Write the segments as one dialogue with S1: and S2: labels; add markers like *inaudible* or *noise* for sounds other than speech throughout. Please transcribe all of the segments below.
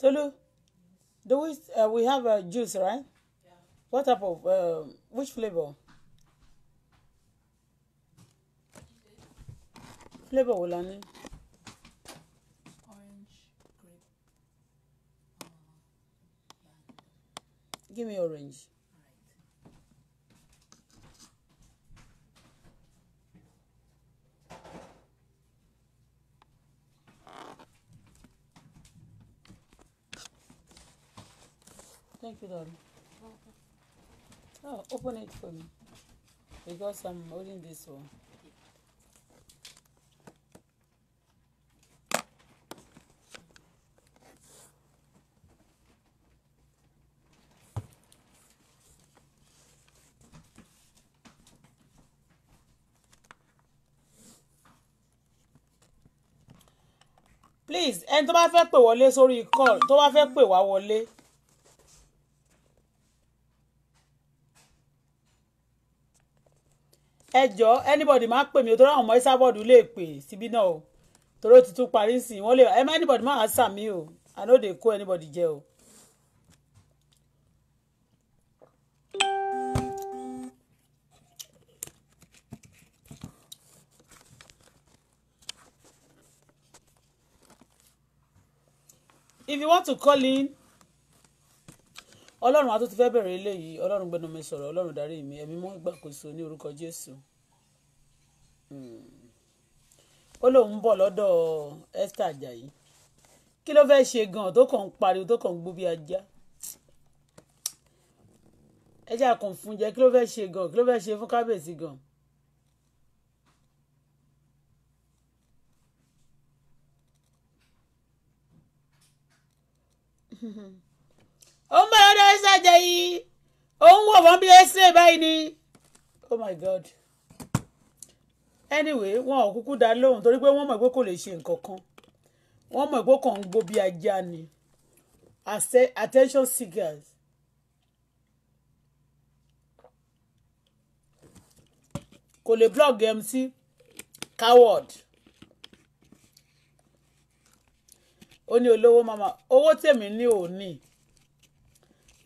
S1: Tolu, do we uh, we have a uh, juice, right? Yeah. What type of uh, which flavor? Flavor wo Orange, grape. Uh, Give me orange. it on. Oh, open it for me. Because I'm holding this one. please ẹni tó bá fẹ́ pè wọlé sórí call tó bá fẹ́ pè wá wọlé ẹ jọ anybody máa pè mí o torí àwọn ọmọ Esabod lè pè síbí náà o torí ó ti tún parí sí i wọ́n lè ẹ má anybody má answer mi o I no dey kó anybody jẹ o. If you want to call in ọlọ́run àtúntò fẹ́ bẹ̀rẹ̀ eléyìí ọlọ́run gbẹnu mi sọ̀rọ̀ ọlọ́run darí mi ẹ̀mí mọ́ ìgbàkóso ní orúkọ jésù hmm. ó lóun bọ̀ lọ́dọ̀ Esther Ajayi kí ló fẹ́ẹ́ ṣe gan tó kàn ń pariwo tó kàn ń gbó bí ajá ẹjẹ́ àkàn fún jẹ́ kí ló fẹ́ẹ́ ṣe gan kí ló fẹ́ẹ́ ṣe fún kábíyèsí gan. Mm-hmm. *laughs* ó ń bọ̀ lọ́dọ̀ ṣàjẹ́ yìí ó ń wọ̀ bí ẹ́sẹ̀ báyìí ni oh my god anyway wọn ò kúkú dá lóhùn torí pé wọ́n mọ̀ pé kò lè ṣe nǹkan kan wọ́n mọ̀ pé kàn ń gbó bí ajá ni attention seekers. kò lè blog MC coward ó ní olówó mama owó tèmi ní òní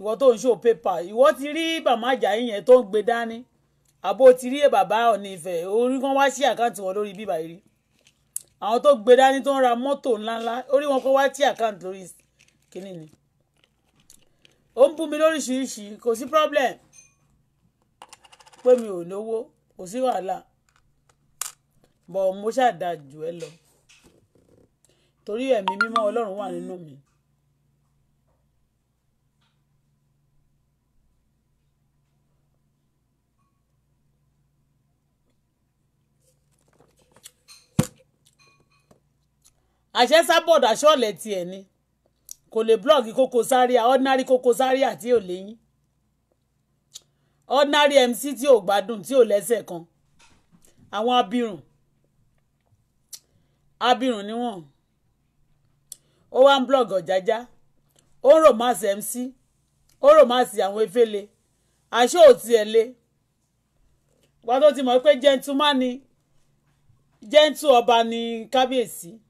S1: ìwọ tó ń ṣò pépà ìwọ ti rí bàmá Àjàyí yẹn tó ń gbé dání àbó ti rí bàbá Ọọ̀ni Ifẹ̀ orí kan wá sí àkáǹtì wọn lórí bíbá yìí àwọn tó gbé dání tó ń ra mọ́tò ńláńlá orí wọn kó wá sí àkáǹtì lórí kínní ni ó ń bú mi lóríṣiríṣi kò sí problem pé mi ò lówó kò sí wàhálà bọ̀ mo ṣàdá jù ẹ lọ torí ẹ̀mí mímọ́ Ọlọ́run wà nínú mi àṣẹ sábọ̀dù aṣọ́ọ̀lẹ̀ tiẹ̀ ni kò lè blọọ̀gì Koko Zaria ordinary Koko Zaria tí ò léyìn ordinary MC tí ò gbádùn tí ò lẹ́sẹ̀ kan àwọn abirùn abirùn ni wọ́n ó wá ń blọọ̀gì ọ̀jájá ó ń romance MC ó ń romance àwọn efele aṣọ òtí ẹ̀ lé wàá tó ti mọ̀ pé gentleman ni gentle ọba ni kábíyèsí. Si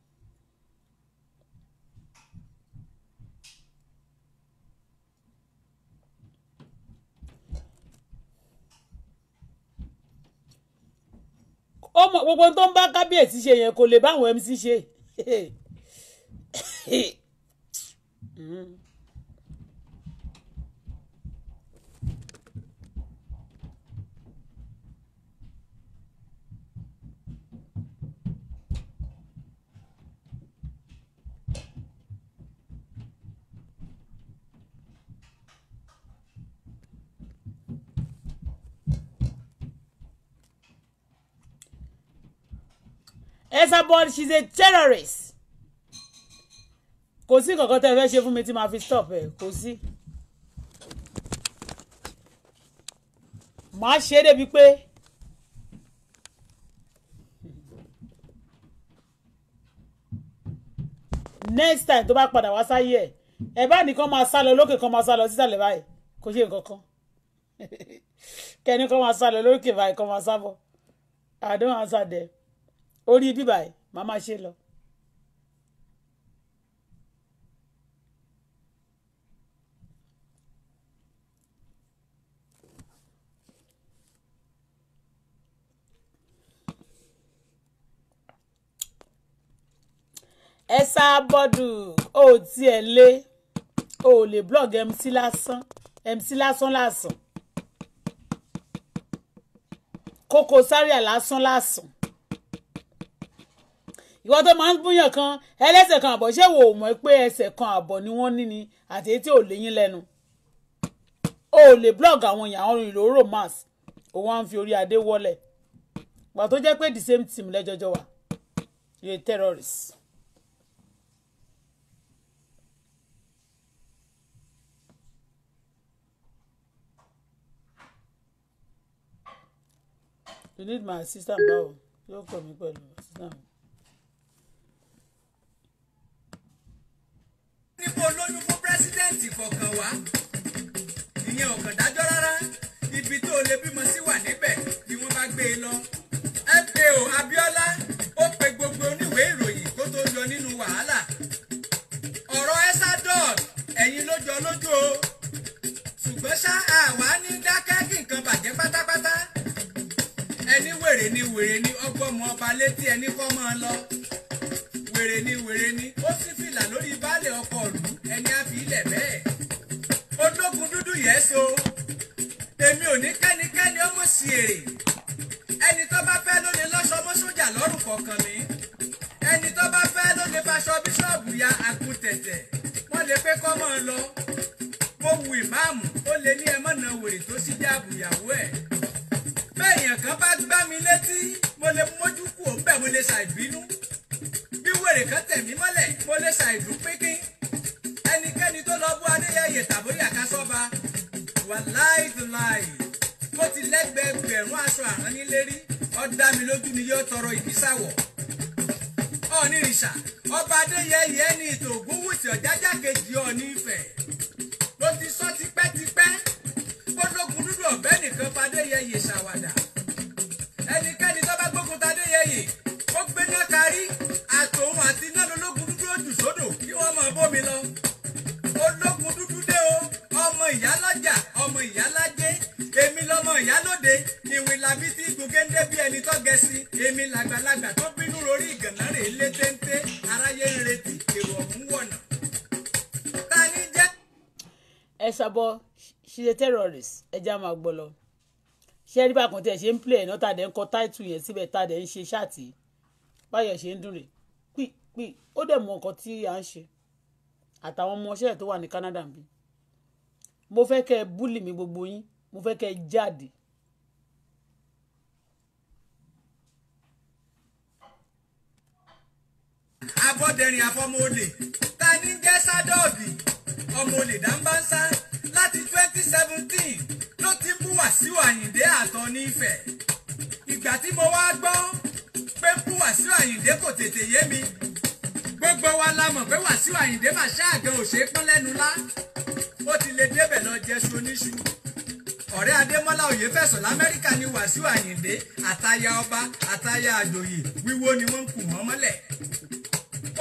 S1: ó mọ gbogbo tó ń bá kábíyèsí ṣe yẹn kò lè báwọn mc ṣe. *laughs* Hmm. boy, she's a terrorist kò sí kankan tẹ́ fẹ́ ṣe fún mi tí màá fi stop ẹ̀ kò sí. màá ṣe é débi pé next time tó bá padà wá sáyé ẹ̀ ẹ̀ bá nìkan máa sá lọ lókè kan máa sá lọ sísàlẹ̀ báyìí kò ṣe nǹkan kan *laughs* kẹ́ni kan máa sá lọ lókè báyìí kan máa sá bọ̀ àdéhùn àṣà dẹ̀ orí bíbà ẹ̀ màá máa ṣe lọ. ẹ sábọ́dù ó tiẹ̀ lé ó lè blog mc lásán mc lásán lásán Koko Zaria lásán lásán ìwọ tó máa ń búyàn kan ẹlẹ́sẹ̀ kan àbọ̀ ṣé wò ó mọ̀ pé ẹsẹ̀ kan àbọ̀ ni wọ́n ní ni àti etí ò léyìn lẹ́nu o ò lè blog àwọn èèyàn àwọn ìlò romance òun á ń fi orí adé wọlé gbà tó jẹ́ pé the same team lẹ́jọ́jọ́ wà you a terrorist. you need my assistant báwo yóò kọ mí pẹ̀lú assistant mi.
S2: ipò olóyún fún pírẹsidẹ́ǹtì kọ̀ọ̀kan wá ìyẹn ò kàn dájọ́ rárá ibi tó lè bímọ sí wà níbẹ̀ ni wọ́n bá gbé e lọ fao Abíọ́lá ó pe gbogbo oníwèé ìròyìn kó tó yọ nínú wàhálà ọ̀rọ̀ esadol ẹ̀yin ló jọ lójú o ṣùgbọ́n ṣá àwa ní dákẹ́ kí nǹkan bàjẹ́ pátápátá ẹni wèrè ni wèrè ni ọgbọ́n mọ́ ọba létí ẹni kọ́ mọ́ ọ lọ wèrè ni wèrè ni ó sì fìlà lórí baálé ọkọ ìlú ẹni á fi ilẹ̀ bẹ́ẹ̀ ológun dúdú yẹn so èmi ò ní kẹ́nikẹ́ni ó mọ̀ sí èrè ẹni tó bá fẹ́ ló lè lọ́sọ mọ́ sójà lọ́rùn kọ̀ọ̀kan mi ẹni tó bá fẹ́ ló lè faṣọ bíṣọ́ọ̀bù ya àkútẹ̀tẹ̀ wọ́n lè pé kọ́ mọ́ ọ lọ mo wu ìmáàmù ó lè ní ẹ mọ̀nà wèrè tó sì jẹ́ àbùyàwó ẹ̀ bẹ́ẹ̀ yẹn kan bá gbá mi létí mo lè mójú kú òun bẹ́ẹ̀ mo lè ṣàìbínú wèrè kan tẹ̀ mí mọ́lẹ̀ mo lè ṣàìlú pínpín ẹnikẹ́ni tó lọ bú adéyẹyẹ tàbórí àkásọ́ba wà láì tó láì kó ti lẹ́gbẹ̀ẹ́gbẹ̀rún aṣọ àrán nílé rí ọ̀dà mi lójú ni yóò tọrọ ìbísàwọ̀ ọ̀ọ́nì rìṣà ọba adéyẹyẹ ẹni ìtò ògúnwùsì ọ̀jájá kejì ọ̀ọ́nì ìfẹ́ ló ti sọ tipẹ́tipẹ́ kótókun dúdú ọ̀bẹ nìkan fadéyẹyẹ ṣàwàdà ẹnikẹ́ni tó bá gbógun tadéyẹyẹ ó gbé ní ọjà rí àtòun àti iná lológun dúdú ó jù sódò kí wọ́n máa bómi lọ ológun dúdú dé o ọmọ ìyálọ́jà ọmọ ìyálájé èmi lọmọ ìyálóde ìwìlàbí tí gògéńdé bí ẹni tó gẹ̀ẹ́sì èmi làgbàlagbà tó bínú rorí ìgànnà rè lé téńté aráyé ń retí èrò ọ̀hún wọ̀nà. ta ni jẹ́.
S1: ẹ sọ̀bọ̀ she dey terrorist ẹ máa gbọ́ lọ ṣé ẹ rí bákan tí ẹ ṣe ń play náà tá a dẹ̀ ń kọ táìtù yẹn síbẹ̀ tá ń ṣe ṣáàtì yìí báyọ̀ ṣe ń dùn rè pípí ó dẹ̀ mọ nǹkan tí à ń ṣe àtàwọn ọmọọṣẹ́ ẹ̀ tó wà ní Canada ń bí mo fẹ́ kẹ́ ẹ búlì mi gbogbo yín mo fẹ́ kẹ́ ẹ jáde
S2: abọ́dẹ̀rìn àfọmọ́ọ̀lẹ̀ ta ní jẹ́ sádọ́ọ̀gì ọmọọ̀lẹ̀ dáńbánsá láti twenty seventeen ló ti ń bú Wàsíù Àyìndé àtọ̀ nífẹ̀ẹ́ ìgbà tí mo wá gbọ́ pé kú Wàsíù Àyìndé kò tètè yé mi gbogbo wa la mọ̀ pé Wàsíù Àyìndé mà ṣáàgàn òṣè pọ́n lẹ́nu lá ó ti lè débẹ̀ lọ jẹṣu oníṣu ọ̀rẹ́ Adémọ́lá Oyèfẹ̀sọ̀ l'Amẹ́ríkà ni Wàsíù Àyìndé àtaya ọba àtaya àjòyè wíwó ni wọ́n ń kù wọ́n mọ́lẹ̀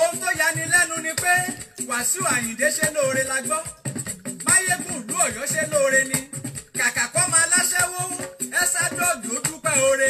S2: ohun tó yani lẹ́nu ni pé Wàsíù Àyìndé ṣe lóore la gbọ́ máyégún ìlú Ọ̀yọ́ ṣe lóore ni kàkà kọ́ máa láṣẹ́wó ẹ sá dọ́ọ̀gì ó dúpẹ́ oore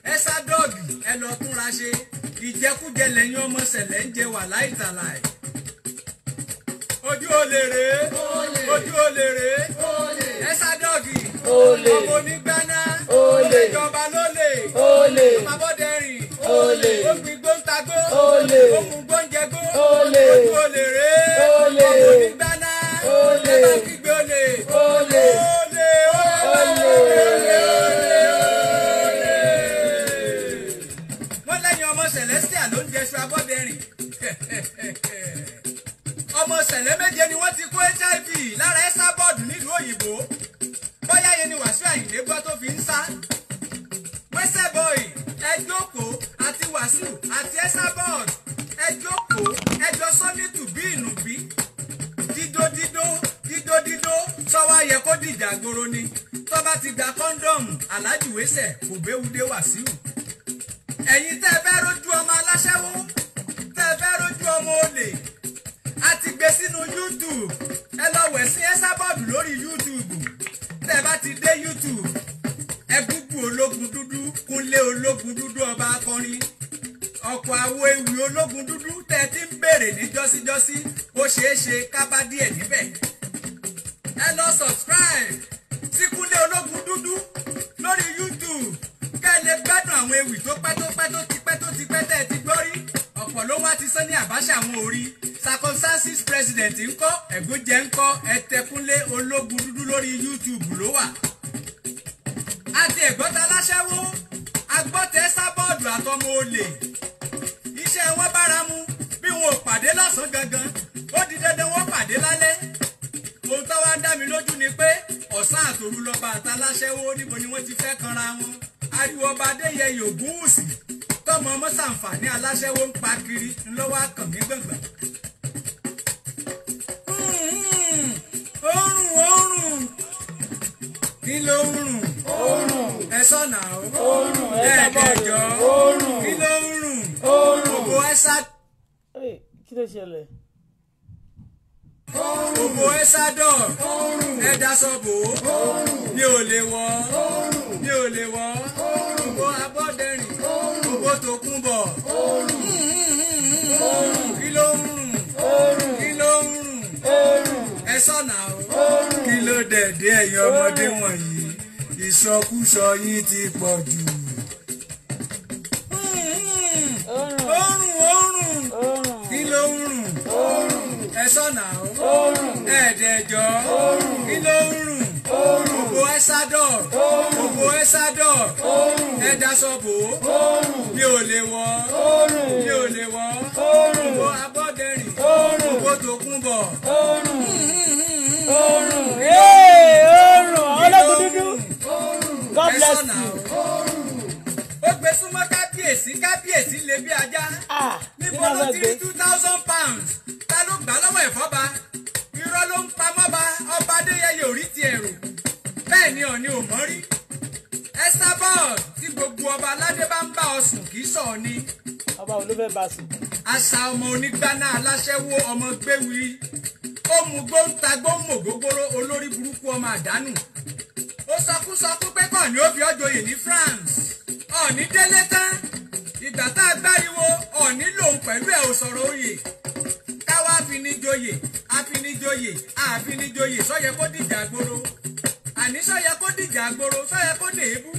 S2: ẹ́sádọ́ọ̀gì ẹ lọ túnra ṣe ìjẹkújẹ lẹyìn ọmọ ṣẹlẹ̀ ń jẹ wà láìtàláì. ojú olè rèé ojú olè rèé ẹ́sádọ́ọ̀gì
S3: ọmọ
S2: onígbáná ìjọba lólè ọmọ abọ́dẹ̀rìn gbóńtagó ó gbóńjẹgó ojú ọmọ onígbáná kígbe olè. Jésù Abọ́dẹrìn *laughs* ọmọ sẹ̀lẹ̀ méje ni wọ́n ti kó HIV lára ẹ́sà bọ́ọ̀dù nílùú òyìnbó bóyá ni Wàsíù Àyìndé gbọ́ tó fi ń sá pẹ́sẹ̀ bọ́ọ̀ì ẹ jókòó àti Wàsíù àti ẹ́sà bọ́ọ̀dù ẹ jókòó ẹ jọ sọ́nìtù bí ìnùbí dídó dídó dídó dídó sọ́wọ́ ayẹ kó dìjà gbòòrò ni tó bá ti gba kọ́ńdọ̀mù alájùwésẹ̀ kò béwu dé ẹ̀yin tẹ́ ẹ fẹ́ rójú ọmọ aláṣẹ́wó tẹ́ ẹ fẹ́ ọmọ olè a ti gbé sínú YouTube ẹ lọ wẹ̀ sí Esabod lórí YouTube tẹ́ bá ti dé YouTube ẹ gúgù ológun dúdú kúnlé ológun dúdú ọba akọrin ọkọ̀ àwo ewì ológun dúdú tẹ́ ti ń béèrè ní jọ́síjọ́sí ó ṣeé ṣe ká bá díẹ̀ níbẹ̀ ẹ lọ subscribe sí kúnlé ológun dúdú lórí YouTube ká lè gbádùn àwọn ewì tó pẹ́ tó pẹ́ tó ti pẹ́ tó ti pẹ́ tẹ́ ẹ ti gbọ́ rí ọ̀pọ̀ ló wá ti sán ní àbáṣà àwọn orí circumstances president ńkọ́ ẹ̀gúnjẹ ńkọ́ ẹ̀tẹ̀kúnlé ológun dúdú lórí youtube ló wà. àti ẹ̀gbọ́ta láṣẹ́wó agbọ́tẹ̀ sábọ́ọ̀dù àtọmọ olè iṣẹ́ wọn bára mu bí wọn ò pàdé lọ́sàn-án gangan ó di dandan wọ́n pàdé lálẹ́ ohun tó wá dá mi lójú ni pé ọ̀sán àtòru lọ́ba àtàláṣẹ́wó níbo ni wọ́n ti fẹ́ kanra wọn ariwo ọba adéyẹyẹ ògúnwùsì tọmọ ọmọ sàǹfààní aláṣẹwó ń pa kiri ńlọwọ àkànmí gbọ̀ngbọ̀n. Hmm, hmm, oorun oorun kí ló ń rùn oorun ẹ sọ̀nà oorun ẹ̀ẹ́dẹ̀jọ́ oorun kí ló ń rùn oorun ògbó ẹ
S1: sá. kí ló ṣẹlẹ̀
S2: òbò ẹ́sádọ̀ ẹ̀dá sọ́bò mi ò lè wọ́ mi ò lè wọ́ òbò abọ́dẹ̀rìn òbò tó kún bọ̀ kí ló ń rùn kí ló ń rùn ẹ sọ̀nà o kí ló dẹ̀dẹ̀ ẹ̀yin ọmọdé wọ̀nyí ìsọkúsọ yín ti pọ̀ jù. òrùn òrùn kí ló ń rùn ẹ sọ̀nà oòrùn ẹ̀ẹ́dẹ̀jọ́ oòrùn kí ló ń rùn oòrùn ògbó ẹ́sádọ̀ oòrùn ògbó ẹ́sádọ̀ oòrùn ẹ̀dásọ̀bò oòrùn mi ò lè wọ̀ oòrùn mi ò lè wọ̀ oòrùn ògbó abọ́dẹ̀rìn oòrùn ògbó tòkunbọ̀ oòrùn hmm, hmm, hmm, oòrùn oòrùn ọlọ́gùn dúdú God bless you ó gbé súnmọ́ kábíyèsí kábíyèsí lè bí ajá ah, níbo ló ti two thousand pounds ta ló gbà lọ́wọ́ ẹ̀fọ́ba irọ́ ló ń pamọ́ba ọba adéyẹyẹ ò rí ti ẹ̀rù bẹ́ẹ̀ ni ọ̀ni ò mọ́ rí Esabod tí gbogbo ọba aládé bá ń bá ọ sùn kì í sọ ni. ọba ò ló fẹ́ bá a sùn. àṣà ọmọ onígbáná aláṣẹ́wó ọmọ gbéwìrì ó mu gbóǹta gbóǹmò gógóró olórí burúkú ọmọ àdánù ó sọkúsọkú pé kàn ní ó fi ọjọ́ yìí ní France ọ̀ní délé tán ìgbà tá a gbáriwo ọ̀ní lòun pẹ̀lú ẹ̀ ò sọ̀rọ̀ oyè káwá afinijoyè afinijoyè àfinijoyè sọ́yẹ kó dìjà gbòòrò àní sọ́yẹ kó dìjà gbòòrò sọ́yẹ kó dèébú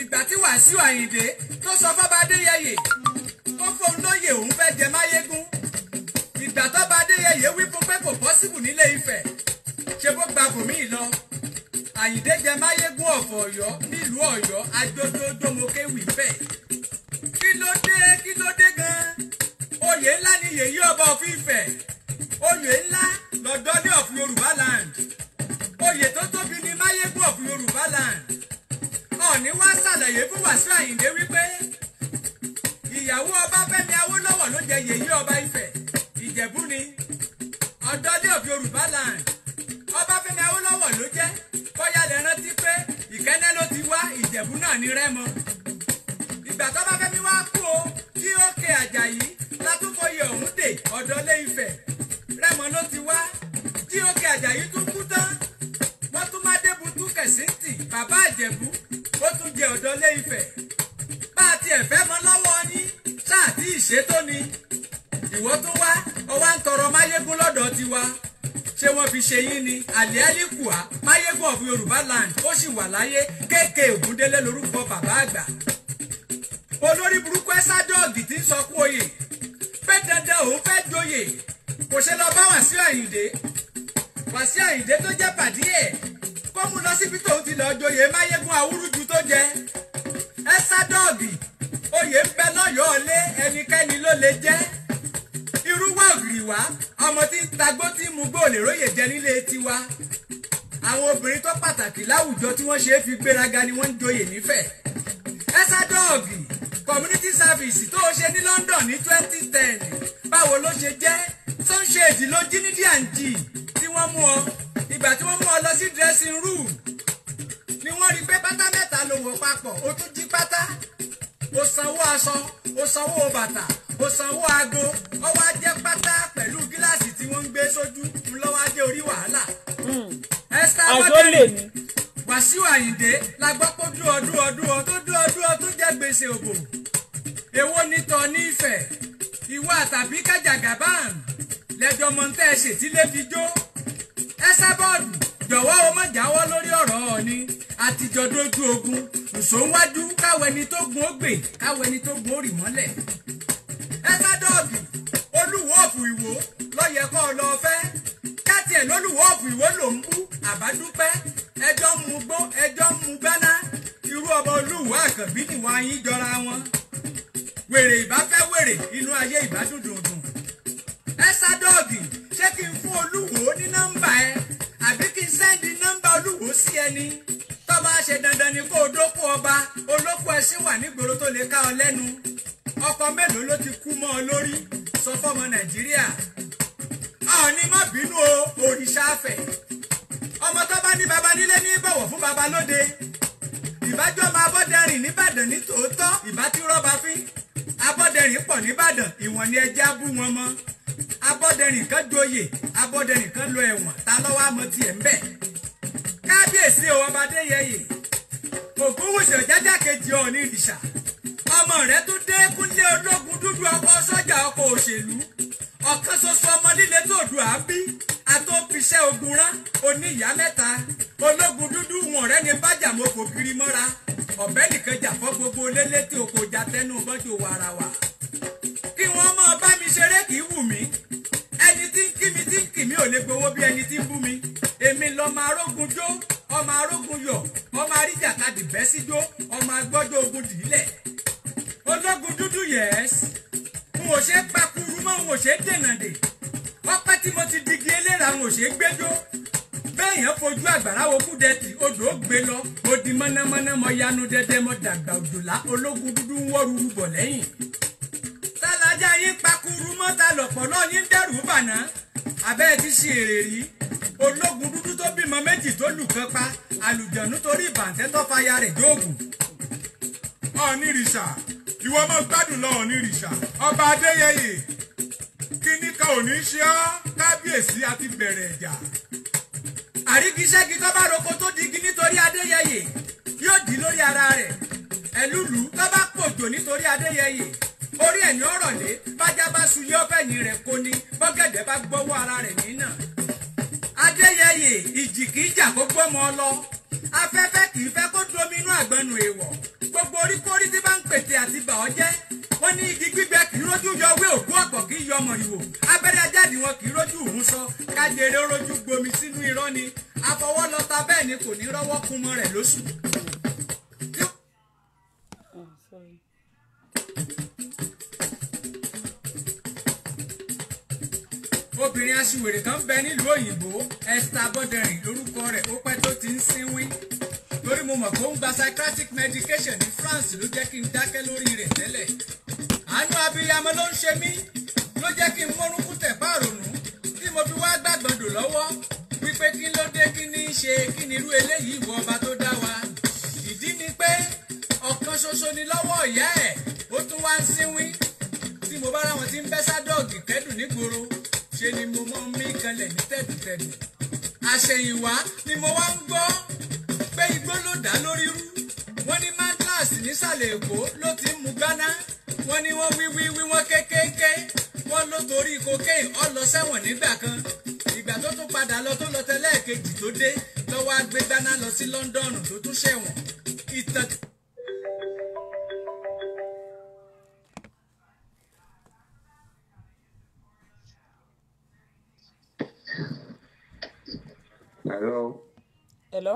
S2: ìgbà tí Wàsíù Àyìndé tó sọ fọ́ba Adéyẹyè tó fóun lóye òun fẹ́ jẹ máyégún ìgbà tọ́ba Adéyẹyè wí fún pé kò bọ́sibù nílé Ifẹ̀ ṣe bó gba bòmíì lọ àyíndé jẹ máyégún ọ̀fọ̀ ọ̀yọ́ nílùú ọ̀yọ́ ajójójómọkéwì bẹ́ẹ̀ kí ló dé kí ló dé gan-an oyè ńlá ni yèyí ọba òfin Ifẹ̀ oyè ńlá lọ́dọ́ ní of Yorùbá land oyè tó tóbi ni máyégún of Yorùbá land ọ̀ní wá ṣàlàyé fún Wàsíù àyíndé wípé ìyàwó Ọbáfẹ́mi Awólọ́wọ̀ ló jẹ yèyí ọba Ifẹ̀ Ìjẹ̀bú ni ọ̀dọ́ ní of Yorùbá land Ọbáfẹ́mi Awólọ́wọ̀ ló jẹ́ bóyá lè rántí pé ìkẹ́nẹ́ ló ti wá ìjẹ̀bú náà ní rẹ́mọ. ìgbà tó bá fẹ́mi wá kú o tí ó kẹ àjàyí látúfọyẹ òun dè ọ̀dọ̀ lé ifẹ̀ rẹ́mọ ló ti wá tí ó kẹ àjàyí tún kú tán wọ́n tún má débùtú kẹ̀síntì bàbá àjẹ̀bú ó tún jẹ ọ̀dọ̀ lé ifẹ̀ bá a tiẹ̀ fẹ́ mọ lọ́wọ́ yín ṣáà tí ìṣètò ni ìwọ tún wá ọwá ń tọrọ máyégún lọ́dọ̀ tiwa ṣé wọ́n fi ṣe yín ni àlẹ́ ẹ̀lìkùá máyégún of yorùbá land ó sì wà láyé kéèké ògúndélé lórúkọ bàbá àgbà olórí burúkú ẹ́sádọ́ọ̀gì tí ń sọ kú oyè pé dandan òun fẹ́ joyè kò ṣe lọ bá Wàsíù Àyìndé Wàsíù Àyìndé tó jẹ́ pàdí ẹ̀ kó mú lọ síbi tóun ti lọ́ọ́ joyè máyégún awúrúju tó jẹ ẹ́sádọ́ọ̀gì oyè ń bẹ lọ́yọ̀ọ́ ẹnikẹ́ni ló lè jẹ́ irú wà ògìrì wá ọmọ tí ń tagbó tí ń mugbó lè róye jẹ nílé tiwa àwọn obìnrin tó pàtàkì láwùjọ tí wọ́n ṣe é fi gbéraga ni wọ́n ń joyè nífẹ̀ẹ́ ẹsà dọ́ọ̀gì community service tó o ṣe ní London ní twenty ten báwo ló ṣe jẹ́ sunshade ló jí ní díàǹjì tí wọ́n mú ọ ìgbà tí wọ́n mú ọ lọ sí dressing room ni wọ́n rí pé pátá mẹ́ta ló wọ̀ papọ̀ o tún jí pátá o sanwó aṣọ o sanwó bàtà mo sanwó aago ọwọ́ ajẹ́ pátá pẹ̀lú gíláàsì tí wọ́n ń gbé sójú ńlọ́wọ́ ajẹ́ orí wàhálà. Hmm. Esther Bọ́dẹ̀rì Wàsíù Àyìndé la gbọ́ pé dúọ dúọ dúọ tó dúọ dúọ tó jẹ́ gbèsè òbò èwo ni tọ́ ní ìfẹ́ ìwọ àtàbí kájàgàbán lẹ́jọ́ mọ́ńtẹ́ ṣètílé fi jó Esther bọ́ọ̀dù jọ̀wọ́ o má jáwọ́ lórí ọ̀rọ̀ ọ̀ni àtijọ́ dojú ogun ìṣòwájú káwẹni tó gun ó gbè káwẹni tó gun ó rì mọ́lẹ̀ ẹ̀mádọ́ọ̀bì olúwo ọ̀fù ìwò lọ́yẹ kọ́ ọ lọ fẹ́ kẹ́tì ẹ̀ lólùwọ́ ọ̀fù ìwò ló ń bú àbádúpẹ́ ẹjọ́ ń mu gbó ẹjọ́ ń mu gbáná irú ọba olúwo àkànbí nìwọ̀n ayín jọra wọn wèrè ìbá fẹ́ wèrè inú ayé ìbá dùndùndùn ẹ̀sádọ́ọ̀bì ṣé kí n fún olúwo ní nọ́mbà ẹ àbí kí n sẹ́ndì nọ́mbà olúwo sí ẹni tó bá ṣe dandan ni kó o dókú ọba olókùn ẹṣin wà nígboro tó lè ká ọ lẹ́nu ọkọ mélòó ló ti kú mọ́ ọ lórí sọ fọ́mọ nàìjíríà a má bínú o òrìṣà afẹ ọmọ tó bá ní baba nílé ní bọ̀wọ̀ fún baba lóde ìbájọ́ ọmọ abọ́dẹrìn nìbàdàn ní tòótọ́ ìbá tí rọ́bà fín abọ́dẹrìn pọ̀ nìbàdàn ìwọ̀n ni ẹjẹ́ á bú wọn mọ́ abọ́dẹrìn kan joyè abọ́dẹrìn kan lọ ẹ̀wọ̀n ta lọ́wọ́ àmọ́ tiẹ̀ ń bẹ̀ kábíyèsí o ọba adéyẹyè ògúnwùsì ọ̀jájá kejì ọ̀ọ́nì ìrìṣà ọmọ rẹ̀ tún dé kúnlé ológun dúdú ọkọ sọ́jà ọkọ òṣèlú ọ̀kan ṣoṣo ọmọ líle tó dùn á bí àtòfiṣẹ́ ogun rán oníyá mẹ́ta ológun dúdú wọn ọ̀rẹ́ ni bájà mo kò kiri mọ́ra ọ̀bẹ nìkan jà fọ́ gbogbo lélé tí o kò já tẹnu bọ́jú wàràwà kí wọ́n máa bá mi ṣeré kì í wù mí ẹni tí ń kí mi tí ń kì mí ò lè gbowó bí ẹni tí ń bú mi èmi lọ́mọ arógun jó ọmọ arógun yọ ọmọ aríjàkadì bẹ́síjó ọmọ agbọ́jọ́ ogun dìílẹ̀ ológun dúdú yẹs n ò ṣe pakuru mọ́ n ò ṣe dènà ọpẹ́ tí mo ti digi eléra n ò ṣe gbẹ́jọ́ bẹ́ẹ̀yàn fojú àgbàrá okú dẹ́tì odò ó gbé lọ odi mọ́námọ́ná mọ́ yanu dẹ́dẹ́ mọ́ dàgbà òjòlá ológun dúdú ń wọ́ ruru bọ̀ lẹ́yìn. tálájà yín pakuru mọ́ta lọ̀pọ̀lọ́ yín dẹ́rù bàná abẹ́ ti ṣe èrè rí ológun dúdú tó bímọ méjì tó lù pa àlùjọ̀nú torí ìbàǹtẹ́ tó rẹ̀ dóògùn. ọ̀ọ́nì rìṣà ìwọ máa gbádùn lọ òní rìṣà ọba adéyẹyè kíní kan ò ní ṣe ọ́ kábíyèsí àti bẹ̀rẹ̀ ẹ̀jà. àríkíṣẹ́gi tó bá roko tó digi nítorí adéyẹyè yóò dì lórí ara rẹ̀ ẹ̀lúlù tó bá pòjò nítorí adéyẹyè orí ẹ̀yìn ọ̀rọ̀ lé bájá bá su yọ fẹ̀yìn rẹ̀ kó ní bọ́gẹ̀dẹ̀ bá gbọ́wọ́ ara rẹ̀ nínà. adéyẹyè ìjì kìí jà kó gbọ́mọ lọ afẹ́fẹ́ kì í fẹ́ kó tu omi inú àgbọnù èèwọ̀ gbogbo oríkórí tí bá ń pètè àti bà ọ́ jẹ́ wọ́n ní igi gbígbẹ kì í rójú yọ wé òkú ọ̀pọ̀ kì í yọ ọmọ ìwò abẹ́rẹ́ ajáde wọn kì í rójú òun sọ kájèrè rójú gbomi sínú irọ́ ni afọwọ́lọ́ta bẹ́ẹ̀ ni kò ní rọ́wọ́ kúmọ rẹ̀ lóṣù. Sorry. obìnrin aṣiwèrè kan bẹ nílùú òyìnbó Esther Bọ́dẹ̀rìn lórúkọ rẹ̀ ó pẹ́ tó ti ń sínwín torí mo mọ̀ kó ń gba psychiatric medication ní France ló jẹ́ kí n dákẹ́ lórí rẹ̀ tẹ́lẹ̀ àánú abiyamọ ló ń ṣe mí ló jẹ́ kí n mọ́rúnkú tẹ̀ bá ronú tí mo fi wá gbàgbọ́dò lọ́wọ́ wípé kí ló dé kí ní í ṣe kí ni irú eléyìí ìwọ ọba tó dá wa ìdí ni pé ọ̀kan ṣoṣo ni lọ́wọ́ ìyá ẹ̀ ó tún wá ń sínwín tí mo bá ráwọn tí ń bẹ́ sádọ́ọ̀gì kẹ́dùn nígboro jáde ni mo mọ́ mí kanlẹ̀ ní tẹ̀dùtẹ̀dù àṣẹ̀yìnwá ni mo wá ń gbọ́ pé igbó ló dá lórí rú wọ́n ní mantlas nísàlẹ̀ èkó ló ti ń mu gbáná wọ́n ní wọ́n wíwí wíwọ́n kékéké wọ́n ló torí cocaine ó lọ sẹ́wọ̀n nígbà kan ìgbà tó tún padà lọ tó lọ tẹ́lẹ̀ kejì tó dé lọ́wọ́ agbégbáná lọ sí London tó tún ṣẹ̀wọ̀n ìtàn.
S3: Hello. Hello.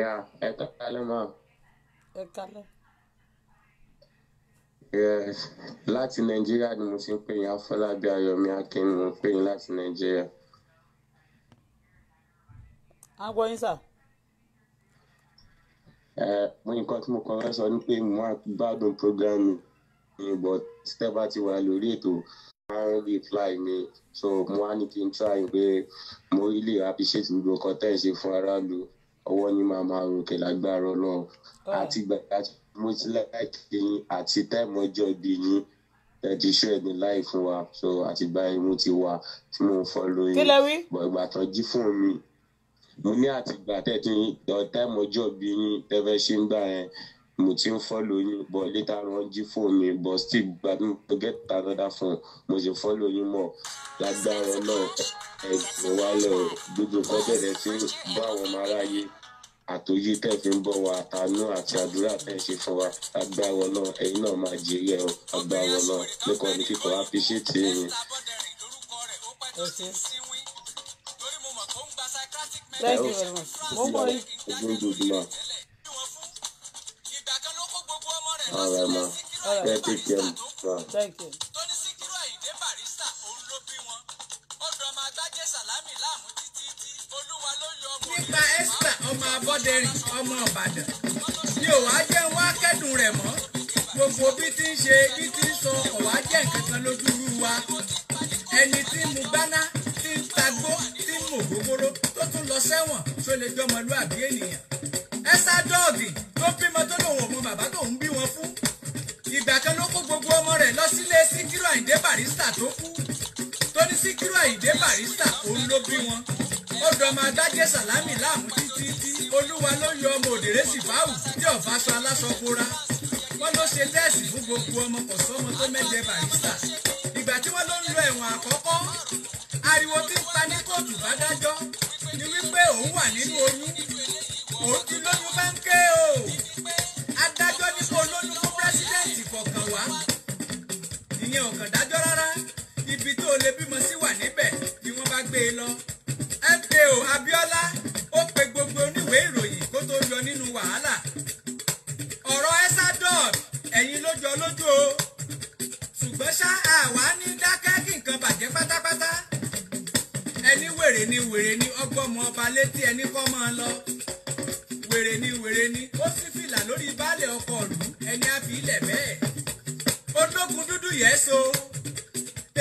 S3: Yeah, ẹ eh, kálẹ́ ma. Ẹ kálẹ́. Yes, láti Nàìjíríà ni mo ti ń pè yín Afọlábí Ayọ̀mí Akin ni mo ń pè yín láti Nàìjíríà. À ń gbọ́ yín sà. Ẹ eh, mo nǹkan tí mo kọ́ fẹ́ sọ ni pé mo máa gbádùn programu yìí but tẹ́ bá ti wà lórí ètò máa ń reply mi so mo wá ní kí n try pé mo really appreciate gbogbo nǹkan tẹ́ ẹ̀ ṣe fún aráàlú ọwọ́ ní màá máa ròkè lágbára ọlọ́run àti gbàgbà mo ti láìpẹ́ yín àti tẹ́ẹ̀mọ́ ọjọ́ ìbí yín ẹ ti ṣó ẹ̀mí láì fún wa so àtìgbà yín mo ti wà tí mo ń fọ́ lóyún kí lẹ wí bọ̀ ìgbà tán jí fún mi mo ní àtìgbà tẹ́ẹ̀tì tẹ́ẹ̀mọ́ ọjọ́ ìbí yín tẹ́fẹ́ ṣe ń gbà yẹn mo ti ń follow yín but later on jí fóònù mi but still gbádùn to get another phone mo sì follow yín mọ̀ lágbára náà ẹ̀sìn wa lọ gbogbo nǹkan bẹ̀rẹ̀ sí bá àwọn ọmọ aráyé àtòyí tẹ̀ fi ń bọ̀ wá àánú àti àdúrà tẹ̀ ṣe fún wa agbára náà ẹ̀yin náà máa jèrè ẹ̀ agbára náà lẹ́kọ̀ọ́ ní kíkọ́ appreciate yín. Thank you very much. Thank you.
S2: Nípa Esther ọmọ Abọ́dẹrìn ọmọ Ìbàdàn. Mi ò wá jẹ́ wá kẹ́dùn rẹ̀ mọ́. Gbogbo bí ti ń ṣe bí ti ń sọ ọ̀wá jẹ́ nǹkan kan lójúrú wa. Ẹni tí mu gbáná tí ń tagbó tí ń mú ògógóró tó tún lọ sẹ́wọ̀n tó lè jọmọlúàbí ènìyàn ẹsà dọ́ọ̀gì tó bímọ tó lòun òun bàbá tóun bí wọn fún ìgbà kan ló kó gbogbo ọmọ rẹ̀ lọ sílé síkírù àyíndé barista tó kú tó ní síkírù àyíndé barista òun ló bí wọn ó dọmọ adájẹ sàlámì láàmú títí tí olúwa ló yọ ọmọ òdèrè sífàáwù tí ọ̀fà sọ aláṣọ kóra wọn ló ṣe tẹ́ẹ̀sì fún gbogbo ọmọ kọ̀sọ́ ọmọ tó mẹ́jẹ barista ìgbà tí wọ́n ló ń lọ ẹ̀wọ̀n àkọ́kọ́ ariwo tí ń pa ní kóòtù bá dájọ́ ni wípé òun wà nínú oyún ojúlówó máa ń ké o adájọ́ nípa olólùfọ́ pírẹsidẹ́ǹtì kọ̀ọ̀kan wá ìyẹn ò kàn dájọ́ rárá ibi tó lè bímọ sí wà níbẹ̀ ni wọ́n bá gbé e lọ MKO Abiola ó pe gbogbo oníwèé ìròyìn kó tó yọ nínú wàhálà ọ̀rọ̀ esadọ́ọ̀d ẹ̀yin ló jọ lójú o ṣùgbọ́n ṣá àwa ní dákẹ́ kí nǹkan bàjẹ́ pátápátá ẹni wèrè ni wèrè ni ọgbọ́n mọ́ ọba létí ẹni kọ́ mọ́ lọ wèrè ni wèrè ni ó sì fìlà lórí baálẹ̀ ọkọ ìlú ẹni àfi ilẹ̀ bẹ́ẹ̀ ológun dúdú yẹ so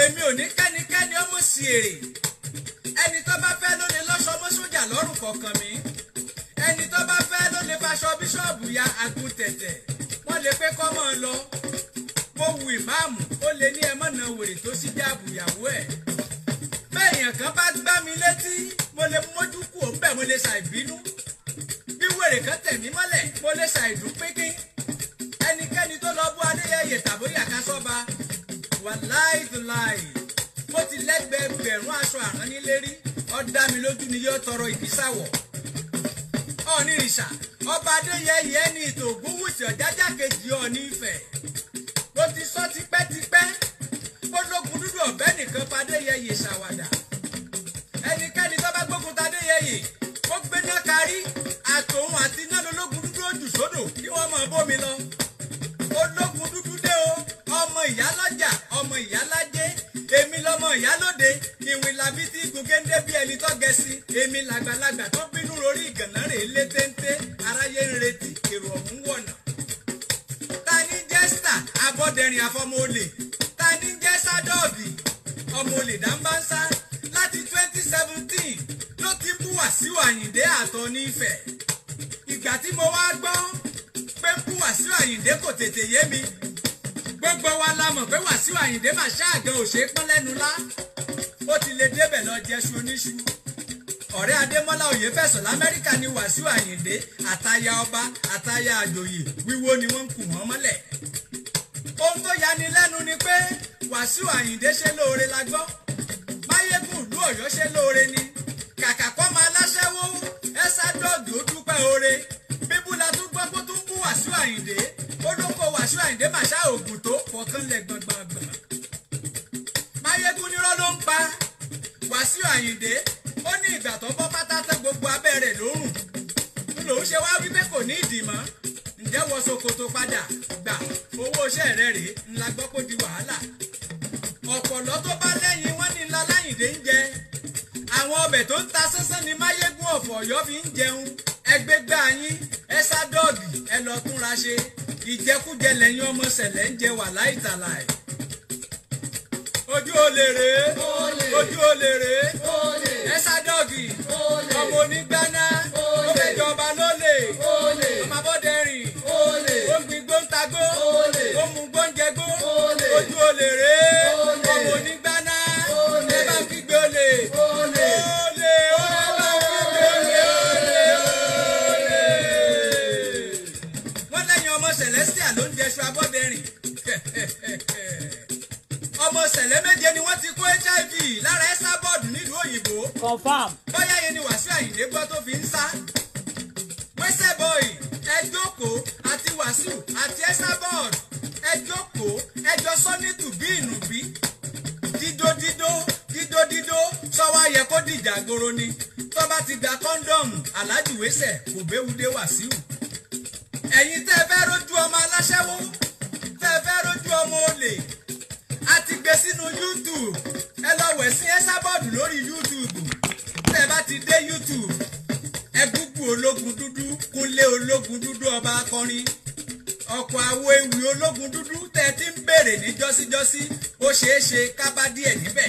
S2: èmi ò ní kẹ́nikẹ́ni ọmọ sí èrè ẹni tó bá fẹ́ ló lè lọ́sọ mọ́ sójà lọ́rùn kọ̀ọ̀kan mi ẹni tó bá fẹ́ ló lè faṣọ bíṣọ́ọ̀bù ya àgùn tẹ̀tẹ̀ wọ́n lè pé kọ́ lọ mo wu ìmáàmù ó lè ní ẹmọ́nà wèrè tó sì jẹ́ àbùyàwó ẹ̀ bẹ́ẹ̀ yẹn kan bá gbá mi létí mo lè mójú kú òun bẹ́ẹ̀ mo lè ṣàìbínú wèrè kan tẹ̀ mí mọ́lẹ̀ mo lè ṣàìdùn pínpín ẹnikẹ́ni tó lọ bú adéyẹyẹ tàbóyà kásọ́ba wà láìdùnláì mo ti lẹ́gbẹ̀ẹ́gbẹ̀rún aṣọ àrán nílé rí ó dá mi lójú ni yóò tọrọ ìbísàwọ̀ ọ̀ọ́ni ìṣà ọba adéyẹyẹ ní ìtògúnwùsì ọ̀jájá kejì ọ̀ọ́ni ìfẹ́ mo ti sọ tipẹ́tipẹ́ ó lókun dúdú ọ̀bẹ nìkan padéyẹyẹ ṣàwàdà ẹnikẹ́ni tó bá gbógun tadéyẹyẹ ó gbé ní kárí àtòun àti iná lológun dúdú ojú sódò kí wọ́n máa bómi lọ ológun dúdú dé o ọmọ ìyálọ́jà ọmọ ìyálájé èmi lọmọ ìyálóde ìwìn làbí tí igun géńdé bí ẹni tó gẹ sí èmi làgbàlagbà tó bínú lórí ìgànnà rè lé téńté aráyé ń retí èrò ọ̀hún wọ̀nà ta ni jẹ́sítà abọ́dẹrin àfọmọ olè ta ni jẹ́ ọmọ olè dáńbáńsá láti twenty seventeen Wàsíù Àyìndé àtọ̀ní Ifẹ̀ ìgbà tí mo wá gbọ́ pé kú Wàsíù Àyìndé kò tètè yé mi gbogbo wa la mọ̀ pé Wàsíù Àyìndé mà ṣáàgàn òṣè pọ́n lẹ́nu lá ó ti lè débẹ̀ lọ jẹṣu oníṣu ọ̀rẹ́ Adémọ́lá Oyèfẹ̀sọ̀ l'Amẹ́ríkà ni Wàsíù Àyìndé àtaya ọba àtaya àjòyè wíwó ni wọ́n ń kù wọ́n mọ́lẹ̀ ohun tó yani lẹ́nu ni pé Wàsíù Àyìndé ṣe lóore la gbọ́ máyégún ìlú Ọ̀yọ́ ṣe lóore ni kàkà kọ́ máa láṣẹ́wó ẹ ṣáájọ́ọ̀gì ó dúpẹ́ oore bíbú la tún gbọ́ kó tún kú Wàsíù Àyìndé ó ló kó Wàsíù Àyìndé màṣá ògùn tó fọkàn lẹ̀ gbọ̀ngbọ̀ngbọ̀n. Máyégún nírọ́ ló ń pa Wàsíù Àyìndé ó ní ìgbà tó bọ́ pátá tán gbogbo abẹ́rẹ́ lórùn n lòún ṣe wá wípé kò ní ìdì mọ́ ǹjẹ́ wọ ṣòkòtò padà gbà owó iṣẹ́ rẹ̀ rèé ńlá gbọ́ kó di wàhálà ọ̀pọ̀lọ́ tó bá lẹ́yìn wọ́n ní ńlá láyìndé ń jẹ àwọn ọbẹ̀ tó ń ta sánsán ni máyégún ọ̀fọ̀ ọ̀yọ́ fi ń jẹun ẹgbẹ́ gbá yín ẹ sá dọ́ọ̀gì ẹ lọ túnra ṣe ìjẹkújẹ lẹ́yìn ọmọ ṣẹlẹ̀ ń jẹ wà láì tàlàyé ojú olè rèé ojú olè rèé ẹ sá dọ́ọ̀gì ọmọ onígbáná ó fẹ́ jọba lólè ọmọ abọ́dẹ̀rìn ó gbin gbóǹtagbó ó mú gbóǹjẹgbó ojú olè rèé. èṣù abọ́dẹrìn *laughs* ọmọ sẹ̀lẹ̀ ni wọ́n ti kó hiv lára ẹ́sà bọ́ọ̀dù nílùú òyìnbó. confam. bóyá yẹn ni wàsíù àyìndé gbọ́ tó fi ń sá. wẹ́sẹ̀ bọ́ọ̀ì ẹ àti wàsíù àti ẹ́sà bọ́ọ̀dù ẹ jókòó ẹ bí ìnùbí. dídó dídó dídó dídó sọ́wọ́ ayẹ kó dìjà goro ni tó ti gba kọ́ńdọ̀mù alájùwésẹ̀ kò béwu dé wàsíù ẹ̀yin tẹ́ fẹ́ rojú ọmọ aláṣẹ́wó tẹ́ fẹ́ rojú ọmọ olè a ti gbé sínú YouTube ẹ lọ wẹ̀ sí Esabod lórí YouTube tẹ́ bá ti dé YouTube ẹ gúgù ológun dúdú kúnlé ológun dúdú ọba akọrin ọkọ̀ àwo ewì ológun dúdú tẹ́ ti ń béèrè ní jọ́síjọ́sí ó ṣeé ṣe ká bá díẹ̀ níbẹ̀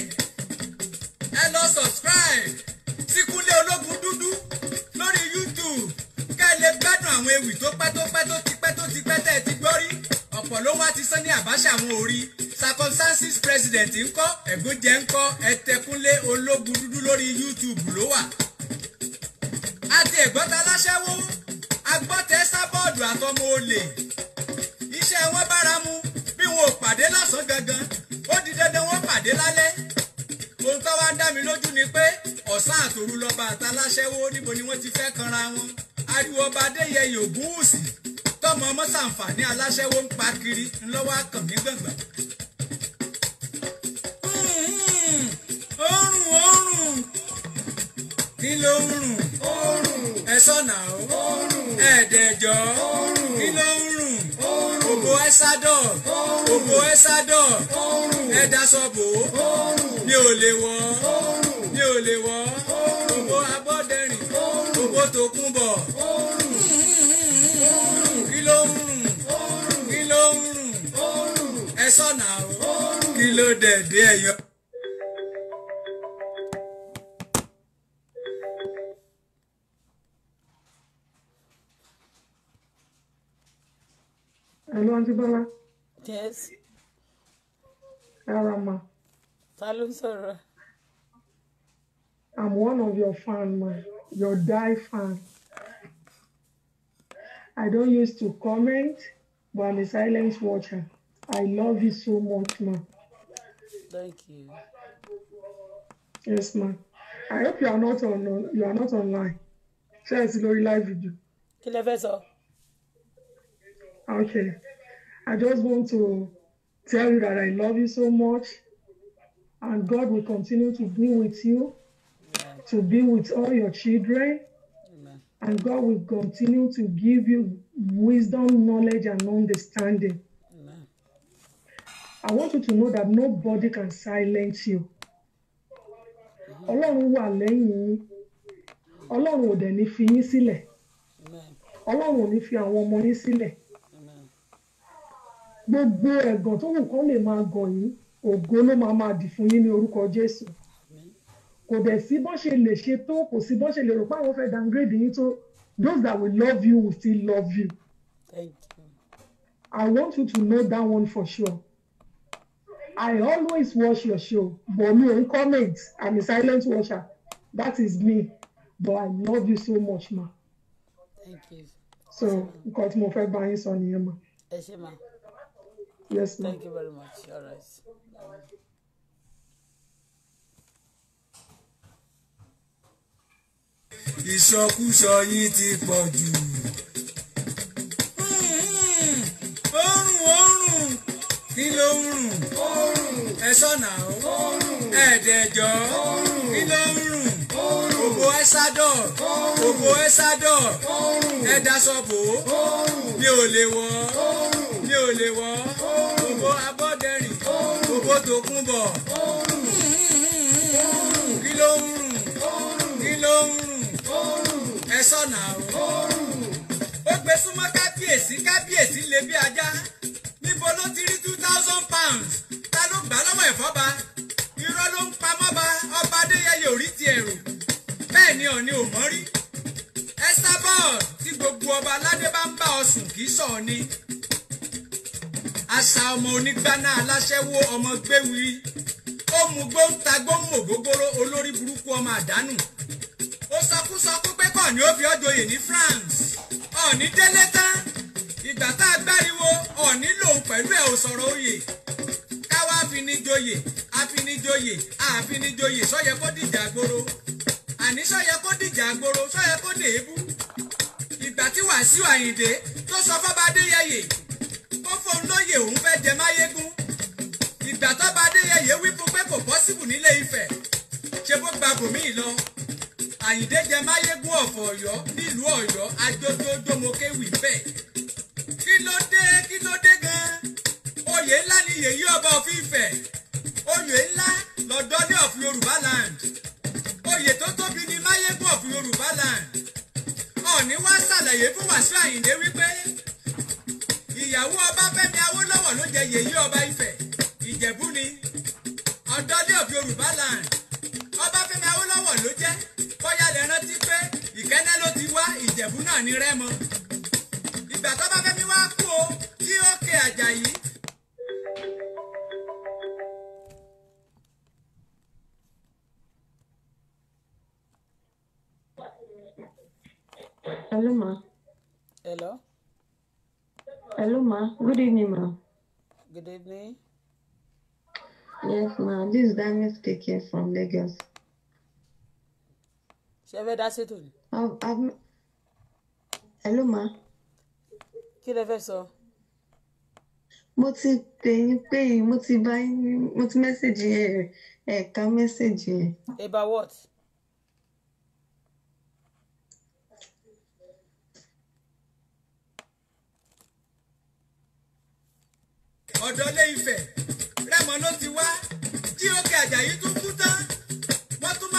S2: ẹ lọ subscribe sí kúnlé ológun dúdú lórí YouTube ẹ lè gbádùn àwọn ewì tó pẹ́ tó pẹ́ tó ti pẹ́ tó ti pẹ́ tẹ́ ẹ ti gbọ́ rí ọ̀pọ̀ ló wá ti sán ní àbáṣà wọn ò circumstances president ńkọ́ ẹ̀gúnjẹ ńkọ́ ẹ̀tẹ̀kúnlé ológun dúdú lórí YouTube ló wà. àti ẹ̀gbọ́ta láṣẹ́wó agbọ́tẹ sábọ́ọ̀dù àtọmọ olè iṣẹ́ wọn bára mu bí wọn ò pàdé lọ́sàn-án gangan ó di dandan wọn pàdé lálẹ́ ohun tó wá ń dá mi lójú ni pé ọ̀sán àtòru lọ́ba àtàláṣẹ́wó níbo ni wọ́n ti fẹ́ kanra wọn ariwo ọba adéyẹyẹ ògúnwùsì tọmọ ọmọ sàǹfààní aláṣẹwó ń pa kiri ńlọwọ akànmí gbọngbọn. oorun oorun kí ló ń rùn oorun ẹ sọnà o oorun ẹ̀ẹ́dẹ̀jọ oorun kí ló ń rùn oorun ògo ẹ̀sádọ̀ ògo ẹ̀sádọ̀ mi ò lè wọ̀ mi ò lè wọ̀ tó kún bọ̀. kí ló ń rùn kí ló ń rùn ẹ sọ̀nà o kí ló dẹ̀ dé ẹ̀yọ́.
S4: Hello, Aunty Bọ́lá. Yes. Ara ma.
S1: Ta ló ń sọ̀rọ̀?
S4: I'm one of your fan, ma. your die fan. I don't used to comment, but I'm a silence watcher. I love you so much, ma. Thank you. Yes, ma'am. I hope you are not on you are not online. Ṣé ẹ ti live video? you. Okay. I just want to tell you that I love you so much and God will continue to be with you. to be with all your children. Amen. And God will continue to give you wisdom, knowledge, and understanding. Amen. I want you to know that nobody can silence you. Ọlọ́run wà lẹ́yìn yín. Ọlọ́run ò dẹ̀ ní fi yín sílẹ̀. Ọlọ́run ò ní fi àwọn ọmọ yín sílẹ̀. Gbogbo ẹ̀gàn tó wù kán lè máa gàn yín, ògo ló máa máa dì fún yín ní orúkọ Jésù kò dẹ̀ sí bọ́n ṣe lè ṣe tó kò sí bọ́n ṣe lè rò pé àwọn fẹ́ downgrade yín tó those that will love you will still love you. Thank you. I want you to know that one for sure. I always watch your show but me on comment I'm a silent watcher that is me but I love you so much ma. Thank you. So nǹkan tí mo fẹ́ bá yín sọ nìyẹn ma. Yes ma.
S1: Thank you very much. All right.
S5: ìṣọkúṣọ yìí ti pọ̀ jù.
S2: òórùn òórùn kí ló ń rùn? ẹ sọ̀nà o ẹ̀ẹ́dẹ̀jọ́ kí ló ń rùn? ògbó ẹ́sádọ̀ ògbó ẹ́sádọ̀ ẹ̀dásọ̀bò mi ò lè wọ̀ mi ò lè wọ̀ ògbó abọ́dẹ̀rìn ògbó tòkúnbọ̀. sọ̀nà òórùn ó gbé súnmọ́ kábíyèsí kábíyèsí lè bí ajá níbo ló ti rí two thousand pounds ta ló gbà lọ́wọ́ ẹ̀fọ́ba irọ́ ló ń pamọ́ ba ọba adéyẹyẹ ò rí ti ẹ̀rù bẹ́ẹ̀ ni ọ̀ni ò mọ́ rí ẹ́sà bọ́ọ̀d tí gbogbo ọba aládé bá ń bá ọ sùn kì í sọ̀ ni àṣà ọmọ onígbáná aláṣẹ́wó ọmọ gbéwìí ó mú gbóǹtagbó mògógóró olórí burúkú ọmọ àdánù ó sọkún sọkún pé kò ní ó fi ọjọyè ní France ọ̀ní délé tán ìgbà tá a gbáriwo ọ̀ní lòun pẹ̀lú ẹ̀ ò sọ̀rọ̀ oyè káwá afinijoyè afinijoyè àfinijoyè sọ́yẹ kó dìjà gbòòrò àní sọ́yẹ kó dìjà gbòòrò sọ́yẹ kó dèébú ìgbà tí Wàsíù Àyìndé tó sọ fọ́ba Adéyẹyè kó fóun lóyè òun fẹ́ jẹ máyégún ìgbà tọ́ba Adéyẹyè wí fún pé kò pọ́sibù nílé Ifẹ̀ ṣe bó gba bòmíì lọ àyíndé jẹ máyégún ọ̀fọ̀ ọ̀yọ́ nílùú ọ̀yọ́ ajójójómokewì bẹ́ẹ̀ kí ló dé kí ló dé gan oyè ńlá ni yèyí ọba of Ifẹ̀ oyè ńlá lọ́dọ́lé of yorùbá land oyè tó tóbi ni máyégún of yorùbá land ọ̀ní wá ṣàlàyé fún wàṣíù àyíndé wípé ìyàwó ọbáfẹ́mi awólọ́wọ̀ ló jẹ yèyí ọba Ifẹ̀ ìjẹ̀bú ni ọ̀dọ́lé of yorùbá land ọbáfẹ́mi awólọ́wọ̀ ló jẹ́ kọ́yá lẹ rántí pé ìkẹ́nẹ́ ló ti wá ìjẹ̀bú náà ní rẹ́mọ. ìgbà tó bá fẹ́mi wá kú o tí ó ké àjàyí.
S3: Hello, ma. Hello. Hello, ma. Good evening, ma. Good evening. Yes, ma. This is Daniel speaking from Lagos
S1: ṣe fẹ́ dá ṣètò ni. ẹ ló máa. kí lẹ fẹ́ sọ.
S3: mo ti pè yín pé mo ti bá yín mo ti mẹ́sẹ̀gì yẹn ẹ̀ka mẹ́sẹ̀gì yẹn.
S1: about what.
S2: ọ̀dọ́ lé Ifẹ̀ rẹ́mọ ló ti wá tí ó kẹ Àjàyí tún kú tán wọ́n tún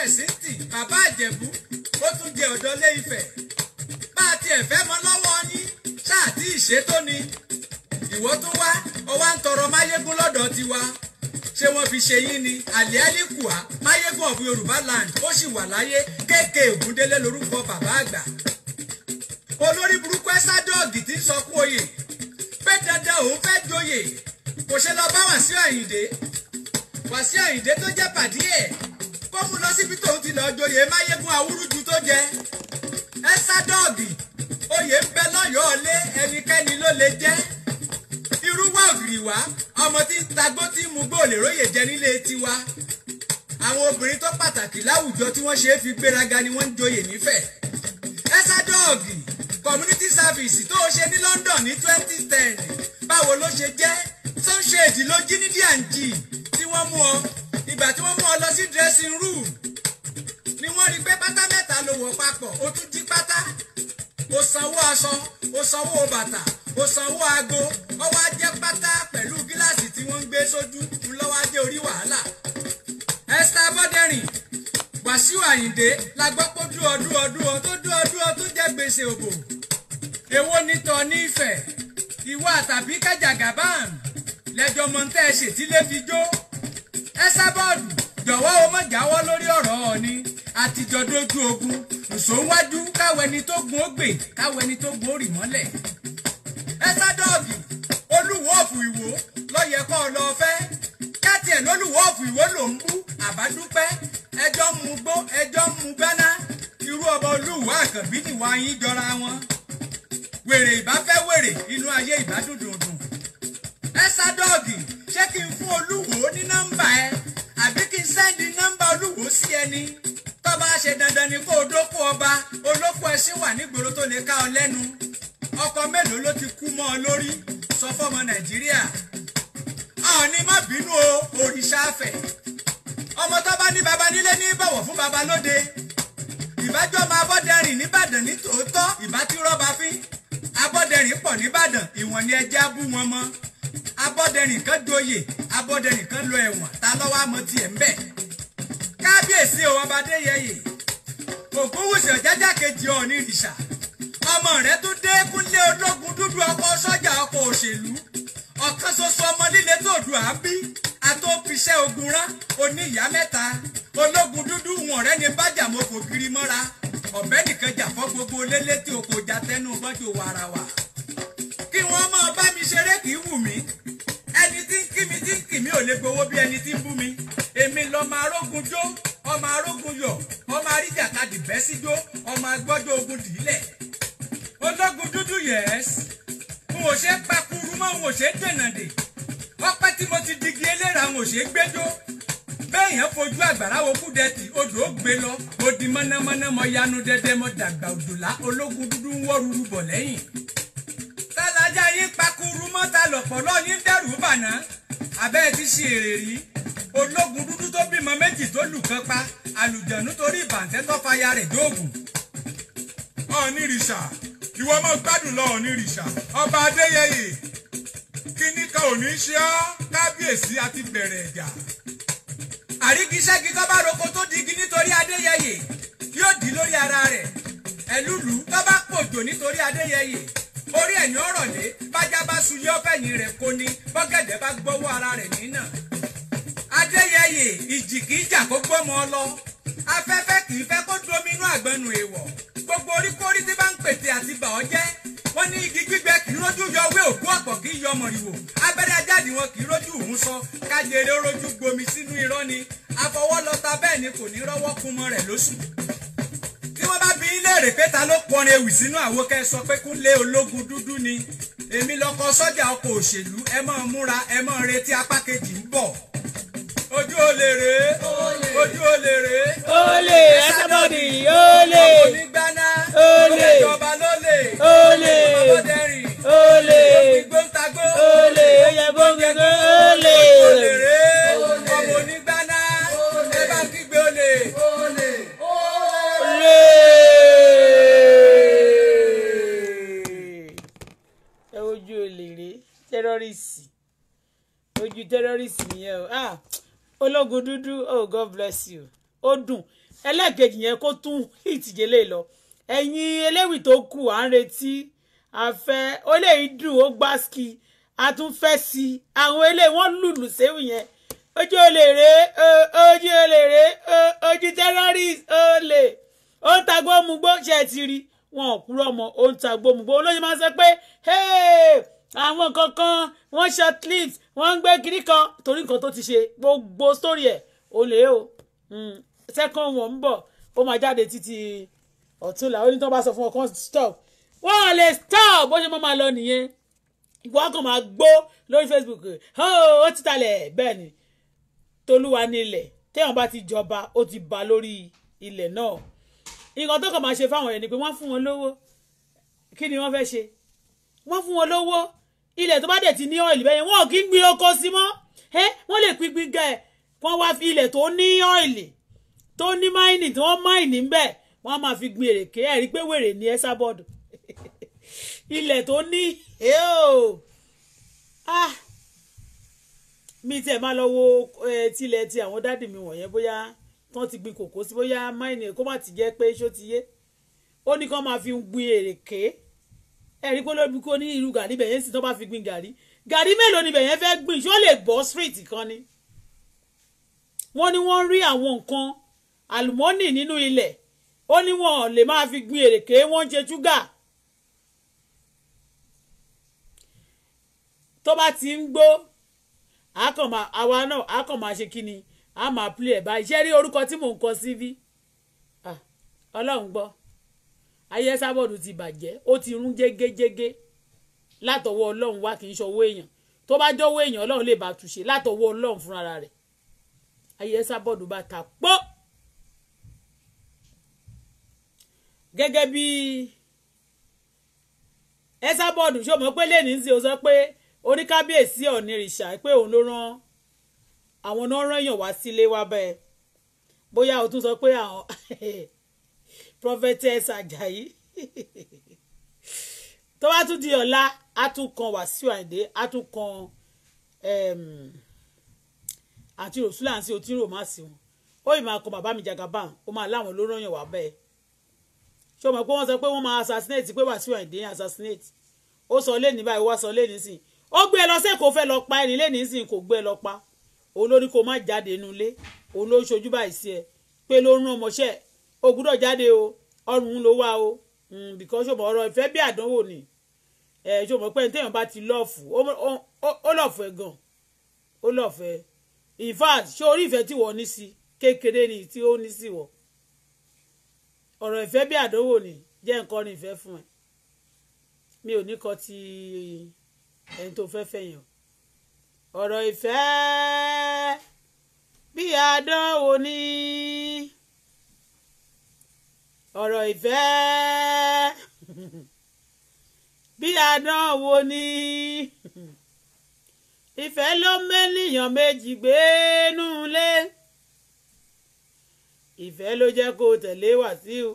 S2: fẹ̀sìntì bàbá àjẹ̀bú ó tún jẹ ọ̀dọ́ lé ifẹ̀ bá a tiẹ̀ fẹ́ mọ lọ́wọ́ yín ṣáà tí ìṣètò ni ìwọ tún wá ọwá ń tọrọ máyégún lọ́dọ̀ tiwa ṣé wọ́n fi ṣe yín ni àlè alíkùá máyégún of yorùbá land ó sì wà láyé kéèké ògúndélé lórúkọ bàbá àgbà olórí burúkú ẹsádọọgì tí ń sọkún oyè pé dandan òun fẹ́ joyè kò ṣe lọ bá Wàsíù Àyìndé Wàsíù Àyìndé tó jẹ́ pàdí ẹ̀ wọ́n mú lọ síbi tó ti lọ joyè máyégún àwúrúju tó jẹ ẹ́sádọ́ọ̀gì oyè ń bẹ lọ́yọ̀ọ́ lé ẹnikẹ́ni ló lè jẹ́ irúwà ògìrìwá ọmọ tí ń tagbó tí ń mugbó lè róye jẹ nílé tiwa àwọn obìnrin tó pàtàkì láwùjọ tí wọ́n ṣe é fi gbéraga ni wọ́n ń joyè nífẹ̀ẹ́ ẹ́sádọ́ọ̀gì community service tó o ṣe ní London ní twenty ten báwo ló ṣe jẹ́ sunshade ló jí ní díàǹjì tí wọ́n mú ọ ìgbà tí wọ́n mú ọ lọ sí dressing room ni wọ́n rí pé pátá mẹ́ta ló wọ̀ papọ̀ ó tún jí pátá ó sanwó aṣọ ó sanwó bàtà ó sanwó aago ọwọ́ ajé pátá pẹ̀lú gíláàsì tí wọ́n ń gbé sójú ńlọ́wọ́ ajé orí wàhálà Esther Bọ́dẹ̀rìn Wàsíù Àyìndé la gbọ́ pé dúọ dúọ dúọ tó dúọ dúọ tó jẹ́ gbèsè òbò èwo ni tọ́ ìwọ àtàbí kẹjàgàbáàmù lẹ́jọ́ mọ́ńtẹ́ ṣètìlẹ́fijó ẹsàbọọdù jọ̀wọ́ o má jáwọ́ lórí ọ̀rọ̀ ọ̀ni àtijọ́ dojú ogun ìṣòwájú káwọn ẹni tó gun ó gbè káwọn ẹni tó gun ó rì mọ́lẹ̀ ẹsàdọọbì olúwo ọ̀fù ìwò lọ́yẹ kọ́ ọ lọ fẹ́ kẹ́tì ẹ̀ lólùwọ ọ̀fù ìwò ló ń bú àbádúpẹ́ ẹjọ́ ń mu gbó ẹjọ́ ń mu gbẹ́ná irú ọba olúwo àkànbí nìwà yín jọra wọn wèrè ìbá wèrè inú ayé ìbá dùn dùn mẹ́sàdọ́ọ̀gì ṣé kí n fún olúwo ní nọ́mbà ẹ àbí kí n sẹ́ndì nọ́mbà olúwo sí ẹni tó bá ṣe dandan ni kó o dóko ọba olóko ẹṣin wà nígboro tó lè ká ọ lẹ́nu ọkọ mélòó ló ti kú mọ́ ọ lórí sọ fọ́mọ nàìjíríà ọ̀ọ́ni má bínú o òrìṣà afẹ́ ọmọ tó bá ní baba nílé ní bọ̀wọ̀ fún baba lóde ìbájọ́ ọmọ abọ́dẹrìn nìbàdàn ní tòótọ́ ìbátí rọ́bà fín abọ́dẹrìn pọ̀ nìbàdàn ìwọ̀n ni ẹja bú wọn mọ́ abọ́dẹrìn kan doyè abọ́dẹrìn kan lọ ẹ̀wọ̀n ta lọ́wọ́ àmọ́ tiẹ̀ ń bẹ̀ kábíyèsí o ọba adéyẹyè kòkówùsì ọ̀jájá kejì ọ̀ọ́nì ìrìṣà ọmọ rẹ̀ tún dé kúnlé ológun dúdú ọkọ̀ sọ́jà ọkọ̀ òṣèlú ọ̀kan ṣoṣo ọmọ líle tó dùn á bí àtòfiṣẹ́ ogun rán oníyá mẹ́ta ológun dúdú wọn rẹ́ ni bájà mo kò kiri mọ́ra ọ̀bẹ nìkan jà fọ́ gbogbo lélẹ́ tí o kò já tẹnu bọ́jú wàràwà kí wọ́n máa bá mi ṣeré kì í wù mí kí mi tí ń kì mí ò lè gbowó bí ẹni tí ń bú mi èmi lọ́mọ arógun jó ọmọ arógun yọ̀ ọmọ aríjàta dìbẹ́ sí jó ọmọ agbọ́jọ́ ogun dìílẹ̀ ológun dúdú yẹ̀ẹ́s n ò ṣe pakuru mọ́ n ò ṣe dènà dè ọpẹ́ tí mo ti digi eléra n ò ṣe gbẹ́jọ́ bẹ́ẹ̀yàn fojú àgbàrá okú dẹ́tì odò gbé lọ odi mọ́nàmọ́ná mọ yanu dẹ́dẹ́ mọ dàgbà òdòlá ológun dúdú ń wọ́rùrù bọ̀ lẹ́yìn tálájà yín pakuru mọ́ta lọ̀pọ̀ yín dẹ́rù bàná abẹ́ ti ṣe èrè rí ológun dúdú tó bímọ méjì tó lù kan pa àlùjọ̀nù torí ìbàǹtẹ́ tó fàyà rẹ̀ dóògùn. ọ̀ọ́nì rìṣà ìwọ máa gbádùn lọ ọ̀ọ́nì rìṣà ọba adéyẹyè kíní kan ò ní ṣe ọ́ kábíyèsí àti bẹ̀rẹ̀ ẹ̀jà. àríkíṣẹ́gi tó roko tó digi nítorí adéyẹyè yóò dì lórí ara rẹ̀ ẹ̀lúlù tó pòjò nítorí adéyẹyè orí ẹ̀yìn ọ̀rọ̀ lé bájá bá su yọ bẹ́yìn rẹ̀ kó ní bọ́gẹ̀dẹ̀ bá gbọ́wọ́ ara rẹ̀ nínà. adéyẹyè ìjì kì í jà kó gbọ́mọ lọ afẹ́fẹ́ kì í fẹ́ kó domi inú àgbẹnu èèwọ̀ gbogbo oríkórí tí bá ń pètè àti bà ọ́ jẹ́ wọ́n ní igi gbígbẹ kì í rójú yọ wé òkú ọ̀pọ̀ kì í yọmọ ìwò abẹ́rẹ́ ajáde wọn kì í rójú òun sọ kájèrè ó rójú gbomi sínú irọ́ ni afọwọ́lọ́ta bẹ́ẹ̀ ni kò ní rọ́wọ́ kúmọ rẹ̀ lóṣù wọ́n bá bí léèrè pé ta ló pọnrin ewì sínú àwo kẹ́ sọ pé Kúnlé ológun dúdú ni èmi lọkọ sọ́jà ọkọ̀ òṣèlú ẹ mọ̀ múra ẹ mọ̀ retí apá kejì ń bọ̀ ojú olè rèé ojú olè rèé olè ẹsẹ̀bọ̀dì olè onígbaná olè ìjọba lólè olè ọmọdérìn olè gbígbóntagbó olè oyèbóngbó olè olè rèé ọmọ onígbaná ẹ bá kígbe olè ẹ
S1: ojú olè rè tẹ́rọ́rìsì ojú tẹ́rọ́rìsì nìyẹn o ah ológun dúdú oh god bless you ó dùn ẹlẹ́ẹ̀kejì yẹn kó tún ìtìjẹ́ lè lọ ẹ̀yin eléwì tó kù à ń retí àfẹ́ ó lè dùn ó gbá ski a tún fẹ́ sí i àwọn eléyìí wọ́n lùlù séwì yẹn ojú olè rè oh, ojú olè rè oh, ojú tẹ́rọ́rìsì olè ó ń tagbó mugbó ṣe é ti rí wọn ò kúrò ọmọ ó ń tagbó mugbó olóyè máa ń sọ pé àwọn nǹkan kan shortlist wọ́n ń gbé kiri kan torí nǹkan tó ti ṣe gbogbo sórí ẹ̀ ó lè o hmm, second one ń bọ̀ ó máa jáde títí ọ̀túnla ó ní tí wọ́n bá sọ fún ọkàn stop wọ́n lè stop bó ṣe máa máa lọ nìyẹn ìwọ kan máa gbó lórí Facebook ó ti talẹ̀ bẹ́ẹ̀ ni tolúwa nílẹ̀ téèyàn bá ti jọba ó ti ba lórí ilẹ̀ náà. No nǹkan tó kàn máa ṣe fáwọn ẹni pé wọ́n fún wọn lówó kí ni wọ́n fẹ́ ṣe wọ́n fún wọn lówó ilẹ̀ tó bá dẹ̀ ti ní ọ́ìlì bẹ́yẹn wọn ò kí ń gbin oko sí mọ́ ẹ wọ́n lè pin gbígbà ẹ̀ wọ́n wá fi ilẹ̀ tó ní ọ́ìlì tó ní máìnì tí wọ́n máìnì ń bẹ̀ wọ́n máa fi gbin èrèké ẹ̀rí pé wèrè ní ẹ́sà bọ́ọ̀dù *laughs* ilẹ̀ tó ní ah! mi tiẹ̀ máa lọ wo tilẹ̀ ti àwọn dádì mi wọ̀nyẹn bóyá tán ti gbin kòkó sí bóyá máìnì kó má ti jẹ́ pé ṣó ti yé ó ní kán máa fi gbin èrèké ẹ̀rí pé lóbi kó ní irú gàrí bẹ̀yẹn sì tán bá fi gbin gàrí gàrí mélòó ni bẹ̀yẹn fẹ́ gbìn ṣó lè bọ́ street kan ni wọ́n ní wọ́n rí àwọn nǹkan àlùmọ́nì nínú ilẹ̀ ó ní wọn lè máa fi gbin èrèké wọ́n ń ṣúgà. tó bá ti ń gbó àwa náà a ṣe kí ni a máa play ẹ̀ báyìí ṣé rí orúkọ tí mò ń kọ sí bí ọlọ́run gbọ́ ayé sábọ̀dù ti bàjẹ́ ó ti rún jégéjégé látọwọ́ ọlọ́run wá kì í ṣọwọ́ èèyàn tó bá jọwọ́ èèyàn ọlọ́run lè bá túṣe látọwọ́ ọlọ́run fúnra rẹ̀ ayé sábọ̀dù bá ta pọ́. gẹ́gẹ́ bí ẹ sábọ̀dù ṣó pé lẹ́nìí ń sè ó sọ pé oníkábíyèsí ọ̀nìrìṣà pé òun ló rán àwọn náà rán èèyàn wá sílé wa bẹ́ẹ̀ bóyá o tún sọ pé àwọn *laughs* prophetess Ajayi tó bá tún di ọ̀la á tún kan Wàsíù Àyìndé á tún kan ehm, àti rosula àti otí romance wọn ó ì máa kọ bàbá mi jagaban ó máa láwọn ló rán wá bẹ́ẹ̀ ṣé o mọ̀ pé wọ́n sọ pé wọ́n máa assassinate pé Wàsíù Àyìndé assassinate ó sọ lẹ́ni báyìí wá sọ lẹ́ni sìn ó gbé e lọ sí èkó fẹ́ lọ pa ẹni lẹ́ni sìn kò gbé e lọ pa olórí kò má jáde nulẹ̀ òun ló ń ṣojú báyìí sí ẹ pé ló ń rán ọmọṣẹ́ o gbúdọ̀ jáde o ọrùn ló wá o hmm, bìkan ṣòmọ ọ̀rọ̀ ìfẹ́ bí àdánwò ni ṣòmọ pé ní téèyàn bá ti lọ́ọ̀fù ó lọ́ọ̀fù ẹ gan ó lọ́ọ̀fù ẹ in fact ṣé orí ìfẹ́ tí wọ́n ní sí kékeré ni tí ó ní sí wọ́n ọ̀rọ̀ ìfẹ́ bí àdánwò ni jẹ́ nǹkan ní ìfẹ́ fún ẹ mi ò ní kọ ti ẹni tó fẹ́ fẹ̀yàn ọ̀rọ̀ ìfẹ́ bí àdánwò ni ọ̀rọ̀ ìfẹ́ bí àdánwò ni ìfẹ́ ló mẹ́nìyàn méjì gbénú lé ìfẹ́ ló jẹ́ kó tẹ̀lé Wàsíù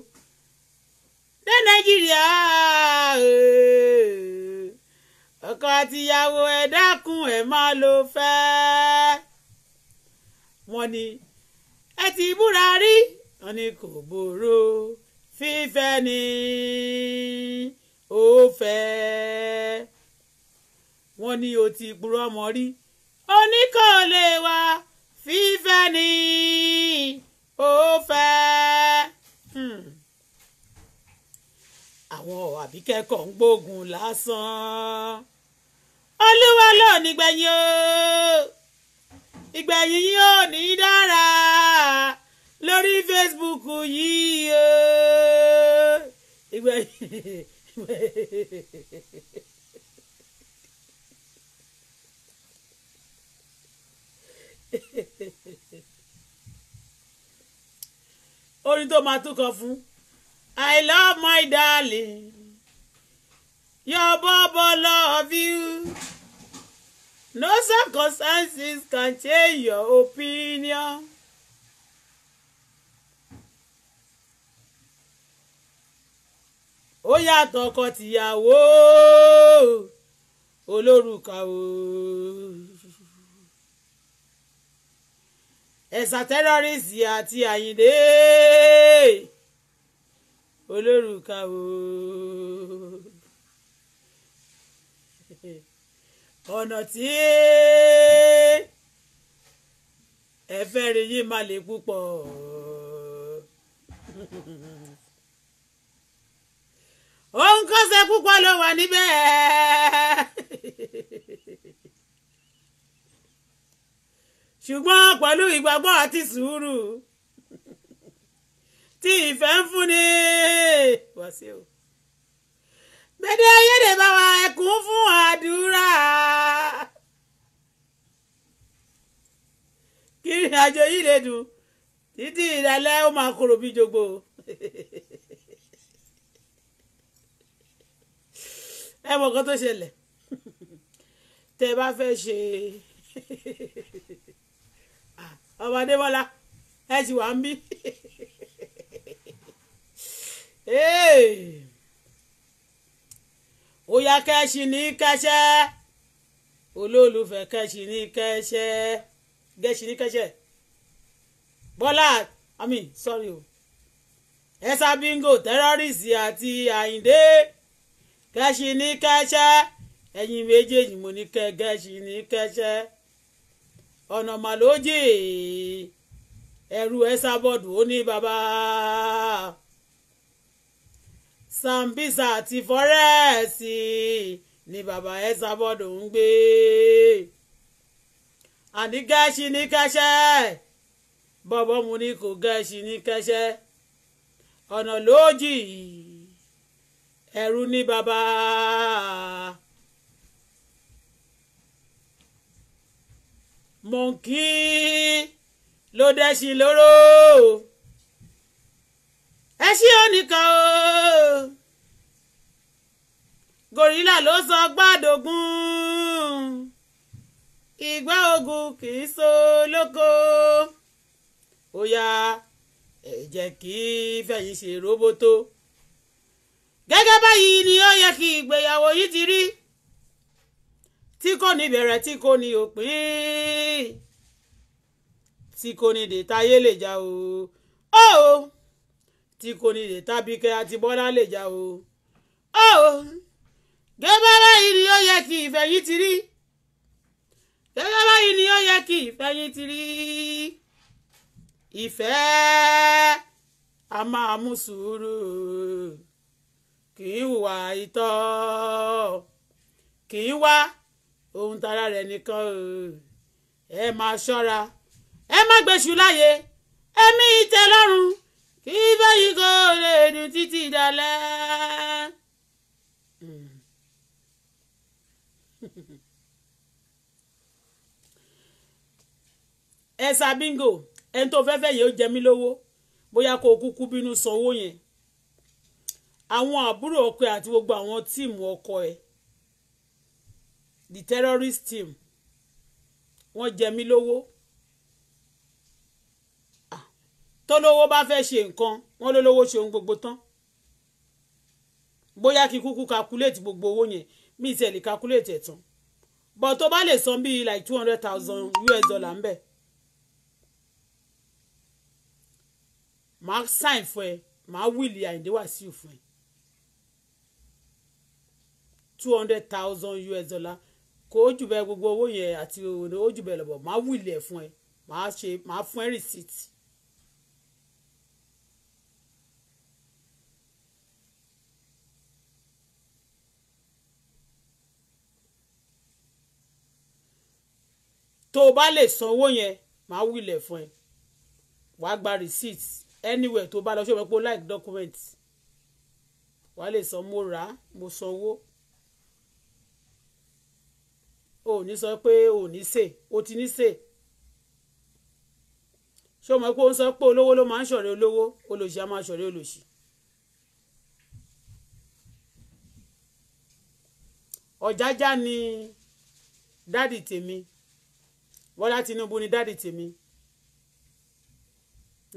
S1: dé Nàìjíríà. Hey. Eh ọkọ àtìyàwó ẹ dákun ẹ má lọ fẹ́ wọ́n ní ẹ ti búra rí wọ́n ní kò burú fífẹ́ ni ó fẹ́ wọ́n ní o ti purọ́ ọmọ rí oníkò lè wá ni ó fẹ́. Hmm àwọn àbíkẹ́kọ̀ọ́ ń gbógun lásán olúwa ló nígbẹ̀yìn o ìgbẹ̀yìn yìí ò ní dára lórí Facebook yìí o ìgbẹ̀yìn *laughs* orin tó máa tún kọ fún I love my darling. Your Baba love you. No circumstances can change your opinion. Ó yàtọ̀ ọkọ tìyàwó olórúkà o. Ẹ̀sà tẹ́rọ́rìsì àti Àyìndé olórúkà o. ọ̀nà tí ẹ fẹ́ rí yín má le púpọ̀ òun kọ́sẹ̀ púpọ̀ ló wà níbẹ̀ ṣùgbọ́n pẹ̀lú ìgbàgbọ́ àti sùúrù tí ìfẹ́ ń fúnni wá sí o gbẹdẹ ayédè ba wa ẹkún fún adura. Kiri ajo àjò yìí lè dùn títí ìdálẹ́ ó máa korò bí jogbo. ẹ mọ nǹkan tó ṣẹlẹ̀ tẹ bá fẹ́ ṣe ọmọ adébọ́lá ẹ ti wà ń bí. Hey! Oya yá ní kẹ́sẹ́ olólùfẹ́ ní ní i mean o ẹ̀sà bingo tẹ́rọ́rìsì àti àyíndé kẹ́sì ní kẹ́sẹ́ ẹ̀yin méjèèjì mo ní kẹ́ gẹ́sì ní ọ̀nà màlójì Sambisa àti fọ́rẹ́ẹ̀sì ni baba ẹ̀sà bọ́dọ̀ ń gbé àní gẹ́ṣin ní kẹ́ṣẹ́ bọ́bọ́ mu ni kò gẹ́ṣin ní kẹ́ṣẹ́ ọ̀nà lójì ẹ̀rú ní bàbá. mọ̀nkí ló dẹ́ṣin lóró ẹ ṣí ó nìkan o gòrílà ló sọ gbàdógún ìgbà ogun kì í so lóko ó yá ẹ jẹ́ kí fẹ̀yìn ṣe róbótó gẹ́gẹ́ báyìí ni ó yẹ kí ìgbéyàwó yìí ti rí tí kò ní bẹ̀rẹ̀ tí kò ní òpin tí kò ní dètà ayé lè já o. Oh! tí kò ní lè tábìkẹ́ àti bọ́lá lè já o. ó o gẹ́gẹ́ báyìí ni ó yẹ kí ìfẹ̀yìntì rí gẹ́gẹ́ báyìí ni ó yẹ kí ìfẹ̀yìntì rí ìfẹ́ a máa mú sùúrù kì í hùwà ìtọ́ kì í wá ohun tara rẹ̀ nìkan ẹ máa ṣọ́ra ẹ má gbèsù láyé ẹ̀mí ìtẹ́lọ́rùn kí báyìí kò lè dùn títí dalẹ́. ẹ̀sà bíngò ẹni tó fẹ́fẹ́ yìí ó jẹ mí lówó bóyá kó o kúkú bínú san owó yẹn àwọn àbúrò ọkọ ẹ àti gbogbo àwọn tíìmù ọkọ ẹ the terrorist team wọ́n jẹ mí lówó. tólówó bá fẹ́ ṣe nǹkan wọ́n lólówó ṣe ohun gbogbo tán bóyá kí kúkú calculate gbogbo owó yẹn mi ì tẹ̀lé calculate ẹ̀ tán but tó bá lè san bíi like two hundred thousand US dollar ń bẹ̀ màá sign fún ẹ màá wíìlì Àyìndé Wàsíù fún ẹ two hundred thousand US dollar kò ó jù bẹ́ẹ̀ gbogbo owó yẹn àti òjò bẹ́ẹ̀ lọ́bọ̀ màá wíìlì ẹ̀ fún ẹ màá ṣe màá fún ẹ receipt tó o bá lè sanwó yẹn màá wílẹ̀ fún ẹ wàá gba receipt anywhere tó o bá lọ ṣọ́ọ̀bù pé o like document wàá lè san mo rà á mo sanwó o ò ní sọ pé o ò ní sè o ti ní sè ṣé o mọ̀ pé o ń sọ pé olówó ló máa ń ṣọ̀rẹ́ olówó olòṣì á máa ṣọ̀rẹ́ olòṣì. ọ̀jájá ni dádì tèmi Bọ́lá Tinubu ni dáàdì tèmi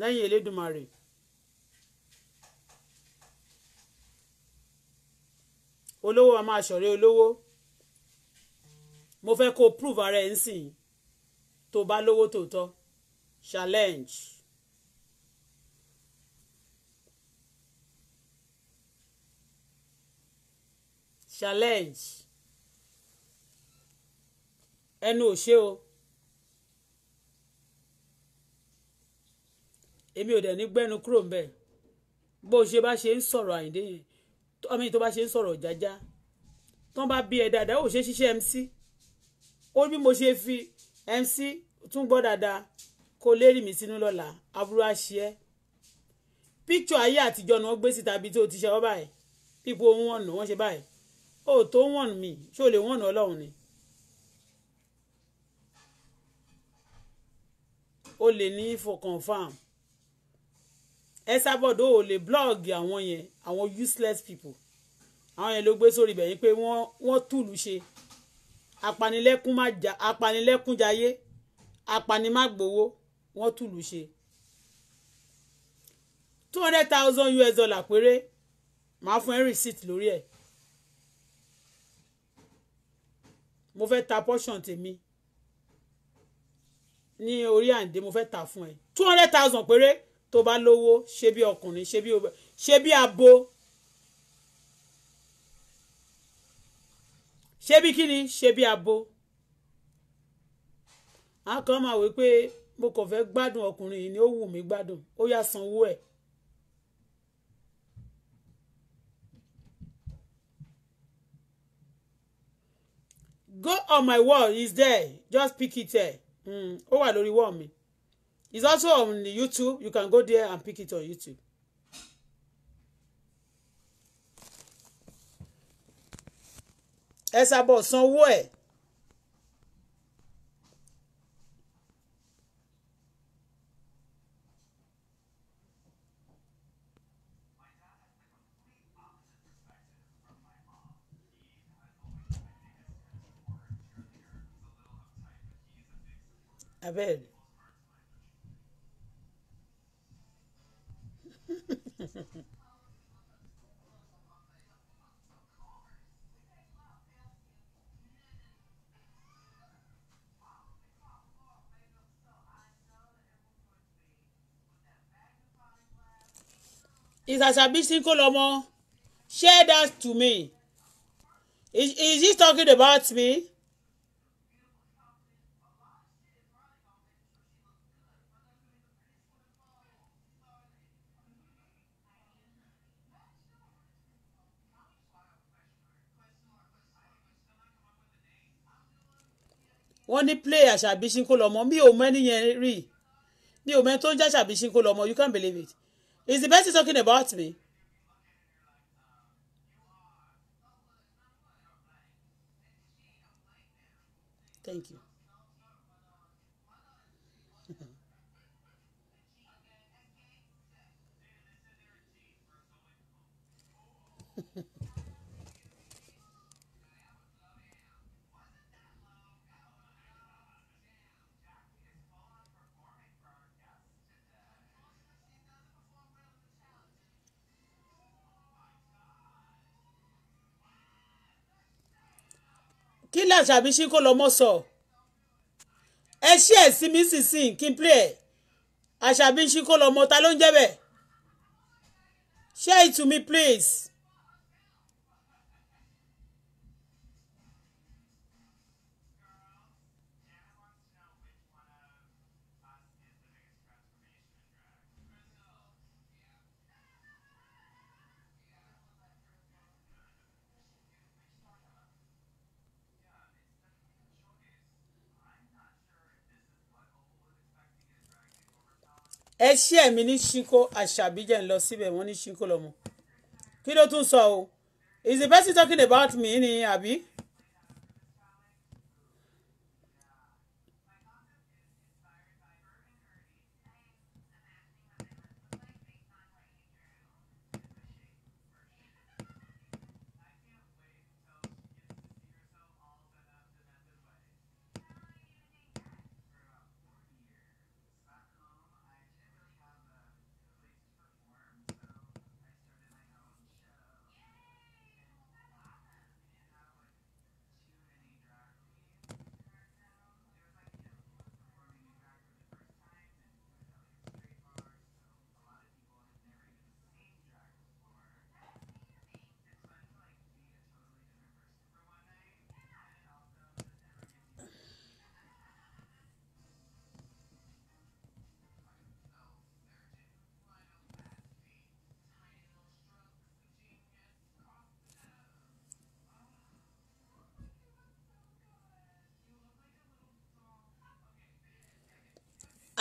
S1: lẹ́yìn Elédùmarè. olówó a máa ṣọ̀rẹ́ olówó mo fẹ́ kó prove ara ẹ̀ ń sìn tó bá lówó tòótọ́ challenge. challenge ẹnu ò ṣe o. èmi ò dẹ̀ ní gbẹ́nu kúrò ńbẹ̀ bó ṣe bá ṣe ń sọ̀rọ̀ àyíndé yẹn ọmọ yìí tó bá ṣe ń sọ̀rọ̀ jájá tán bá bí ẹ dáadáa ó ṣe ṣiṣẹ́ MC ó bí mo ṣe fi MC tún gbọ́ dáadáa kó lérì mí sínú lọ́la aburú àṣẹ píkṣọ̀ ayé àtijọ́ ni wọ́n gbé síta bíi tó ti ṣe wọ́n báyìí pípò wọ́n nù wọ́n ṣe báyìí ó tó wọ́n mi ṣó lè wọ́n nù ọlọ́run ni. ó lè ní for confam Esabod ò lè blọ́ọ̀gì àwọn yẹn àwọn useless people àwọn yẹn ló gbé sórí ibẹ̀ yín pé wọ́n wọ́n túlù ṣe apanilẹ́kún má jà apanilẹ́kún jayé apanimágbowó wọ́n túlù ṣe two hundred thousand US dollar péré màá fún ẹ receipt lórí ẹ̀ mo fẹ́ ta portion tèmi ní orí àǹdé mo fẹ́ ta fún ẹ two hundred thousand péré tó bá lówó ṣe bí ọkùnrin ṣe bí ṣe bí abo ṣe bí kíni ṣe bí abo a kàn máa wí pé mo kàn fẹ́ gbádùn ọkùnrin yìí ni ó wù mí gbádùn ó yá sanwó ẹ̀. go on my wall is there just pick it there hmm, ó wà lórí wall mi it's also on YouTube you can go there and pick it on YouTube. ẹ sábọ̀ sanwó ẹ̀. abẹ́rẹ́ Is Ìsàsàbí Sínkólọmọ share that to me is is he talking about me. wọ́n ní play Àṣàbí Sínkólọmọ mi ò mọ ẹni yẹn rí mi ò mọ ẹni tó ń jẹ́ Àṣàbí Sínkólọmọ you can't believe it Is the person talking about me? Thank you. sílẹ̀ àṣàbí sí kó lọ mọ́ sọ ẹ ṣí ẹ̀ sí mi sísìn kí n pè ẹ̀ àṣàbí sí kó lọ mọ́ ta ló ń jẹ́ bẹ́ẹ̀ share it to me please. ẹ ṣí ẹ̀mí ní ṣinko àṣàbí jẹ́ ń lọ síbẹ̀ wọ́n ní ṣinko lọ́mọ kí ló tún sọ o is the person talking about me ni àbí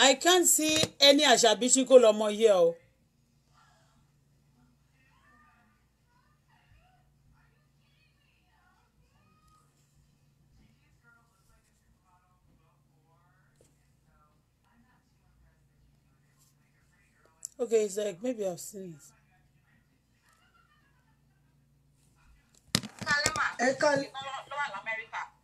S1: I can't see any Àṣàbí Chikolomo here o. Okay, it's like
S4: maybe I've seen it.
S6: Kalema. Ẹ kálẹ́. Lọ́wọ́ l'Amẹ́ríkà.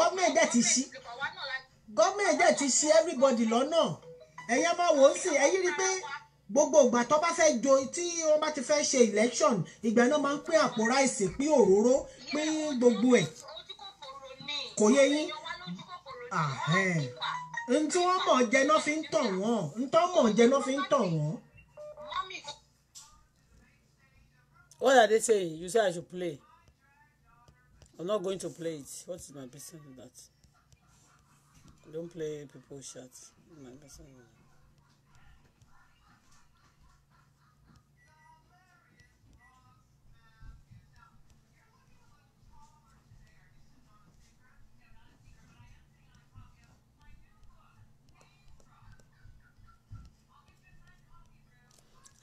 S6: gọ́ọ̀mẹ̀ntì dẹ̀ ti ṣí gọ́ọ̀mẹ̀ntì dẹ̀ ti ṣí everybody lọ́nà ẹ̀yẹ́ máa wò ó sì ẹ̀yìn rí pé gbogbo ìgbà tó bá fẹ́ jo tí wọ́n bá ti fẹ́ ṣe election ìgbà náà máa ń pín àpò ráìsì pín òróró pín gbogbo ẹ̀ kò yẹ yín n tí wọ́n mọ̀ jẹ náà fi ń tàn wọ́n n tó mọ̀ jẹ náà fi ń tàn wọ́n. What are they saying?
S1: You say I should play. I'm not going to play it. What is my business with that? don't play people shots. My business with that.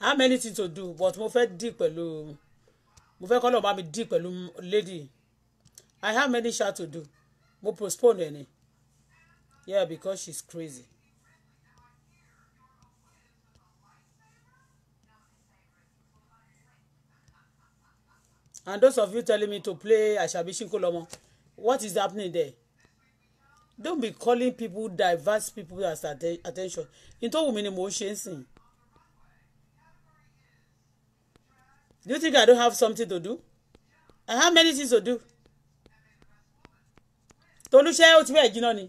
S1: how many things to do but mo fẹ́ dì pẹ̀lú mo fẹ́ kọ́ lọ́ọ́ bá mi dì pẹ̀lú lady I have many shout to do mo postpone any. yeah because she's crazy. and those of you telling me to play Asabi Shinkolọmọ what is happening there don't be calling people diverse people as atten attention You talk ni mò ń do you think I don't have something to do I have many things to do tolúṣẹ́ ó ti bẹ́ẹ̀ jiná ni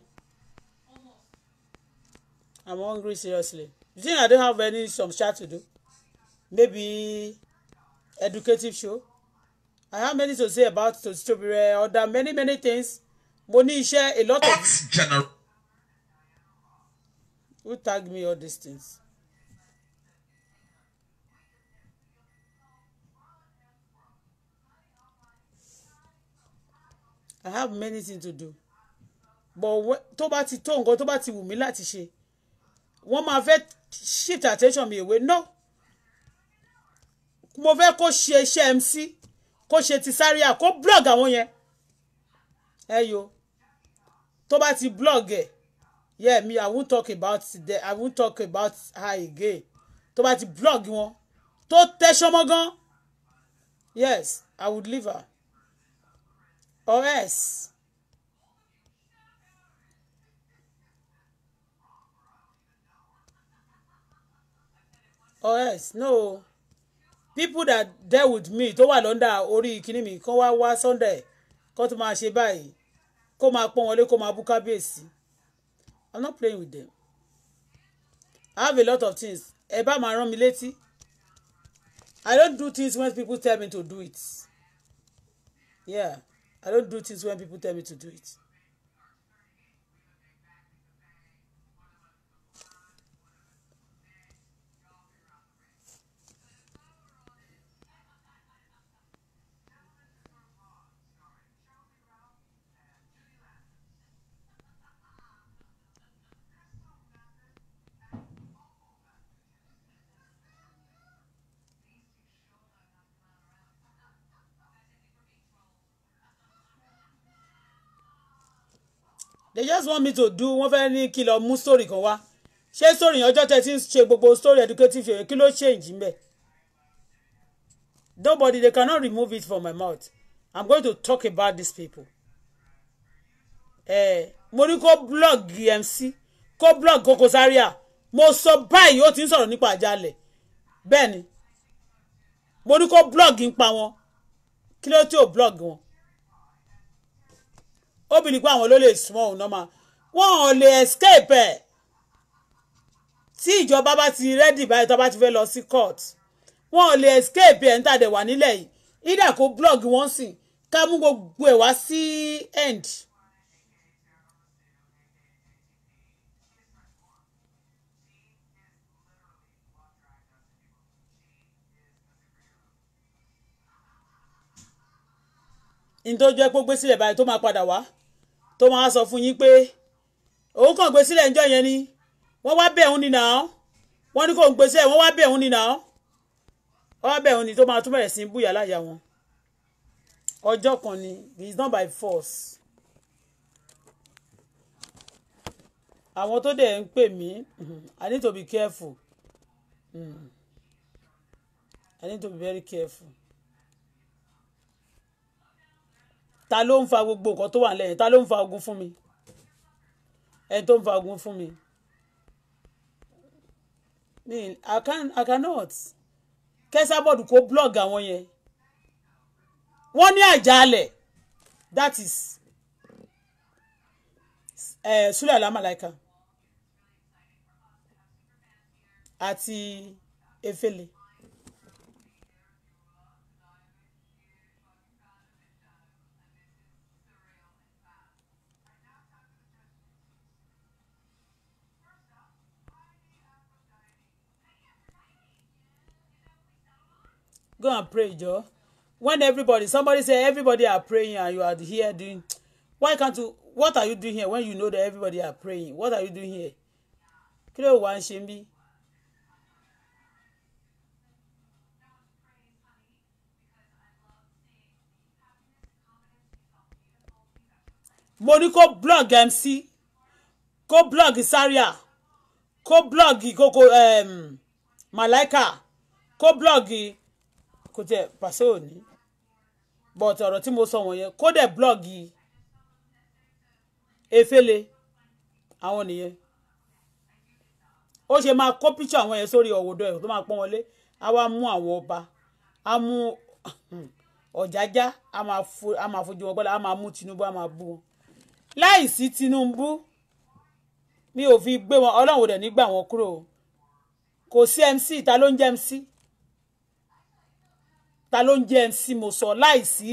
S1: I'm hungry seriously you think I don't have any some chat to do maybe educative show I have many to say about Tositobire other many many things mo ní iṣẹ́ a lot of. Who tag me all these things? I have many things to do but tó bá ti tó nǹkan tó bá ti wù mí láti ṣe wọ́n máa fẹ́ shift attention mi ìwé no mo fẹ́ kó ṣe iṣẹ́ MC kó ṣe ti sáré à blog àwọn yẹn ẹ yo tó bá ti blog ẹ̀ yeah me i won't talk about the i won't talk about her again tó bá ti blog wọn tó tẹ́ṣọ́ mọ́ gan yes i would leave her or else. or else no people that deal with me tó wà lọ́ndà orí kíní mi kán wá wá Sunday kó tó máa ṣe báyìí kó máa pọ́n wọlé kó máa bú kábíyèsí i'm not playing with them i have a lot of things ẹ bá máa rán mi létí i don't do things when people tell me to do it yeah i don't do things when people tell me to do it. they just want me to do wọ́n fẹ́ ní kí lọ story kan wa. ṣé story yẹn ọjọ́ tẹ́tí ń ṣe gbogbo story educative yẹn kí change mbẹ́ nobody they cannot remove it from my mouth i'm going to talk about these people eh, mo ní kó blog MC Ko blog Koko Zaria mo sọ báyìí ó ti ń sọ̀rọ̀ nípa àjálẹ̀ bẹ́ẹ̀ ni mo ní kó blog ń pa wọn kí ló blog wọn obìnrin pé àwọn ló lè súnmọ́ òun náà máa wọn ò lè escape ẹ̀ tí ìjọba bá ti rẹ́dì báyìí tó bá ti fẹ́ lọ sí court wọn ò lè escape ẹ̀ ń tàdé wà nílẹ̀ yìí ìdá kó blog wọn sì ká mú gbogbo ẹ̀ wá sí end. ní tó jẹ́ pé ó gbé sílẹ̀ báyìí tó máa padà wá tó máa sọ fún yín pé òun kàn gbé sílẹ̀ ńjọ́ yẹn ni wọ́n wá bẹ̀ òun ni nà án wọ́n ní kò ń gbé sílẹ̀ wọ́n wá bẹ̀ òun ni nà án wọ́n wá bẹ̀ òun ni tó máa tún bẹ̀rẹ̀ sí búyà láyà wọn ọjọ́ kan ni it's not by force. àwọn tó dẹ̀ ń pè mí I need to be careful mm. I need to be very careful. ta ló ń fa gbogbo nǹkan tó wà lẹ́yìn ta ló ń fa ogun fún mi ẹni tó ń fa ogun fún mi I can I cannot kẹsàbọ̀dù kó blog àwọn yẹn wọ́n ní àjálẹ̀ that is uh, sulẹ̀ alamalaika àti efele. go and pray Joe. when everybody somebody say everybody are praying and you are here doing why can't you what are you doing here when you know that everybody are praying what are you doing here kí ló wà ń ṣe blog MC kó blog Zaria kó blog kókó um, Malaika kó blog kò tiẹ̀ pàṣẹ òní but ọ̀rọ̀ tí mo sọ wọ̀nyẹn kó blọ́ọ̀gì efele àwọn nìyẹn ó ṣe máa kó píṣọ àwọn yẹn sórí ọ̀wọ́dọ̀ ẹ̀ tó máa pọ́n wọlé á wá mú àwọn ọba á mú *laughs* ọ̀jájá á máa fojú wọn gbọ́dọ̀ á máa mú Tinubu á máa bú wọn láì sí Tinubu mi ò fi gbé wọn ọlọ́run ò dẹ̀ nígbà wọn kúrò kò sí MC ta ló ń jẹ́ MC ta ló ń jẹ́ MC mo sọ láìsí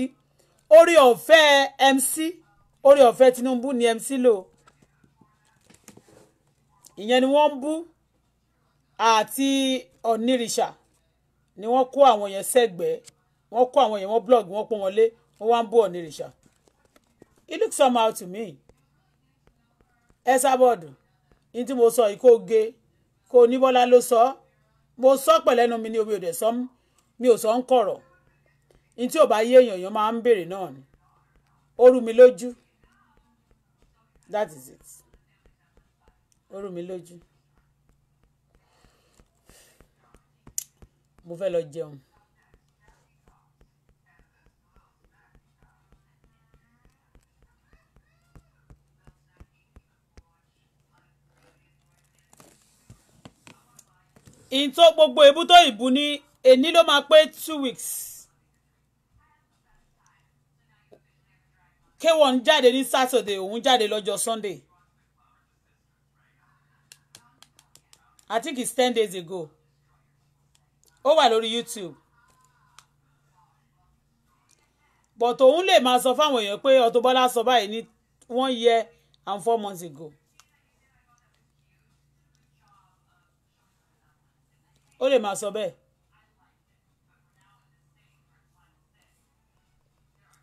S1: orí ọ̀fẹ́ MC orí ọ̀fẹ́ Tinubu ni MC lò ìyẹn ni wọ́n bú àti onírìṣà ni wọ́n kó àwọn yẹn sẹ́gbẹ̀ẹ́ wọ́n kó àwọn yẹn wọ́n blog wọ́n pọ́n wọn lé wọ́n wá ń bú onírìṣà it looks somehow to me ẹ sábọ̀dù ní tí mo sọ yìí kó ge kó ní Bọ́lá ló sọ mo sọ pẹ̀lẹ́nu mi ní omi ò dẹ̀ sọ́mú mi ò sọ ń kọ̀rọ̀ ní tí ò bá yé èèyàn èèyàn máa ń béèrè náà ni ó mi lójú that is it ó rú mi lójú mo fẹ́ lọ jẹun. ìntó gbogbo ebú ìbú ní èní ló máa pé two weeks k1 jáde ní Saturday òun jáde lọ́jọ́ Sunday I think it's ten days ago ó wà lórí YouTube but òun lè máa sọ fáwọn èèyàn pé Auto sọ báyìí ní one year and four months ago. ó lè máa sọ bẹ́ẹ̀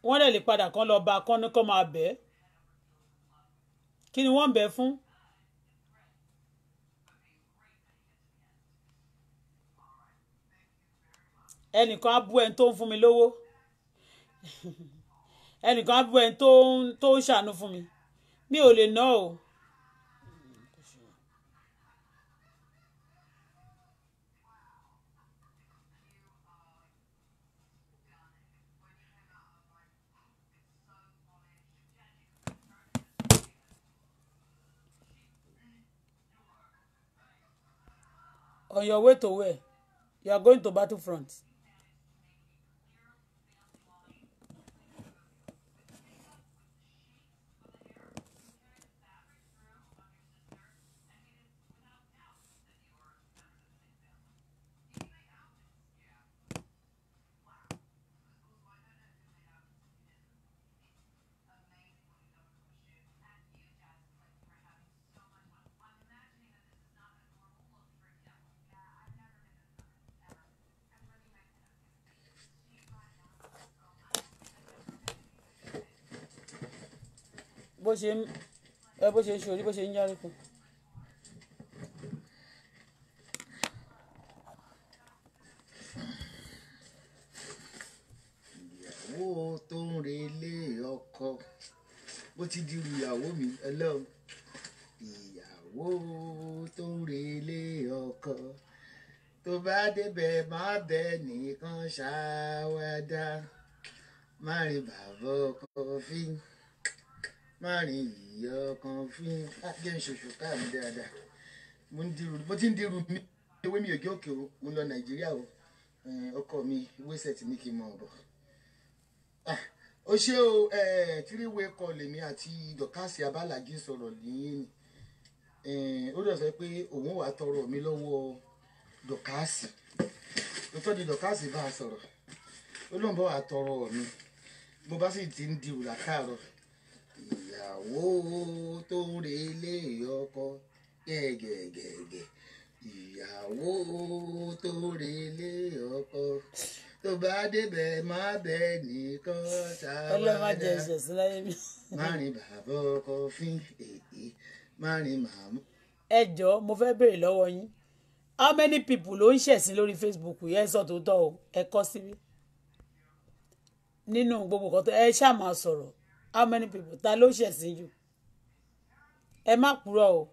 S1: wọ́n lè lè padà kán lọ bá kán ní kán máa bẹ̀ ẹ́ kí ni wọ́n ń bẹ̀ fún. ẹnìkan á bú ẹni tó ń fún mi lówó *laughs* ẹnìkan á bú ẹni tó ń ṣàánú fún mi mi ò lè ná o. No on your way to where you are going to battlefront bó ṣe ń ẹ bó ṣe ń ṣorí bó ṣe ń yára kù.
S7: ìyàwó tó ń relé ọkọ bó ti di ìyàwó mi ẹlẹ́wọ̀n ìyàwó tó ń relé ọkọ tó bá débẹ̀ má bẹ nìkan ṣáwádà má rí bàbá ọkọ fíìmù márùn ìyá ọkàn fún jẹ́ ìṣòṣò káàmì dáadáa mo ń dirú mo ti ń dirú mi ewé mi òjò òkè o mo ń lọ nàìjíríà o ọkọ mi wíṣẹt ní kí n mọ ọ̀rọ̀ ah, o ṣé o tíríwé kọ lèmi àti dọkásì abálàjì sọ̀rọ̀ nìyí ó dọ̀ sọ pé òun wàá tọrọ mi lọ́wọ́ dọkásì mo tọ́ di dọkásì bá a sọ̀rọ̀ ó lóun bọ́ wàá tọrọ mi mo bá sì ti ń dirú làkàrọ̀ ìyàwó tó ń relé ọkọ gẹ́gẹ́gẹ́gẹ́ ìyàwó tó ń relé ọkọ tó bá débẹ̀ má bẹ̀ nìkan ṣàwádà márìn bàbá ọkọ fún èyí márìn
S1: màmú. ẹ jọ mo fẹ́ béèrè lọ́wọ́ yín how many people ló ń ṣẹ̀sìn lórí Facebook yẹn sọ tòótọ́ o ẹ kọ́ síbí nínú gbogbo kan tó ẹ ṣáà máa sọ̀rọ̀ how many people ta ló ṣẹ̀sìn jù ẹ má purọ́ o.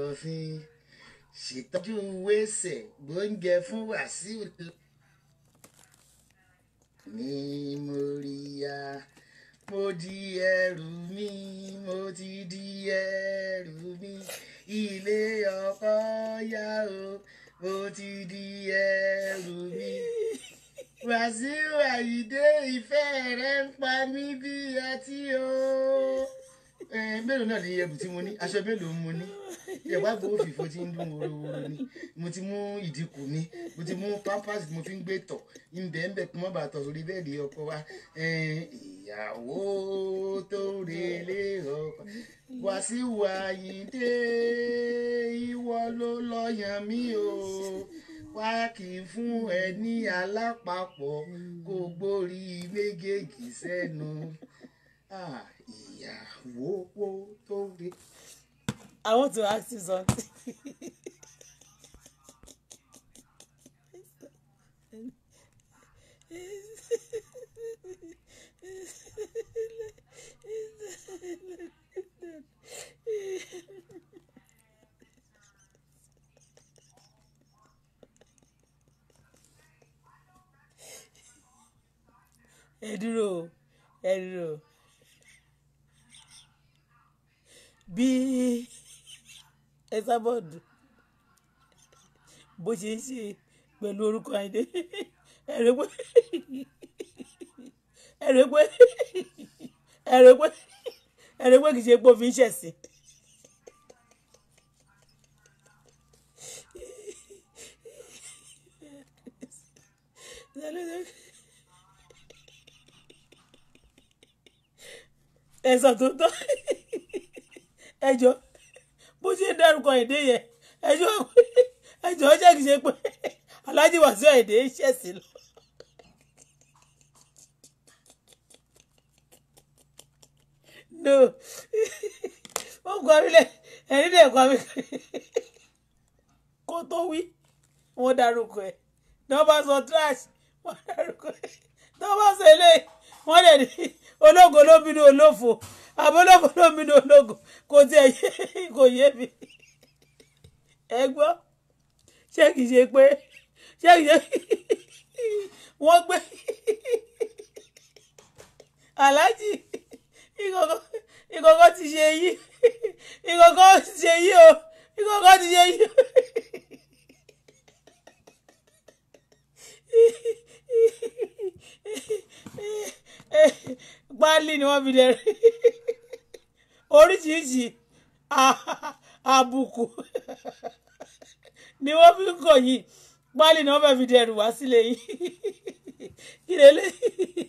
S7: òfin ṣètọ́jú wẹ́sẹ̀ gbóúnjẹ fún wàsíù ni mo rí ya mo di ẹrù mi mo ti di ẹrù mi ilé ọkọ yá o mo ti di ẹrù mi wàsíù àyídé ìfẹ́ rẹ̀ ń pa mí bí ẹtí o. mélòó náà ni ẹbù tí mo ní aṣọ mélòó mo ní ẹ̀wá gbowó fìfo tí ń dún wórówóró ni mo ti mú ìdínkù mi mo ti mú pampers mo fi ń gbé tọ̀ ńbẹ̀ ńbẹ̀ kí wọ́n bá tọ̀ sórí bẹ́ẹ̀dì ọkọ wa ìyàwó tó relé ọkọ wàsíù àyídé ìwọ ló lọ́yàn mí o páàkì fún ẹ ní alápapọ̀ kó gbórí méjèèjì sẹ́nu ah, ìyàwó pó tó gbé.
S1: I want to ask you something. *laughs* ẹ dúró ẹ dúró bí ẹ sábọ̀dù bó ṣe ń ṣe pẹ̀lú orúkọ Àyìndé ẹ̀rẹ́ pé ẹ̀rẹ́ pé ẹ̀rẹ́ pé ẹ̀rẹ́ pé kì í ṣe pé òfin ṣẹ̀sìn. Saludos. ẹ̀sán tó tọ́ ẹjọ́ bó ṣe ń dárúkọ èdè yẹn ẹjọ́ ẹjọ́ ọjọ́ kìí ṣe pé Alhaji Wasiu Ayinde ṣẹ̀sìn lọ. no ó kọ abílẹ̀ ẹ̀rí dẹ̀ kọ abílẹ̀ kó tó wí wọ́n dárúkọ ẹ̀ ní wọ́n bá sọ trash wọ́n dárúkọ ẹ̀ ní wọ́n bá sọ eléyìí wọ́n dẹ̀ ní ológo ló bínú olófo àbólófo ló bínú ológo kò tiẹ̀ kò yé mi ẹ gbọ́ ṣé kìí ṣe pé ṣé kìí ṣe *laughs* wọ́n gbé *laughs* aláàjì ìkọ̀kọ̀ ti ṣe yí ìkọ̀kọ̀ ti ṣe yí o ìkọ̀kọ̀ ti ṣe yí o. *laughs* *laughs* páálí ni wọ́n fi lè rí *laughs* oríṣiríṣi àbùkù *laughs* ni wọ́n fi ń kọ̀ yìí páálí ni wọ́n fẹ́ fi dẹrù wá sílé yìí kí lélẹ́yìn.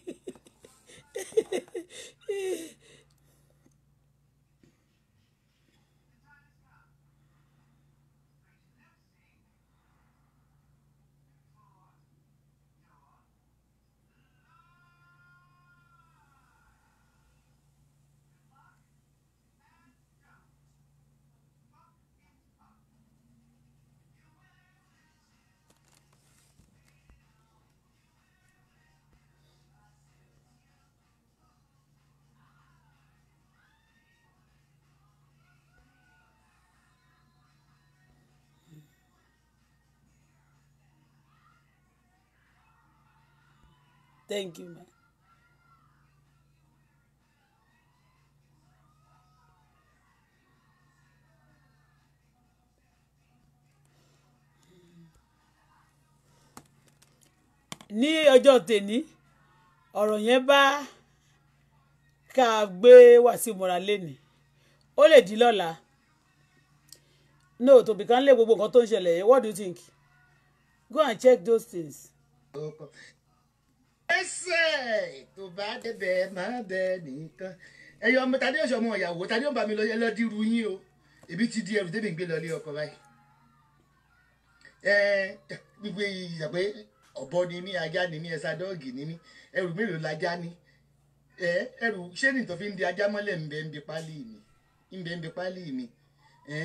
S1: Thank you, man. ní ọjọ́ tèní ọ̀rọ̀ yẹn bá ká gbé Wàsíù mọ́ra lẹ́nìí ó lè di lọ́la no tòbí kan lè gbogbo nǹkan tó ń ṣẹlẹ̀ what do you think
S7: go and check those things ẹsẹ̀ tó bá débẹ̀ má bẹ nìkan ẹyọ ọmọ tani ọ̀ṣọ́ ọmọ ìyàwó tani ó mi lọ yẹ lọ́dírú yín o èmi ti di ẹrù débi gbé lọ ilé ọkọ báyìí ẹ gbígbé ìyà pé ọ̀bọ ni mí ajá ni mí ẹ̀sà dọ́ọ̀gì ni mí ẹrù mélòó lajá ni ẹ ẹrù ṣé ní ìtọ́ fi ń di ajá mọ́lẹ̀ ń bẹ ń bẹ pálí mi ń bẹ ń bẹ pálí mi ẹ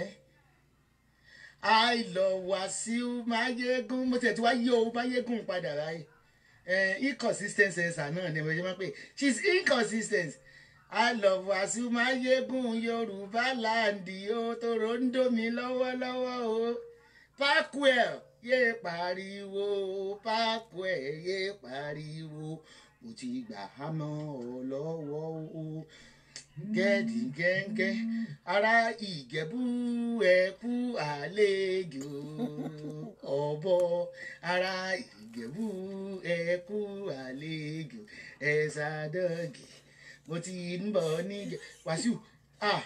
S7: àìlọ́wàsíù máyégún mo tẹ̀ tí wá yí owó máyégún padà ráyè uh, eh, inconsistent sensor náà ni mo ṣe máa pè she is inconsistent I love Wasiu Mayegun Yorùbá láǹdì ó tóró ń dómi lọ́wọ́lọ́wọ́ o Pacquiao yé pariwo Pacquiao yé pariwo mo ti gbà á mọ́ ọ lọ́wọ́ o gẹ́ẹ̀dì gẹ́ńgẹ́ ara ìjẹ̀bú ẹ̀kú àlejò ọ̀bọ ara ìjẹ̀bú ẹ̀kú àlejò ẹ̀sà dọ́gì mo ti ń bọ̀ ní Wàsíù ah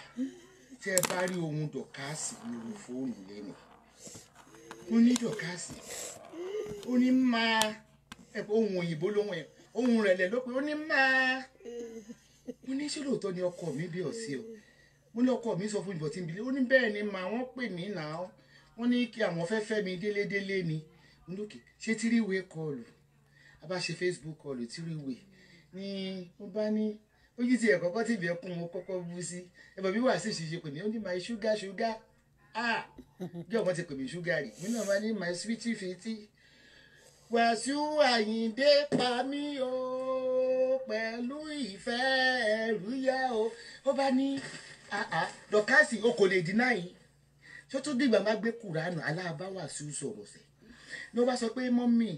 S7: tí ẹ bá rí ohun dọ̀kásì lórí fóònù lẹ́nu ó ní dọ̀kásì ó ní máa ohun òyìnbó lóhun ẹ̀ ohun rẹ̀ lẹ̀ ló ó ní máa mo ní ṣé lóòótọ́ ni ọkọ mi bí ọ̀sẹ̀ o mo ní ọkọ mi sọ fún ìbọn tí n bilẹ̀ ó ní bẹ́ẹ̀ ni màá wọ́n pè mí nà ó wọ́n ní kí àwọn fẹ́ fẹ́ mi délédélé ni mo lókè ṣé tíríwé kọlù a bá Facebook kọlù tíríwé ni mo bá ní ojú ti ẹ̀kọ́ kọ́ tìbí ẹkún mo kọ́kọ́ bú sí ẹ̀bọ̀ bí wàá sì ṣe ṣe pè mí ó ní my sugar sugar ah bí ọmọ ti pè mí sugar rí mi náà máa ní my sweetie fifty Wàsíù Àyìndé pa mí o pẹ̀lú ìfẹ́ ẹ̀rú yá o ó bá ní dọ̀kásì o kò lè dínà yìí tó tún dìgbà má gbé kùránù aláàbáwá sí sọ̀rọ̀ sẹ̀ ni ó bá sọ pé mọ́mì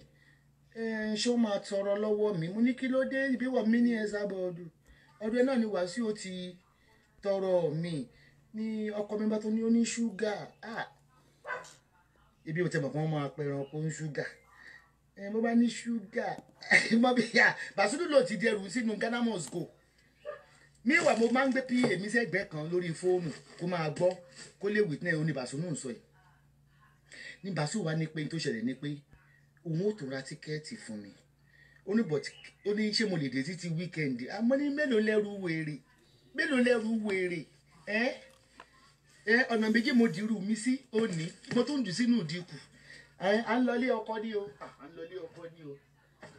S7: ṣé ó máa tọrọ lọ́wọ́ mi mo ní kí ló dé ibi wọ̀ mí ní ẹ̀sà bọ́ọ̀dù ọdún náà ni Wàsíù ti tọrọ mi ní ọkọ mi bá tó ní ó ní ṣúgà ibi ò tẹ̀ mọ̀ kí wọ́n máa pẹran kó ń ṣúgà mo bá ní ṣúgà *laughs* Bàṣírù ló ti dẹrù sínú Ghana must go meanwhile mo máa ń gbé pí èmi sẹ́gbẹ̀ẹ́ kan lórí fóònù kó máa gbọ́ kó lè witness òun ni Bàṣírù ń sọ yìí ní Bàṣírù wá ní pé tó ṣẹlẹ̀ ni pé òun ò tún ra tíkẹ́ẹ̀tì fún mi ó ní bọ̀tí ó ní ṣé mo lè dé títí wíkẹ́ndì àmọ́ ní mélòó lẹ́rù wèrè mélòó lẹ́rù wèrè ẹ́ ẹ́ ọ̀nà méjì mo dìrú mi sí òní mo tún jù sínú ìdínkù à ń lọlé ọkọ ní o à ń lọlé ọkọ ní o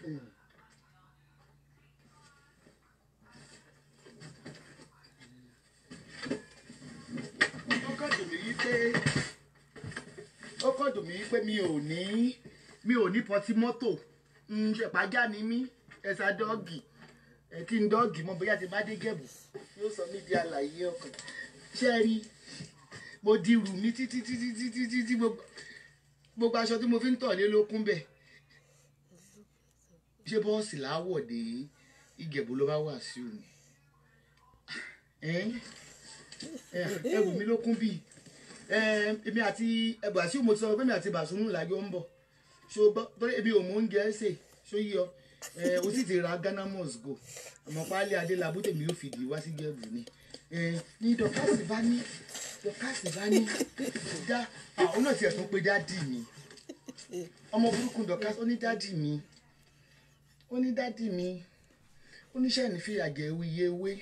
S7: ó kàn dùn mí wípé ó kàn dùn mi ò ní mi ò ní pọtí mọ́tò ń hmm, ṣèpájá ni mí ẹ̀sà dọ́ọ̀gì ẹ̀kí ń dọ́ọ̀gì mọ bóyá ti má dé gẹ̀bù yóò sọ mí di àlàyé ọkàn ṣé mo di rù mí títí títí títí títí gbogbo aṣọ tí mo fi ń tọ̀ lé lókun bẹ́ẹ̀ ṣé bọ́ọ̀sì láwọ̀ dé ìgẹ̀bú ló bá wà sí òní ẹrù mi ló kún bíi èmi àti Wàsíù mo ti sọ pé èmi àti Bàsúmù làjọ ń bọ̀ torí èmi ò mú oúnjẹ ṣe ṣó yí ọ o sì ti ra Ghana must go àmọ́ páálí adélábù tèmi yóò fìdí wá sí gẹ̀ẹ́bù ni ní dọ́kásì bá ní dọ́kásì bá ní dá àwọn náà tiẹ̀ tún pé dádì mi ọmọ burúkú dọ́kásì ó ní dádì mi ó ní dádì mi ó ní sẹ́ni fìyà jẹ iye ewé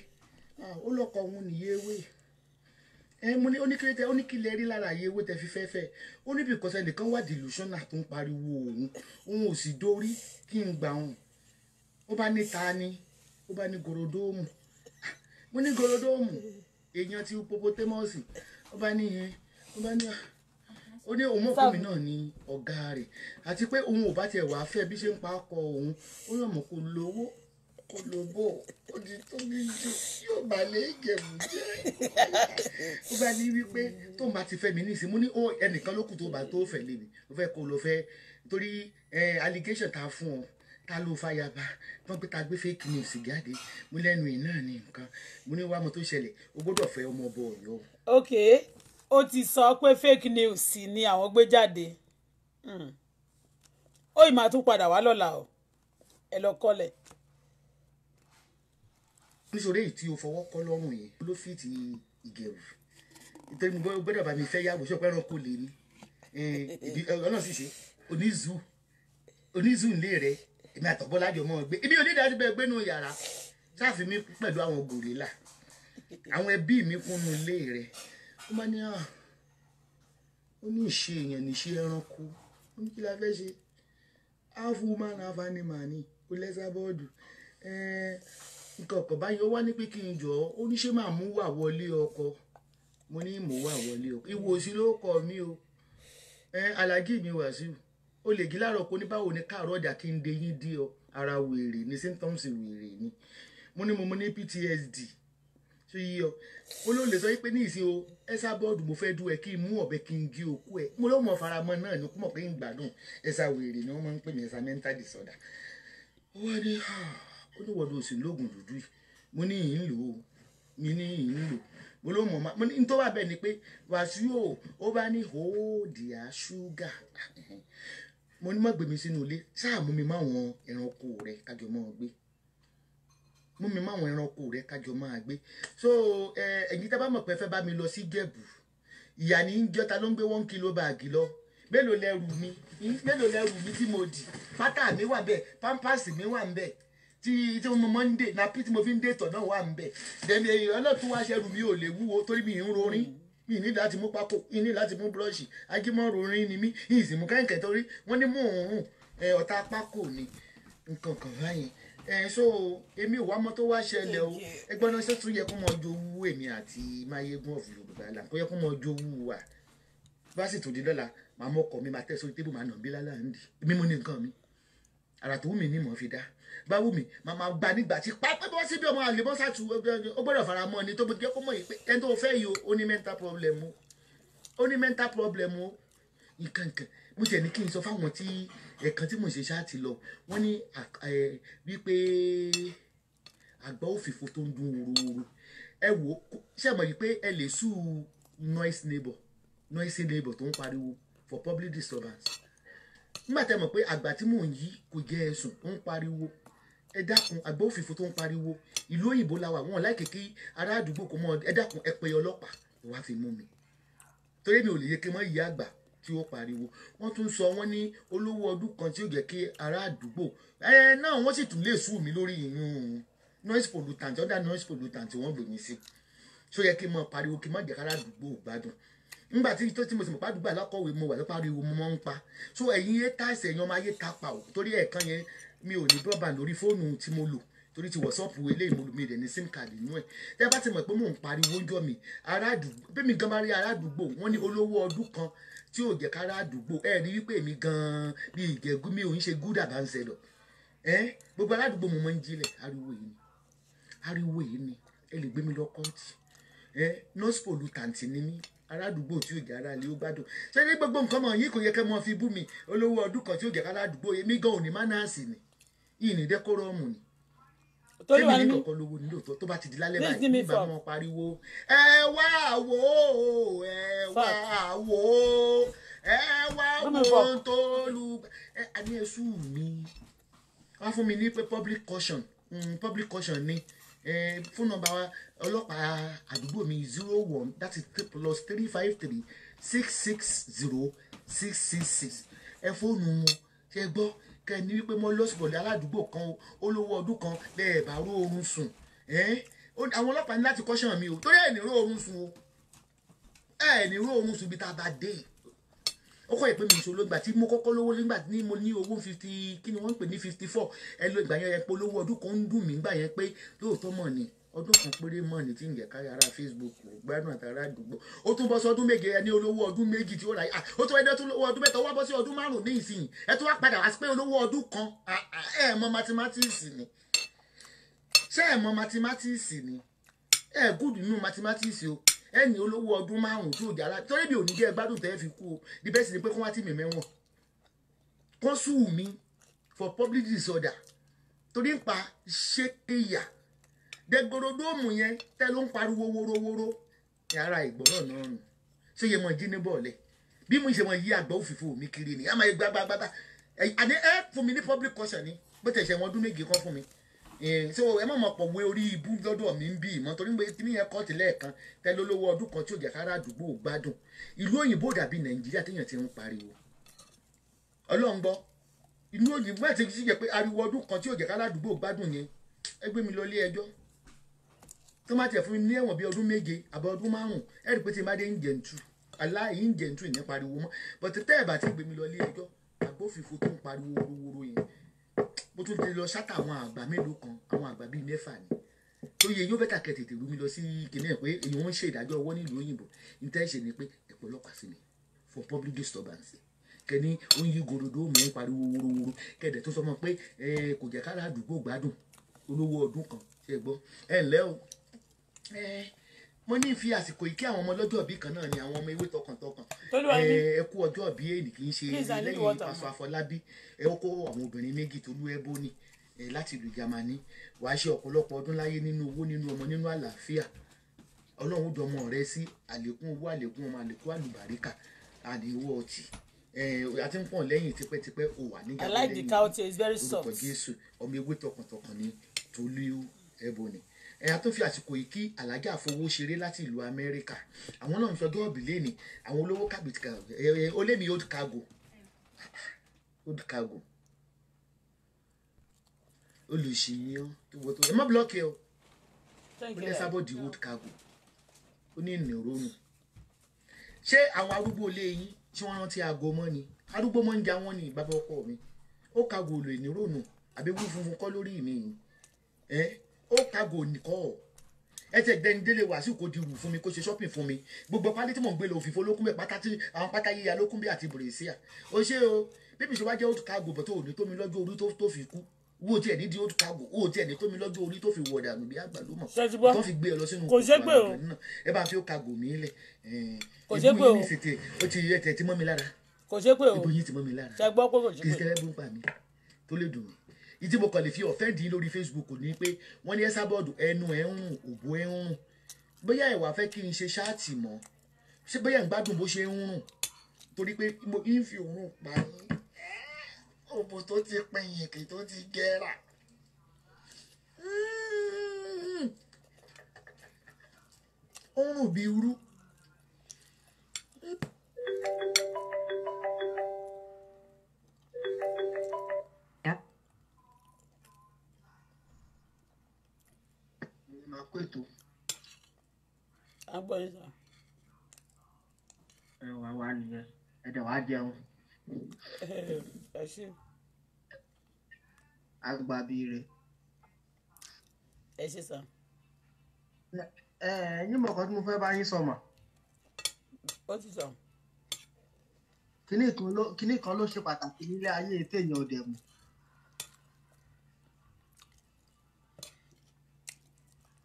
S7: ó lọ́kọ òun nìyé ewé mo ní oníkìlẹ̀ ó ní kí lè rí lára iye owó tẹ fi fẹ́fẹ́ ó ní bìkọ́sẹ̀ nìkan wà dìlúṣọ́nà tó ń pariwo òun òun ò sì dórí kí n gbà òun ó bá ní ta ni ó bá ní gorodóòmù mo ní gorodóòmù èèyàn ti popotẹ́mọ́sì ó bá ní yẹn ó bá ní yẹn ó ní òun mọ̀kọ́ mi náà ni ọ̀gá rẹ̀ àti pé òun ò bá tiẹ̀ wá fẹ́ bí ṣe ń pa ọkọ̀ òun ó yàn mọ̀ kó lówó kó lóbó
S6: ó di tó ní jù yóò bá lè jẹ̀mú jẹ́
S7: ó bá ní wípé tó bá ti fẹ́ mi ní ìsìn mo ní ó ẹnìkan ló kù tó bá tó fẹ́ lè mi ó fẹ́ kó lọ fẹ́ torí allegation ta fún ọ ta ló fàyàbà tán pé ta gbé fake news jáde mo lẹ́nu ì náà ní nǹkan mo ní wàá mọ̀ tó ṣẹlẹ̀ o gbọ́dọ̀ fẹ́ ọmọ ọbọ
S4: okay
S1: ó ti sọ pé fake news ni àwọn gbé jáde hmm. ó ì máa tún padà wá lọ́la o ẹ lọ kọ́lẹ̀.
S7: nítorí èyí tí o fọwọ́ kọ́ lọ́rùn yẹn ló fi ti ìgẹ̀rù nítorí mo gbọ́dọ̀ bá mi fẹ́ yàgò ṣọ́pẹ́ ẹranko lè ní ọ̀nà ṣíṣe onízù onízù ńlé rẹ èmi àtọ̀bọ́lájọ mọ́ ọ gbé ibi onídàájú bẹ́ẹ̀ gbénu yàrá sáfì mi pẹ̀lú àwọn gòrìlà àwọn ẹbí mi kúnnu ilé rẹ ó bá ní à ah, ó ní ìṣe èèyàn níṣe ẹranko ó ní kí la fẹ́ ṣe half woman half animal ni ó lẹ́sà bọ́ọ̀dù nǹkan báyìí ó wá ní pé kí n jọ ó ní ṣé màá mú wà wọlé ọkọ mo ní mò wà wọlé ọkọ Ìwòsí sí ló kọ mí o alájí mi Wàsíù o lè jí láàárọ̀ kó ní báwo ni káàárọ̀ ọjà kí n de yín dí ọ ara wèrè ní symptoms wèrè ni mo ní mo mo ní PTSD tó yí ọ olóòlè sọ pé ní ìsìn o ẹsà bọ́ọ̀dù mo fẹ́ dú ẹ kí n mú ọ̀bẹ kí n gé òkú ẹ mo ló mọ̀ faramọ́ náà ní kúmọ̀ pé ń gbádùn ẹsà wèrè ni wọ́n máa ń pè ní ẹsà mental disorder ó wá ní ó ní wọ́ọ̀dù òsì lóògùn dúdú yìí mo ní ìyìn lò ó mi ní ìyìn lò mo ló mọ̀ máa mo ní tó wà bẹ́ẹ̀ ni pé wàásù o ó bá ní hóòdìá ṣúgà mo ní má gbèmí sínú ilé sáà mú mi máwọn ẹranko rẹ kájọ máa gbé mú mi máwọn ẹranko rẹ kájọ máa gbé so ẹ̀yin tá bá mọ̀ pé fẹ́ bá mi lọ sí jẹ̀bù ìyá ní í jọta ló ń gbé one kilo báàgì lọ mélòó lẹ́rù mi hmm? mélòó lẹ́rù mi tí mo dì pátá mi wà bẹ́ẹ̀ pampers mi wà bẹ́ẹ̀ tí tí mo monday na pit mo fi ń dètò náà wà bẹ́ẹ̀ dẹ̀mi ọlọ́tún wá ṣẹ́rù mi ò lè wúwo torí mi ń rorin mi ní láti mú pákó mi ní láti mú búrọ́ọ̀ṣì ajímọ̀rò orin ni mí ìsìnkú kẹ́kẹ́ torí wọ́n ní mò ń rùn ọ̀tá pákó ni nǹkan kan báyìí so èmi ò wá mọ tó wá ṣẹlẹ̀ o ẹgbẹ́ náà ṣe tún yẹ kó mọ jowú èmi àti Máyégún of Yorùbá là kó yẹ kó mọ jowú wa bá sì tòde lọ́la màá mọ ọkọ mi màá tẹ̀ sórí tébù màá nà bí lálá ń di èmi mo ní nǹkan mi àrà tó wù mí ni mò fi dá bá wù mí màá máa gba nígbà tí pápẹ́ bọ́ síbi ọmọ àlèbọ́ sàtú ó gbọ́dọ̀ fara mọ́ ni tó bó jẹ́ kó mọ̀ yìí pé ẹni tó fẹ́ yìí ó ní mental problem ó ní mental problem ó nǹkan nǹkan mo tẹ̀ ní kí n sọ fáwọn tí ẹ̀kan tí mo ṣe ṣáàtì lọ wọ́n ní wípé àgbà òfìfo tó ń dún wòrowòro ẹ wò ó ṣe mọ̀ yìí pé ẹ lè sú noise neighbor noise neighbor tó ń pariwo for public disturbance nígbà tẹ́ mọ̀ pé àgbà tí mò ń yí kò jẹ́ ẹ̀sùn ó ń pariwo ẹ dákun àgbà òfìfo tó ń pariwo ìlú òyìnbó la wà wọn láìkè kí ará àdúgbò kò mọ ẹ dákun ẹ pe ọlọ́pàá wàá fi mú mi torí mi ò lè yẹ kí wọ́n yí àgbà tí ó pariwo wọ́n tún sọ wọ́n ní olówó ọdún kan tí ó jẹ́ kí ará àdúgbò ẹ náà wọ́n sì tún lè sú mi lórí ìyún noise pollutant ọ̀dà noise pollutant tí wọ́n lò mí sí tí ó yẹ kí n pariwo kí n má jẹ́ kára àdúgbò gbádùn nígbà tí tó ti mo sì mọ̀ pàdúgbò alákọ̀wé mo wà ló pariwo mo máa ń pa so ẹ̀yin yé tá ẹsẹ̀ yan máa yé ta pa ò torí ẹ̀ẹ̀kan yẹn mi ò ní broadband lórí fóònù tí mo lò torí ti wọ̀sọ́ọ̀pù eléyìí mo mi rẹ̀ ní sim card inú ẹ̀ tẹ́ bá ti mọ̀ pé mò ń pariwo ń jọ mi arádùúgbò bẹ́ẹ̀ mi gan máa rí arádùúgbò wọ́n ní olówó ọdún kan tí ò jẹ́ kára àdúgbò ẹ̀ rí wípé mi gan-an bí ìjẹ́gú mi ò ń ṣe gúdà bá ń ṣẹlọ̀ ẹ́ gbogbo aládùúgbò mo máa ń jílẹ̀ ariwo yìí ni ariwo yìí ni ẹ lè gbé mi lọ kọ́ọ̀tì ẹ nurse pollutant ni mí aládùúgbò tí ò jẹ́ ara lè ó gbádùn ṣé ní gbogbo nǹkan mọ̀ yín kò yẹ kẹ́ mọ́ fi bú mi olówó ọdún kan tí ò jẹ́ kára àdúgbò yẹn mí gan òní má náà sì ni ìyìn tolúwa ní kọ̀ọ̀kan lówó nílò tó tó bá ti di lálẹ́ báyìí nígbà mọ́ pariwo ẹ wá wò ó ẹ wá wò ó ẹ wá wò ó tólú ẹ àní ẹsùn mi wá fún mi ní public caution hmm, public caution ni fún nọ́mbà ọlọ́pàá àdúgbò mi zero one that is plus three five three six six zero six six six ẹ fóònù wọn ṣe gbọ́ kẹ́ni wípé mo lọ síbọ̀lẹ̀ aládùúgbò kan olówó ọdún kan lẹ́ẹ̀ bá ró oorun sùn àwọn ọlọ́pàá ní láti kọ́ṣàn mi o torí ẹ̀ ní ró oorun sùn o ẹ̀ ní ró oorun sùn bí tá a bá dé ó kọ́ ìpè mi ìṣòro ìgbà tí mo kọ́kọ́ lówó nígbà tí mo ní owó fifty kí ni wọ́n ń pè ní fifty four ẹ lo ìgbà yẹn yẹn pé olówó ọdún kan ń dùn mí ìgbà yẹn pé lóòótọ́ mọ̀ ni ọdún kan péré mọ̀ ní tí ń yẹ káyà ara facebook gbádùn àtàrà àdúgbò ó tún bọ́ sí ọdún méje ẹni olówó ọdún méjì tí ó ra ó tún ẹni tó lówó ọdún mẹ́ta ó wá bọ́ sí ọdún márùn-ún ní ìsìn ẹ tún wá padà wá sí pé olówó ọdún kan ẹ mọ̀ mathematics ni ṣé ẹ mọ̀ mathematics ni ẹ gùdù nínú mathematics o ẹni olówó ọdún márùn-ún tí ò jára torí mi ò ní jẹ́ gbádùn tẹ́ fi kú o the best ni pé kó wá tì mí mẹ́wọ̀n kó sùn for public disorder torí ń pa ṣékèyà dẹgbọrọdọọmù yẹn tẹ ló ń pariwo worowóró yàrá ìgbọràn náà rùn ṣé yẹ mọ jí ní bọ̀ọ̀lẹ̀ bí mo ṣe mọ yí àgbà òfìfo mi kiri ni àmọ́ gbàgbàgbàgbà àdé ẹ fún mi ní public caution ni bó tẹ̀ ṣe wọn ọdún méje kan fún mi so ẹ má mọ pọ̀ wé orí ibú lọ́dọ̀ mi ń bí ìmọ̀ torí pé tí nìyẹn kọ́ọ̀tì lẹ́ẹ̀kan tẹ lólówó ọdún kan tí ò jẹ́ kára àdúgbò gbádùn ìlú òyìnbó dàbí nàìjíríà téèyàn ti ń pariwo ọlọ́run gbọ́ ìlú òyìnbó ẹ̀ ti ṣe pé ariwo ọdún kan tí ò jẹ́ kára àdúgbò gbádùn yẹn ẹ gbé mi lọ ilé ẹjọ́ tó má tiẹ̀ fún mi ní ẹ̀wọ̀n bíi ọdún méje àbí ọdún márùn-ún ẹ̀rì pé tí n bá dé ń jẹ̀ ń tu aláì ń jẹ̀ ń tu ìní pariwo mọ́ bọ̀tí tẹ́ ẹ̀ bá ti gbé mi lọ ilé ẹjọ́ agbófinfo tó ń pariwo worowóró yẹn mo tún ti lọ ṣáta àwọn àgbà mélòó kan àwọn àgbà bíi mẹ́fà ni tó yẹ yóò bẹ́tà kẹ́ tètè rú lọ sí kìnìún ẹ̀ pé èyí wọ́n ń ṣe ìdájọ́ ọwọ́ nílùú òyìnbó intention ni pé ẹ̀pọ̀ sí mi for public disturbance kẹ́ni ó ń yí gòdòdó mò ń pariwo worowóró kẹ́dẹ̀ tó sọ mọ́ pé kò jẹ́ kára àdúgbò gbádùn olówó ọdún kan ṣe gbọ́ ẹ̀ ńlẹ́ o mo ní fi àsìkò yìí kí àwọn ọmọ ọlọ́jọ́ bí kan náà ni àwọn ọmọ ewé tọkàntọkàn ẹ ọjọ́ bí èyí kì í ṣe lẹ́yìn pásọ Afọlábí ẹ àwọn obìnrin méjì tolú ẹ bó ni láti ìlú Jámánì wàá ṣe ọ̀pọ̀lọpọ̀ ọdún láyé nínú owó nínú ọmọ nínú àlàáfíà Ọlọ́run dọmọ rẹ sí àlékún owó àlékún ọmọ àlékún àlùbáríkà àdéhùn ọtí àti lẹ́yìn tipẹ́tipẹ́ ò wà nígbà lẹ́yìn orúkọ Jésù ọmọ ewé tọkàntọkàn ni tolú ẹbọ ni ẹ̀yà tó fi àsìkò yìí kí alájà fowó ṣeré láti ìlú amẹ́ríkà àwọn náà ń fẹ́ gọ́ọ̀bì lẹ́ni àwọn olówó kàbìtì olémi old cargo old cargo olùṣèyàn tó wọ́n tó ẹ má blọ́ọ̀kì ẹ o ó lẹ́ sábọ̀dì old cargo ó ní ìnìrónù ṣé àwọn arúgbó ilé yín ṣé wọ́n rántí aago mọ́ ni arúgbó mọ́ ń ja wọ́n ni bàbá ọkọ mi ó kagò lè nírònú àbí wú funfun kọ́ lórí mi ẹ́ ó kágò nìkan ẹsẹ̀ gbẹ̀ndélé wàásù kò di wù fún mi kò ṣe shopping fún mi gbogbo pálí tí mò ń gbé lọ òfìfo lókùn bẹ́ẹ̀ pátá tí àwọn pátá yíya lókùn bẹ́ẹ̀ àti bèrèsíà ó ṣe o bébí ìṣọwá jẹ́ old cargo bọ̀ tó òní tómi lọ́jọ́ orí tó fi kú wo tiẹ̀ ní di old cargo wo tiẹ̀ ní tómi lọ́jọ́ orí tó fi wọ̀ dànù bí àgbà ló mọ̀ tó fi gbé ẹ lọ sínú kò ṣe pé o ẹ bá fi cargo mi lẹ̀ kò ṣe pé o ó ti mi o ìbò yìí ti mọ́ mi lára kì í ṣe kẹ́lẹ́ bó ń pa mi tó lè ìdí mo kàn lè fi ọ̀fẹ́ lórí Facebook ní pé wọ́n ní Esabod ẹnu ẹ̀ ń rùn òbó ẹ̀ ń rùn bóyá ẹ̀wà fẹ́ kí n ṣe ṣáàtì mọ́ ṣé bóyá ń gbádùn bó ṣe ń rùn torí pé mo ń fi òórùn pa yín òbò tó ti pin yìnkì tó ti gẹ́rà. ó ń rùn bí irú.
S3: kú ètò. agbọ́ yín sà.
S6: ẹ wà wá nìyẹn ẹ dẹ̀ wá jẹun. ẹ ṣe. agbábíire. ẹ ṣe sà. ẹ ẹ yín mọ̀ kan tí mo fẹ́ bá yín sọ mọ̀. ó ti sọ. kinní kan ló ṣe pàtàkì nílé ayé téèyàn ò dẹ̀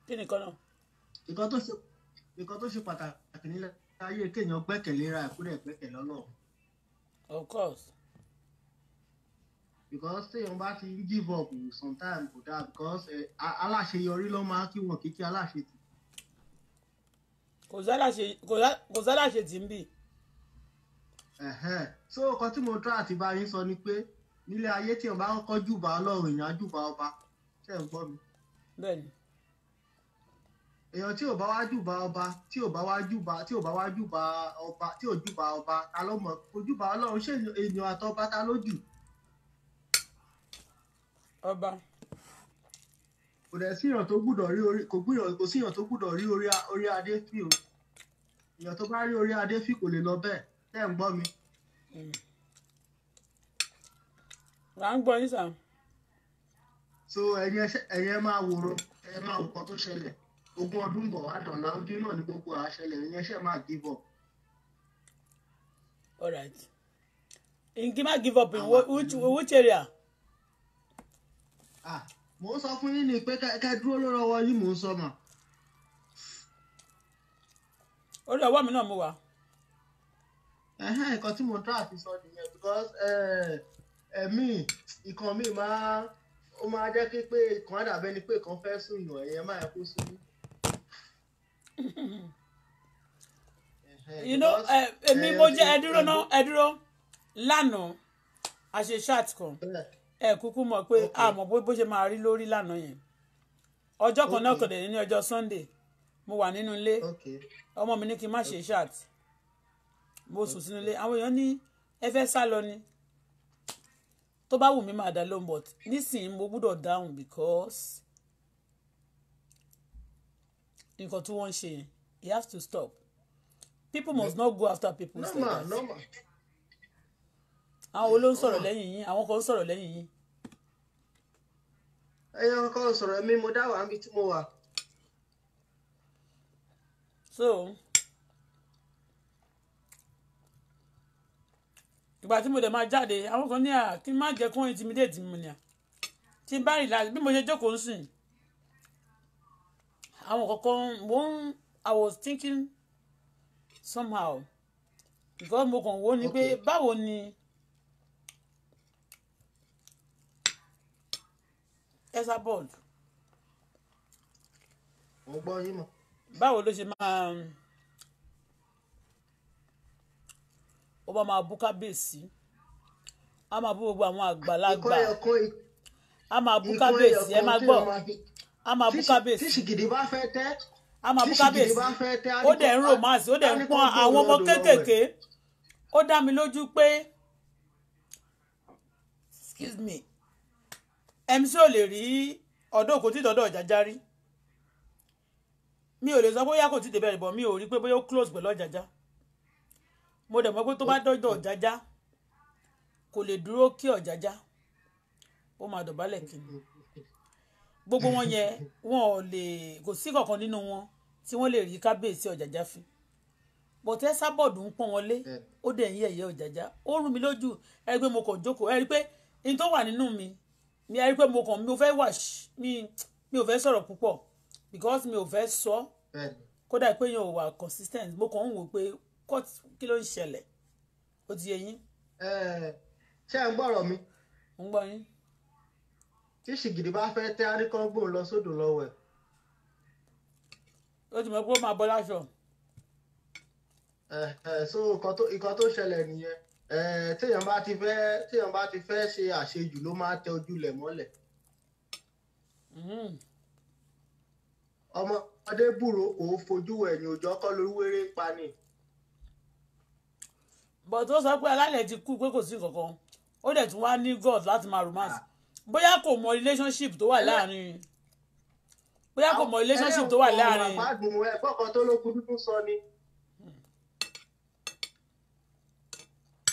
S6: kí ni kan nǹkan tó ṣe pàtàkì nílẹ̀ ayé kéèyàn gbẹ́kẹ̀léra ìkúrẹ̀ gbẹ́kẹ̀ lọ́lọ́run. of course. because téèyàn bá ti ń give up sometimes kò dáa because eh, aláṣeyọrí ló máa kí wọn kíkí aláṣetì. kò sáláṣetì ń bì. so ọkọ tí mo tọ́ àti bá yín sọ ni pé nílé ayé tí èèyàn bá ń kọ́ jùbà ọlọ́run èèyàn á jùbà ọba ṣé ń gbọ́ mi. bẹ́ẹ̀ni èèyàn tí ò bá wá júbà ọba tí ò bá wá júbà tí ò bá wá júbà ọba tí ò júbà ọba ta ló mọ̀ ojúbà Ọlọ́run ṣé èèyàn àtọba ta ló jù. ọba. kò dẹ̀ síyàn tó gbúdọ̀ rí orí kò gbúdọ̀ kò síyàn tó gbúdọ̀ rí orí adé fi o èèyàn tó bá rí orí adé fi kò lè lọ bẹ́ẹ̀ tẹ́ ń gbọ́ mi. là ń gbọ́ yín sà. so ẹ̀yin ẹ máa wòrò ẹ máa wò tó ṣẹlẹ̀. ogún ọdún bọ̀ àtọ̀nà ojú náà ni gbogbo àṣẹlẹ̀ yẹn máa give up. all right nkima give up in which, area. ah mo sọ fún yín ni pé kẹ dúró lórí ọwọ́ yìí ń sọ mà. orí ọwọ́ mi náà mo wà. nǹkan tí mo tọ́ àti sọ nìyẹn because ẹ̀mí máa máa jẹ́ pé pé you know eh, èmi eh, mo jẹ eh, ẹdúró náà
S1: ẹdúró lánàá a ṣe chat kan ẹ kúkú mọ̀ pé a mọ̀ bó ṣe máa rí lórí lánàá yẹn ọjọ́ kan náà kọdẹ ní ọjọ́ sunday mo wà nínú ilé ọmọ mi ní kí n má ṣe chat mo sùn sínú ilé àwọn èèyàn ní ẹ fẹ́ sá lọ ni tó bá wù mí máa dá lóhùn but nísìnyí mo gbúdọ̀ dáhùn because nǹkan tí wọ́n ń ṣe he has to stop people must not go after people no, like ma, that. No, ma. àwọn olóhùn sọ̀rọ̀ lẹ́yìn yín àwọn
S6: kan sọ̀rọ̀ lẹ́yìn yín. ẹyọ kan sọ̀rọ̀ mi mo dá wà níbi tí mo wà. so
S1: ìgbà tí mo dẹ̀ máa jáde àwọn kan ní à kí n má jẹ́ kó intimidate mi ni à tí n bá rí i láti bí mo ṣe jókòó ń sìn àwọn kankan wọ́n I was thinking somehow because mo kàn wò ni pé báwo ni Esabod mo gbọ́ yín mọ̀. báwo ló ṣe máa ó bá máa bú kábíyèsí á máa bú gbogbo àwọn àgbàlagbà á máa bú kábíyèsí ẹ máa gbọ́ a máa bú kábíyèsí. tíṣì gidi bá fẹ́ tẹ́ a máa bú kábíyèsí
S6: ó dẹ̀ ń romance ó dẹ̀ ń pọ́n àwọn ọmọ
S1: kéékèèké ó dá mi lójú pé excuse me mc ò lè rí ọ̀dọ́ òkú tí dọ́dọ̀ Ọjájá rí mi ò lè sọ bóyá kò ti débẹ̀ rẹ̀ bọ̀ mi ò rí pé bóyá ó close pẹ̀lú Ọjájá mo dẹ̀ mọ́ pé tó bá dọ́dọ̀ Ọjájá kò lè dúró kí Ọjájá ó máa dọ̀bálẹ̀ kí ni gbogbo wọn yẹn wọn ò lè kò sí kankan nínú wọn tí wọ́n lè rí kábíyèsí ọ̀jàjà fi bọ̀tẹ́ sábọ̀dù ń pọ́n wọn lé ó dẹ̀ ń yẹ̀yẹ́ ọ̀jàjà ó rún mi lójú ẹ rí mo kàn jókòó ẹ rí pé n tó wà nínú mi mi ẹ pé mo kàn mi ò fẹ́ wà mi mi ò fẹ́ sọ̀rọ̀ púpọ̀ because mi ò fẹ́ sọ kódà pé yẹn ò wà consistent mo kàn ń wò pé
S6: court kí ló ń ṣẹlẹ̀ ó ti yẹ yín. ṣé ẹ ń gbọ́ ọ̀rọ̀ mi. ń gbọ́ yín tí ṣìgìdì bá fẹ́ tẹ́ aríkọ́gbò lọ sódò lọ́wọ́ ẹ̀. ó ti mọ̀ pé ó máa bọ́ láṣọ. Eh, eh, so nǹkan tó ṣẹlẹ̀ nìyẹn eh, téèyàn bá ti fẹ́ téèyàn bá ti fẹ́ ṣe àṣejù ló máa tẹ ojúlẹ̀ mọ́lẹ̀. Mm-hmm. ọmọdé búrò kò fojú ẹ̀yìn òjò ọkọ lórí wéré pa ni.
S1: bọ̀ tó sọ pé alálẹ̀ ti kú pé kò sí kankan ó dẹ̀ tún wá ní god láti máa romance. Ah, bóyá kò mọ relationship tó wà láàrin bóyá
S6: kò mọ relationship tó wà láàrin. ẹ̀rọ àgbọ̀n ẹ̀kọ́ kan tó lókun dúdú sọ ni.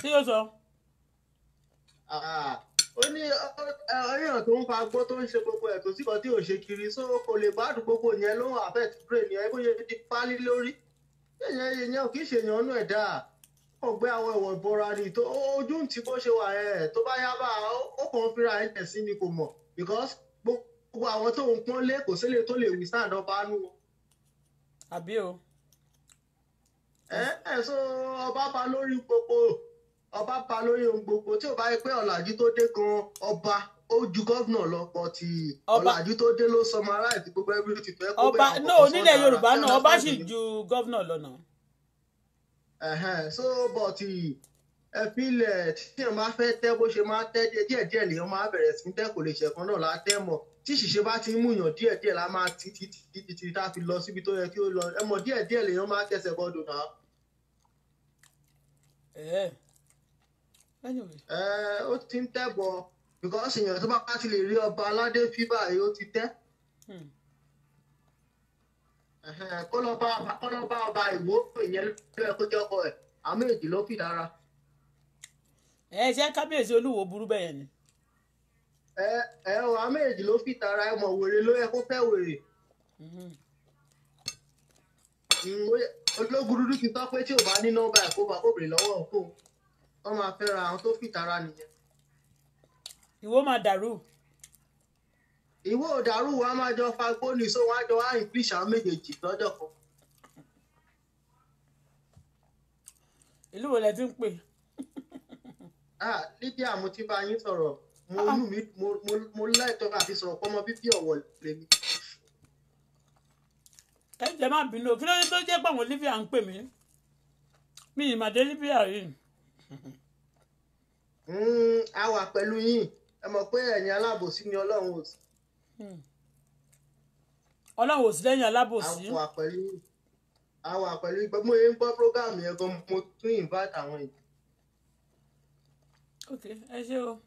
S6: kí ló sọ. ó ní ọyàn tó ń fa agbó tó ń ṣe gbogbo ẹ̀ tó sì kan tí ò ṣe kiri so kò lè gbádùn gbogbo yẹn lóhùn affect brain yẹn bóyá di pálí lórí. yẹn yẹn kì í ṣèyàn ọ̀nà ẹ̀ dáa ọgbẹ́ àwọn ẹ̀wọ̀ ìbọra ni ojú ń ti bó ṣe wà ẹ̀ tó bá yá bá ó kàn fira ẹ̀jẹ̀ sí ni kò mọ̀ because gbogbo àwọn tó ń pọ́n lé kò sílẹ̀ tó lè wí sáà dọ́ba nù. àbí o. ẹ so ọba bá lórí gbogbo ọba bá lórí ohun gbogbo tí ò bá yẹ pé ọ̀làjú tó dé gan ọba ó ju gómìnà lọ́pọ̀ ti ọ̀làjú tó dé ló sọmọ aráàlú gbogbo ẹbí ti fẹ́ kó bẹ́ẹ̀ àwọn ọba nílẹ̀ Yorùbá náà ọba sì ju gómìnà lọ náà. so but ẹpìlẹ̀ tíyàn máa fẹ́ tẹ́ bó ṣe máa tẹ́ díẹ̀díẹ̀ lèèyàn máa bẹ̀rẹ̀ sí tẹ́ kò lè ṣẹ̀kan náà látẹ́ mọ̀ tí ṣìṣe bá ti ń múyàn díẹ̀díẹ̀ la máa ti ti ti ti ti tá fi lọ síbi tó yẹ kí ó lọ ẹ mọ̀ díẹ̀díẹ̀ lèèyàn máa tẹ̀sẹ̀ bọ́dọ̀ náà. ẹ ó ti ń tẹ́ bọ̀ because èèyàn tó bá ti lè rí ọba aládé fíbà yìí ó ti tẹ́. Hmm. kọlọba ọba ìwó ìyẹn ló ẹkọ ọkọ ẹ àwọn ló fi dára. ẹ ṣe kábíyèsí olúwo burú bẹ́ẹ̀ ni. ẹ ẹ ọ àwọn méjì ló fi tara ẹ were. wèrè ló yẹ kó fẹ́ wèrè. Mhm. ológun dúdú ti sọ pé tí ò bá ní ra àwọn tó fi tara nìyẹn. ìwọ máa ìwọ òdàrú wa máa jọ fagbó ni so wọn á jọ áyìn fíṣ àwọn méjèèjì lọ́jọ́ kan. ìlú wo lẹ ti ń pè. lídíà *laughs* ah, mo ti bá yín sọ̀rọ̀ mo ah. inú mi mo lẹ́tọ̀ọ́ àti sọ̀rọ̀ pọ́nmọ bíbí ọ̀wọ̀ lèmi.
S1: ẹ jẹ́ má bínú kí ló dé tó jẹ́ pàwọn Olivia ń pè mí
S6: mi ìmàdé Olivia yìí. Hmm, a wà pẹ̀lú yín ẹ mọ̀ pé ẹ̀yin aláàbòsí ni Ọlọ́run ò sí. Hmm. ọlọ́run ò sí lẹ́yìn alábòsí. a wà pẹ̀lú a wà pẹ̀lú ìgbà mo ń gbọ́ program yẹn gan mo tún invite àwọn ìdí.
S3: ok ẹ ṣé o.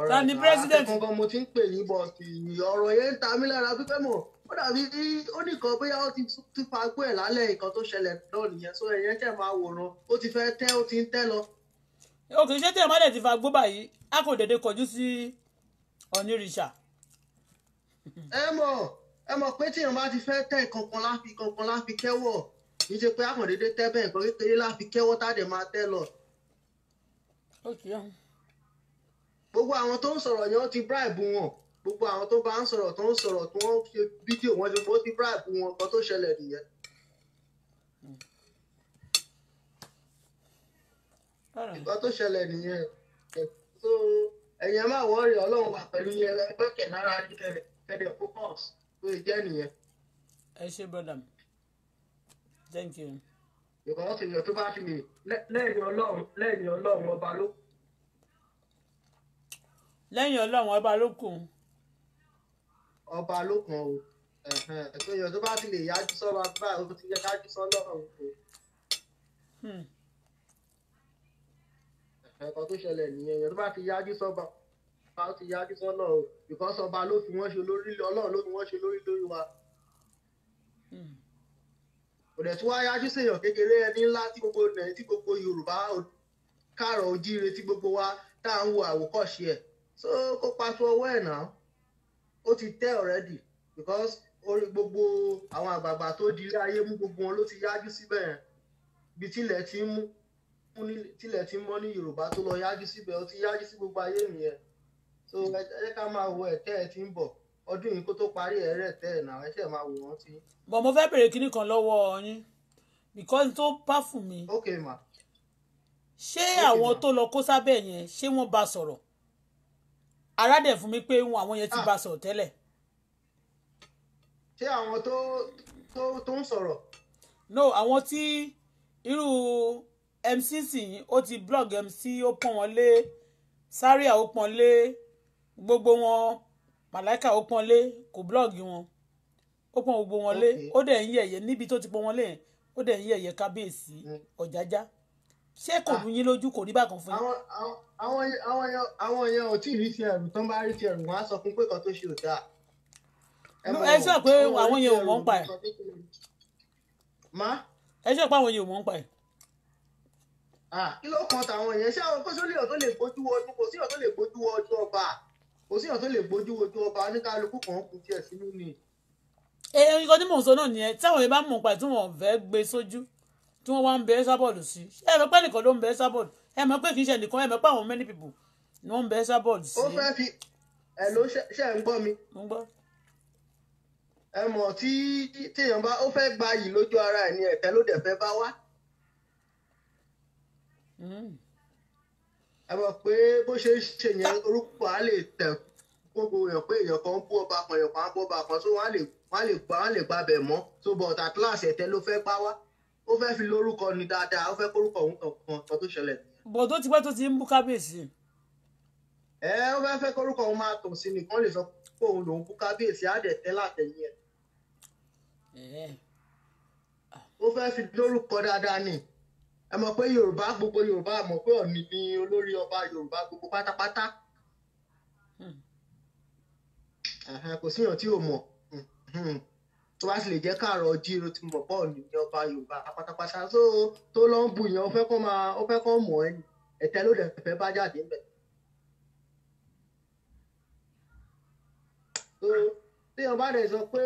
S6: ọ̀rọ̀ ni president. ọ̀rọ̀ àtẹ̀kùn gan mo ti ń pè ní bọ́ọ̀sì ọ̀rọ̀ yẹn ń ta mí lára pípẹ́ mọ̀ ó dàbí ó nìkan bóyá ó ti ti fagbó ẹ̀ lálẹ́ nǹkan tó ṣẹlẹ̀ náà nìyẹn sọ ẹ̀yẹn tẹ̀ máa wòran ó ti fẹ́ tẹ́ ó ti ń tẹ́ lọ. òkè iṣẹ́ tí ẹ̀ má dẹ̀ ti fagbó báyìí a kò dédé kọjú sí onírìṣà. ẹ mọ̀ ẹ mọ̀ pé tí bá ti fẹ́ tẹ̀ kankan láfi kankan láfi kẹ́wọ̀ kì í ṣe pé àkàndéédé tẹ́ bẹ́ẹ̀ nǹkan kékeré láfi kẹ́wọ́ tàdé máa tẹ́ lọ. gbogbo àwọn tó ń sọ̀rọ̀ yẹn ti bribe wọn gbogbo àwọn tó bá ń sọ̀rọ̀ tó ń sọ̀rọ̀ tó ń ṣe fídíò wọn ṣe ti bribe wọn kan tó ṣẹlẹ̀ nìyẹn. nǹkan tó ṣẹlẹ̀ nìyẹn ẹ̀yin máa wọ ọ̀rẹ́ ọlọ́run wà pẹ̀lú yẹn lọ́kẹ̀ lára kẹrẹ kẹrẹ focus tó jẹ́ nìyẹn. ẹ ṣe brother mi thank you. because èèyàn tó bá ti lè lẹ́yìn ọlọ́run lẹ́yìn ọlọ́run ọba ló. lẹ́yìn ọlọ́run ọba ló kù. ọba ló kàn o èèyàn tó bá ti lè yájú sọ́ba bá o ti yẹ ká jù sọ́ lọ́run o. Hmm ẹ̀kọ́ tó ṣẹlẹ̀ nìyẹn yẹn tó bá ti yájú sọ́ba bá ti yájú sọ́nà o because ọba ló fi wọ́n ṣe lórí ọlọ́run ló fi wọ́n ṣe lórí lórí wa. Hmm. òdẹ̀ tí wọ́n yájú sèèyàn kékeré ẹni ńlá tí gbogbo nàìjíríà tí gbogbo yorùbá káàrọ̀ ojíire tí gbogbo wa tá à ń wo àwòkọ́ṣe ẹ̀ so kó paṣọ ọwọ́ ẹ̀ náà ó ti tẹ́ already because orí gbogbo àwọn àgbààgbà tó di ilé ayé mú gbogbo wọn ló ti yájú síbẹ̀ yẹn ibi tílẹ̀ ti ń mú tilẹ̀ ti mọ́ ní yorùbá tó lọ yájú síbẹ̀ ó ti yájú sí gbogbo ayé nìyẹn so hmm. ẹ jẹ́ ká máa wo ẹ̀tẹ́ ẹ ti ń bọ̀ ọdún yìí kó tó parí ẹ̀rẹ̀ tẹ́ ẹ̀ náà ẹ ṣẹ̀ máa wò wọ́n ti.
S1: bọ̀ mo fẹ́ bèrè kinní kan lọ́wọ́ yín because tó bá fún mi. ma. ṣé àwọn tó lọ kó sábẹ́ yẹn ṣé wọ́n bá sọ̀rọ̀ aládẹ̀ fún mi pé àwọn yẹn ti ah. bá sọ̀rọ̀ tẹ́lẹ̀.
S6: ṣé àwọn tó tó tó ń sọ̀rọ̀. no àwọn tí
S1: irú MC sìn ó ti blog MC ó pọ́n wọn lé Zaria ó pọ́n lé gbogbo wọn Màláìka ó pọ́n lé kò blog wọn ó pọ́n gbogbo wọn lé ó dẹ̀ ń yẹ̀yẹ́ níbi tó ti pọ́n wọn lé yẹn ó dẹ̀ ń yẹ̀yẹ́
S6: kábíyèsí ọ̀jájá ṣé kò rú ah. yín lójú kò rí bákan fún yín. àwọn àwọn èèyàn ò tí ì rí ti ẹrù tán bá rí ti ẹrù wọn á sọ fún pé kan tó ṣe ò dáa. ẹ sọ pé àwọn èèyàn ò mọ̀ ń pa ẹ̀. ẹ sọ pé àwọn èèyàn ò mọ̀ ń pa ẹ̀ kí ló kan tàwọn yẹn ṣé àwọn kóso léèyàn tó lè gbójú ọdún kò síyàn tó lè gbójú ọdún ọba kò síyàn tó lè gbójú ọdún ọba oníkálukú kan kù tiẹ̀
S1: sínú ni. ẹ ẹ nǹkan tí mò ń sọ náà nìyẹn táwọn yẹn bá mọ̀ pa tí fẹ́ gbé sójú tí wọ́n wá ń bẹ Esabod sí ẹ mọ̀ pé nìkan ló ń bẹ Esabod ẹ mọ̀ pé kì í ṣe nìkan ẹ mọ̀ pé àwọn many people
S6: ni wọ́n ń bẹ Esabod sí. ó fẹ́ fi ẹ ló ṣe ń gbọ́ mi. ẹ mọ̀ tí téèyàn bá ó fẹ́ gbayì lójú ara ẹ̀ ni ẹ̀tẹ́ ló dẹ̀ fẹ́ bá wá ẹ mọ̀ pé bó ṣe ń ṣe yẹn orúkọ á lè tẹ̀ gbogbo èèyàn pé èèyàn kan ń bú ọba kan èèyàn kan ń bú ọba kan tó wọ́n á lè wọ́n wọ́n á lè gbà bẹ̀ mọ́ tó bọ̀ ọ̀tà kíláàsì ẹ̀tẹ́ ló fẹ́ pa wá ó fẹ́ fi lórúkọ ni dáadáa ó fẹ́ kórúkọ òun kankan kan tó ṣẹlẹ̀. bò tó ti pẹ́ tó ti ń bú kábíyèsí. ẹ ó fẹ́ fẹ́ kórúkọ òun máa tò sí nìkan lè sọ pé òun lòún bú kábíyèsí á dẹ̀ tẹ́ látẹ̀yìn ó fẹ́ fi lórúkọ dáadáa ni ẹ mọ̀ pé yorùbá gbogbo yorùbá mọ̀ pé ọ̀ọ̀ni ni olórí ọba yorùbá gbogbo pátápátá hmm. kò síyàn tí ò mọ̀ hmm. tó bá sì lè jẹ́ káàrọ̀ jíro ti mọ̀ bọ́ọ̀ ní ọba yorùbá pátápátá tó tó lọ́ ń bu yẹn ó fẹ́ kọ́ máa ó fẹ́ kọ́ mọ̀ ẹ́ ẹ̀tẹ́ ló dẹ̀ fẹ́ bá jáde ńbẹ̀ téèyàn bá dẹ̀ sọ pé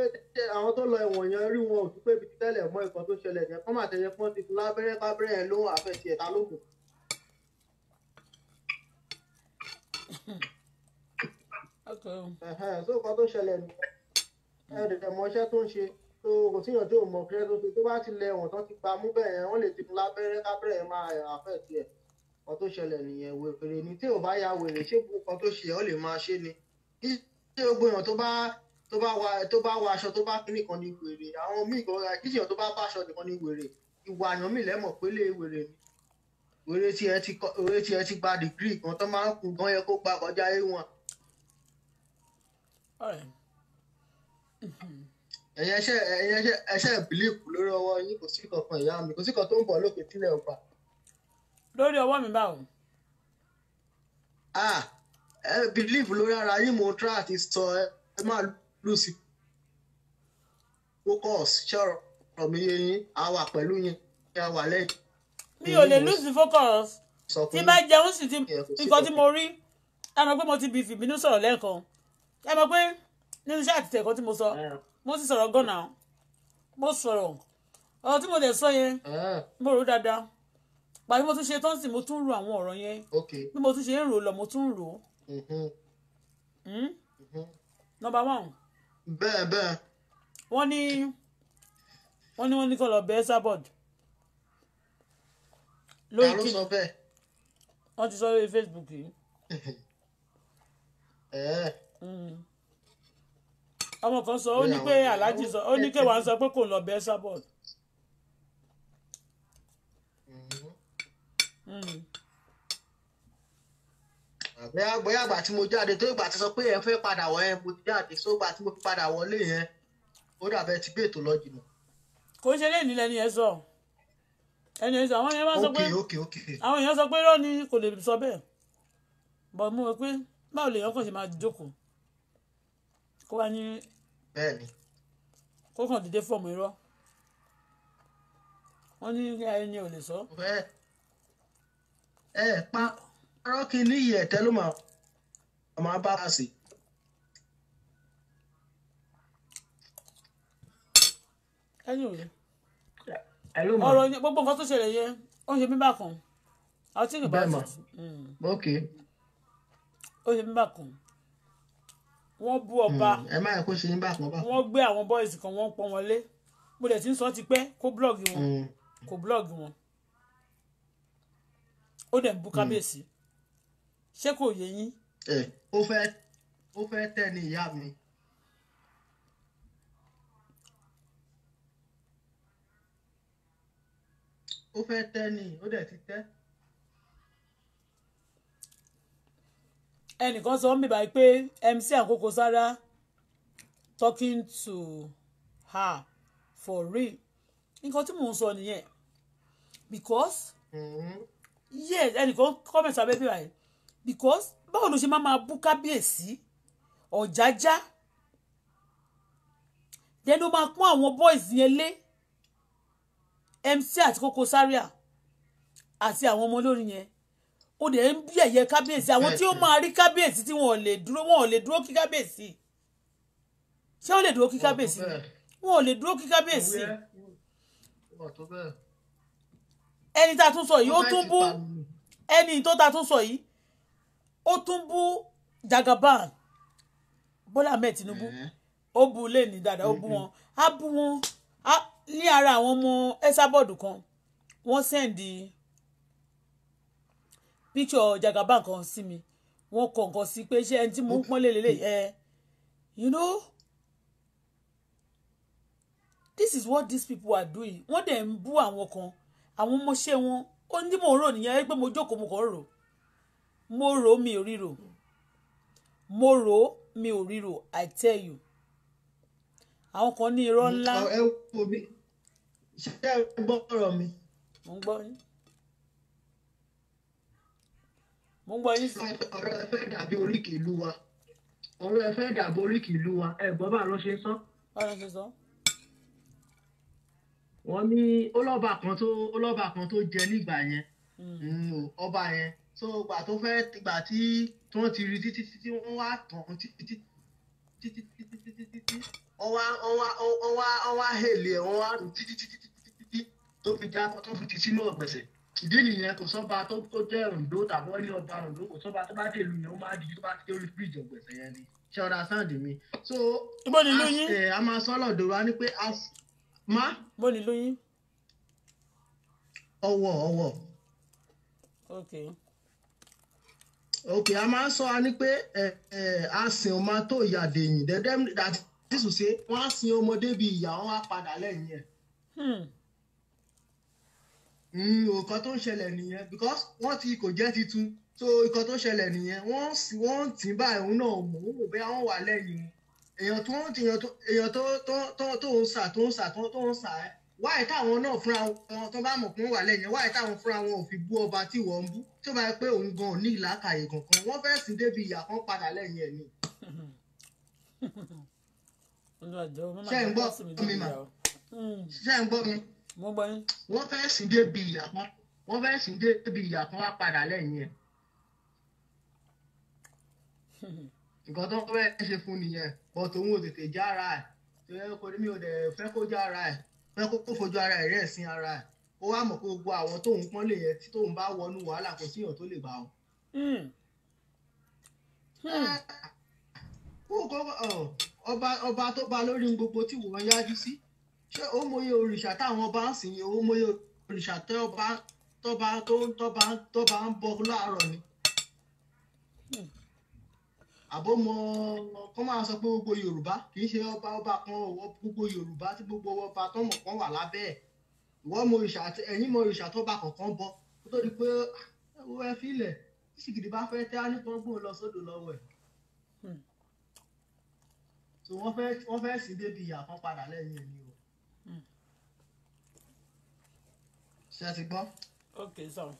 S6: àwọn tó lọ ẹ̀wọ̀n yẹn rí wọn ò tún pé bíi tẹ́lẹ̀ mọ́ nǹkan tó ṣẹlẹ̀ yẹn kọ́mà tẹ̀lé fún ti fún lábẹ́rẹ́ lábẹ́rẹ́ yẹn ló àfẹ́sí ẹ̀ta lókun. so nǹkan tó ṣẹlẹ̀ ni ẹ̀ẹ́dẹ̀ mọṣẹ́ tó ń ṣe tó kò síyàn tó mọ̀ kí ẹ tó ṣe tó bá ti lẹ ẹ̀wọ̀n tán ti gbámú bẹ́ẹ̀ yẹn wọ́n lè ti fún lábẹ́rẹ́ lábẹ́rẹ́ yẹn máa àfẹ́sí ẹ̀ nǹkan tó ṣẹlẹ̀ nìyẹn wèrè ni tí bá ya wèrè ṣé gbogbo tó ṣe ọ́ lè máa ṣe ni kí ṣé gbogbo tó bá tó bá wa tó bá wa aṣọ tó bá kí nìkan ní wèrè àwọn míì kan kíṣìyàn tó bá bá aṣọ nìkan ní wèrè ìwà àyàn mi lẹ́mọ̀ pé lè wèrè ni wèrè tí ẹ ti wèrè tí ẹ ti gba dìgírì kan tó máa ń kú gan yẹ kó gba kọjá a one. ẹ̀yin ẹṣẹ́ ẹ̀yin ẹṣẹ́ ẹṣẹ́ bìlíìpù lórí ọwọ́ yín kò sí kankan ìyá mi kò sí kan tó ń bọ̀ lókè tílẹ̀ ọgbà. lórí ọwọ́ mi báwo. ah ẹ bìlíìpù lórí ara yín mo ń sọ ẹ máa lù Lucy, focus ṣọ̀rọ̀ mi yé yín a wà pẹ̀lú yín a wà lẹ́yìn. mi ò lè lùsì focus tí bá jẹun
S1: sì ti nǹkan tí mo rí ẹ mọ̀ pé mo ti bìfì bínú sọ̀rọ̀ lẹ́ẹ̀kan ẹ mọ̀ pé nínú iṣẹ́ àtìtẹ̀ kan tí mo sọ mo ti sọ̀rọ̀ gan-an mo sọ̀rọ̀ ọ̀rọ̀ tí mo lè sọ yẹn mo rò dáadáa pàdé mo tún ṣe tán sí mo tún ro àwọn ọ̀rọ̀ yẹn bí mo tún ṣe ń rò lọ mo tún rò ó. Mhm. Hmm? Mhm. number one bẹ́ẹ̀ bẹ́ẹ̀. wọ́n ní wọ́n ní wọ́n ní kó lọ bẹ́ẹ̀ sábọ̀d. lórí kí wọ́n ti sọ lórí Facebook yìí. *laughs* Mm. ọmọ kan sọ ó ní pé aláàjì sọ ó ní kéwàá sọ pé kò lọ bẹ́ẹ̀ sábọ̀d.
S6: Mm-hmm. mm hmm bóyá bóyá àgbà tí mo jáde tó ìgbà tí sọ pé ẹ fẹ́ padà wọ ẹ mo ti jáde so ìgbà tí mo fi padà wọlé yẹn ó dàbẹ ti gbé ètò lọ jìnnà.
S1: kò ń ṣe léyìn lẹni ẹ sọ ẹni ẹ sọ àwọn èèyàn bá sọ pé àwọn èèyàn sọ pé irọ́ ni kò lè sọ bẹ́ẹ̀ bọ̀ mo rò pé báwo lè ọkàn ṣe máa jókòó kó wá ní. bẹ́ẹ̀ni. kó kàn dìde fọọmù irọ́ wọn ní ẹni ò lè sọ.
S6: ẹ ẹ pa rọ́ọ̀kì níyì ẹ̀tẹ́ ló mà máa bá a sí. ọ̀rọ̀
S1: gbogbo nǹkan tó ṣẹlẹ̀ yẹn ó ń ṣe mí bákan àwọn tí ìgbà tó ti ó ṣe mí bákan wọ́n bú ọba mm, wọ́n gbé àwọn bọ́ìsì kan wọ́n pọ́n wọn lé mo dẹ̀ ti ń sọ ti pẹ́ kó búlọ́ọ̀gì wọn mm. kò búlọ́ọ̀gì wọn
S6: ó dẹ̀ bú mm. kábíyèsí. Mm ṣé kò yé yín. ẹ ó fẹ́ ó fẹ́ tẹ̀ ní ìyá mi. ó fẹ́ tẹ́ ni ó dẹ̀ ti tẹ́.
S1: ẹnìkan sọ mí báyìí pé MC Àkókò Sárá talking to her for real nǹkan tí mò ń sọ nìyẹn because mm-hmm. yes ẹnìkan comment abẹ́bí báyìí because báwo ló ṣe máa máa bú kábíyèsí ọ̀jájá dẹ́nu máa pọ́n àwọn boys yẹn lé MC àti Koko Zaria àti àwọn ọmọ olórin yẹn ó dẹ̀ ń bí ẹ̀yẹ kábíyèsí àwọn tí ó máa rí kábíyèsí tí wọn ò lè dúró wọn ò lè dúró kí kábíyèsí ṣé wọn lè dúró kí kábíyèsí wọn ò lè dúró kí kábíyèsí ẹni tá a tún sọ yìí ó tún bú ẹni tó tá tún sọ yìí ó tún bú Jagaban Bọ́lá Ahmed Tinubu ó bu lé ní dáadáa ó bu wọn á bu wọn ní ara àwọn ọmọ ẹsábọ́ọ̀dù kan wọ́n sẹ́ǹdì píkṣọ̀ Jagaban kan sí mi wọ́n kọ nǹkan sí pé ṣé ẹni tí mo ń pọ́n lélẹ̀ ẹ you know this is what these people are doing wọ́n dẹ̀ ń bú àwọn kan àwọn ọmọọṣẹ́ wọn ó ní mò ń rò nìyẹn pé mo mo kàn ń rò mo rò mi ò ríro mo rò mi ò ríro i tell you
S6: àwọn kan ní irọ́ ńlá. ẹ wo mi ṣe é gbọ́ ọ̀rọ̀ mi. mo ń gbọ́ yín. mo ń gbọ́ yín ọ̀rọ̀ ẹ fẹ́ dàbí oríkì ìlú wa ọ̀rọ̀ ẹ fẹ́ dàbí oríkì ìlú wa ẹ gbọ́ bá ló ṣe sọ. bá ló ṣe sọ. wọ́n ní ọlọ́ba kan tó ọlọ́ba kan tó jẹ nígbà yẹn hmm. Hmm, ọba yẹn so ìgbà tó fẹ́ ìgbà tí tí wọ́n ti rí títí títí wọ́n wá tàn títí títí títí títí títí ọwá ọwá ọwá ọwá hèlè ẹ̀ wọ́n wá títí títí títí tó fi já tó fi ti sínú ọ̀gbẹ̀sẹ̀ ìdí nìyẹn kò sọ́ba tó tó jẹ́ òǹdó tàbí ní ọba òǹdó kò sọ́ba tó bá dé ìlú yẹn ó máa di tó bá ti dé orí bíríìjì ọ̀gbẹ̀sẹ̀ yẹn ni ṣe ọ̀rọ̀ àsáǹdì mi so a máa sọ lọ́dọ̀ wa ni pé a má. bó ni lóyún. ọwọ́ ọwọ́. okay ok a máa ń sọ wa ní pé asìn ọmọ tó ìyàdè yìí dẹ́dẹ́ àti jésù ṣe wọ́n á sin ọmọdé bí ìyá wọn á padà lẹ́yìn ẹ̀. Hmm. Hmm, nǹkan tó ń ṣẹlẹ̀ nìyẹn because wọ́n ti kò jẹ́ titun so nǹkan tó ṣẹlẹ̀ nìyẹn wọ́n sì wọ́n tì í báyìí òun náà mọ̀ ó bẹ́ẹ̀ wọ́n wà lẹ́yìn èèyàn tó èèyàn tó tó ń sà tó ń sà tó ń sà ẹ́ wáyé táwọn náà fúnra wọn tó bá mọ̀ pé wọ́n wà lẹ́yìn wáyé táwọn fúnra wọn ò fi bú ọba tí wọ́n ń bú tó bá yẹ pé òun gan ní ìlàkàyè kankan wọ́n fẹ́ sìn débi ìyà kan padà lẹ́yìn ẹ̀ ni. Hmm.
S4: ṣé
S1: ń gbọ́ mi mà
S6: ṣé ń gbọ́ mi wọ́n fẹ́ sìn débi ìyà kan wọ́n fẹ́ sìn débi ìyà kan wá padà lẹ́yìn ẹ̀. *laughs* nǹkan tó fẹ́ ṣe fún nìyẹn bọ́tò òun ò tètè jára ẹ̀ tó yẹ ní mi ò dẹ̀ fẹ́ kó jára ẹ̀ wọn kó kó fojú ara ẹ̀rẹ́ ẹ̀sìn ara ẹ̀ ó wá mọ̀ pé gbogbo àwọn tóun pọ́nlé yẹn tí tóun bá wọnú wàhálà kò síyàn tó lè bá wọn. Hmm. Hmm. ọba ọba tó ba lórí gbogbo tí wọ́n yájú sí ṣé ó mọyé òrìṣà táwọn ọba ń sìn yẹn ó mọyé òrìṣà tọ́ba tọ́ba tó ń tọ́ba tọ́ba ń bọ láàárọ̀ ni àbọ̀mọ kọ́ máa sọ pé gbogbo yorùbá kì í ṣe ọba ọba kan ọwọ́ gbogbo yorùbá tí gbogbo ọba tọmọ kan wà lábẹ́ ẹ̀ ìwọ mọ òrìṣà ẹ̀yin mọ òrìṣà tó bá kọ̀ọ̀kan bọ kó tó di pé ẹwọ ah, ẹ filẹ̀ tí sìgìdì bá fẹ́ tẹ́ á ní kán gbóhùn lọ sódò lọ́wọ́ ẹ̀ hmm. so wọ́n fẹ́ wọ́n fẹ́ sí débi ìyá kan padà lẹ́yìn ẹ̀mí o hmm. ṣe ti gbọ́. ok sọ. So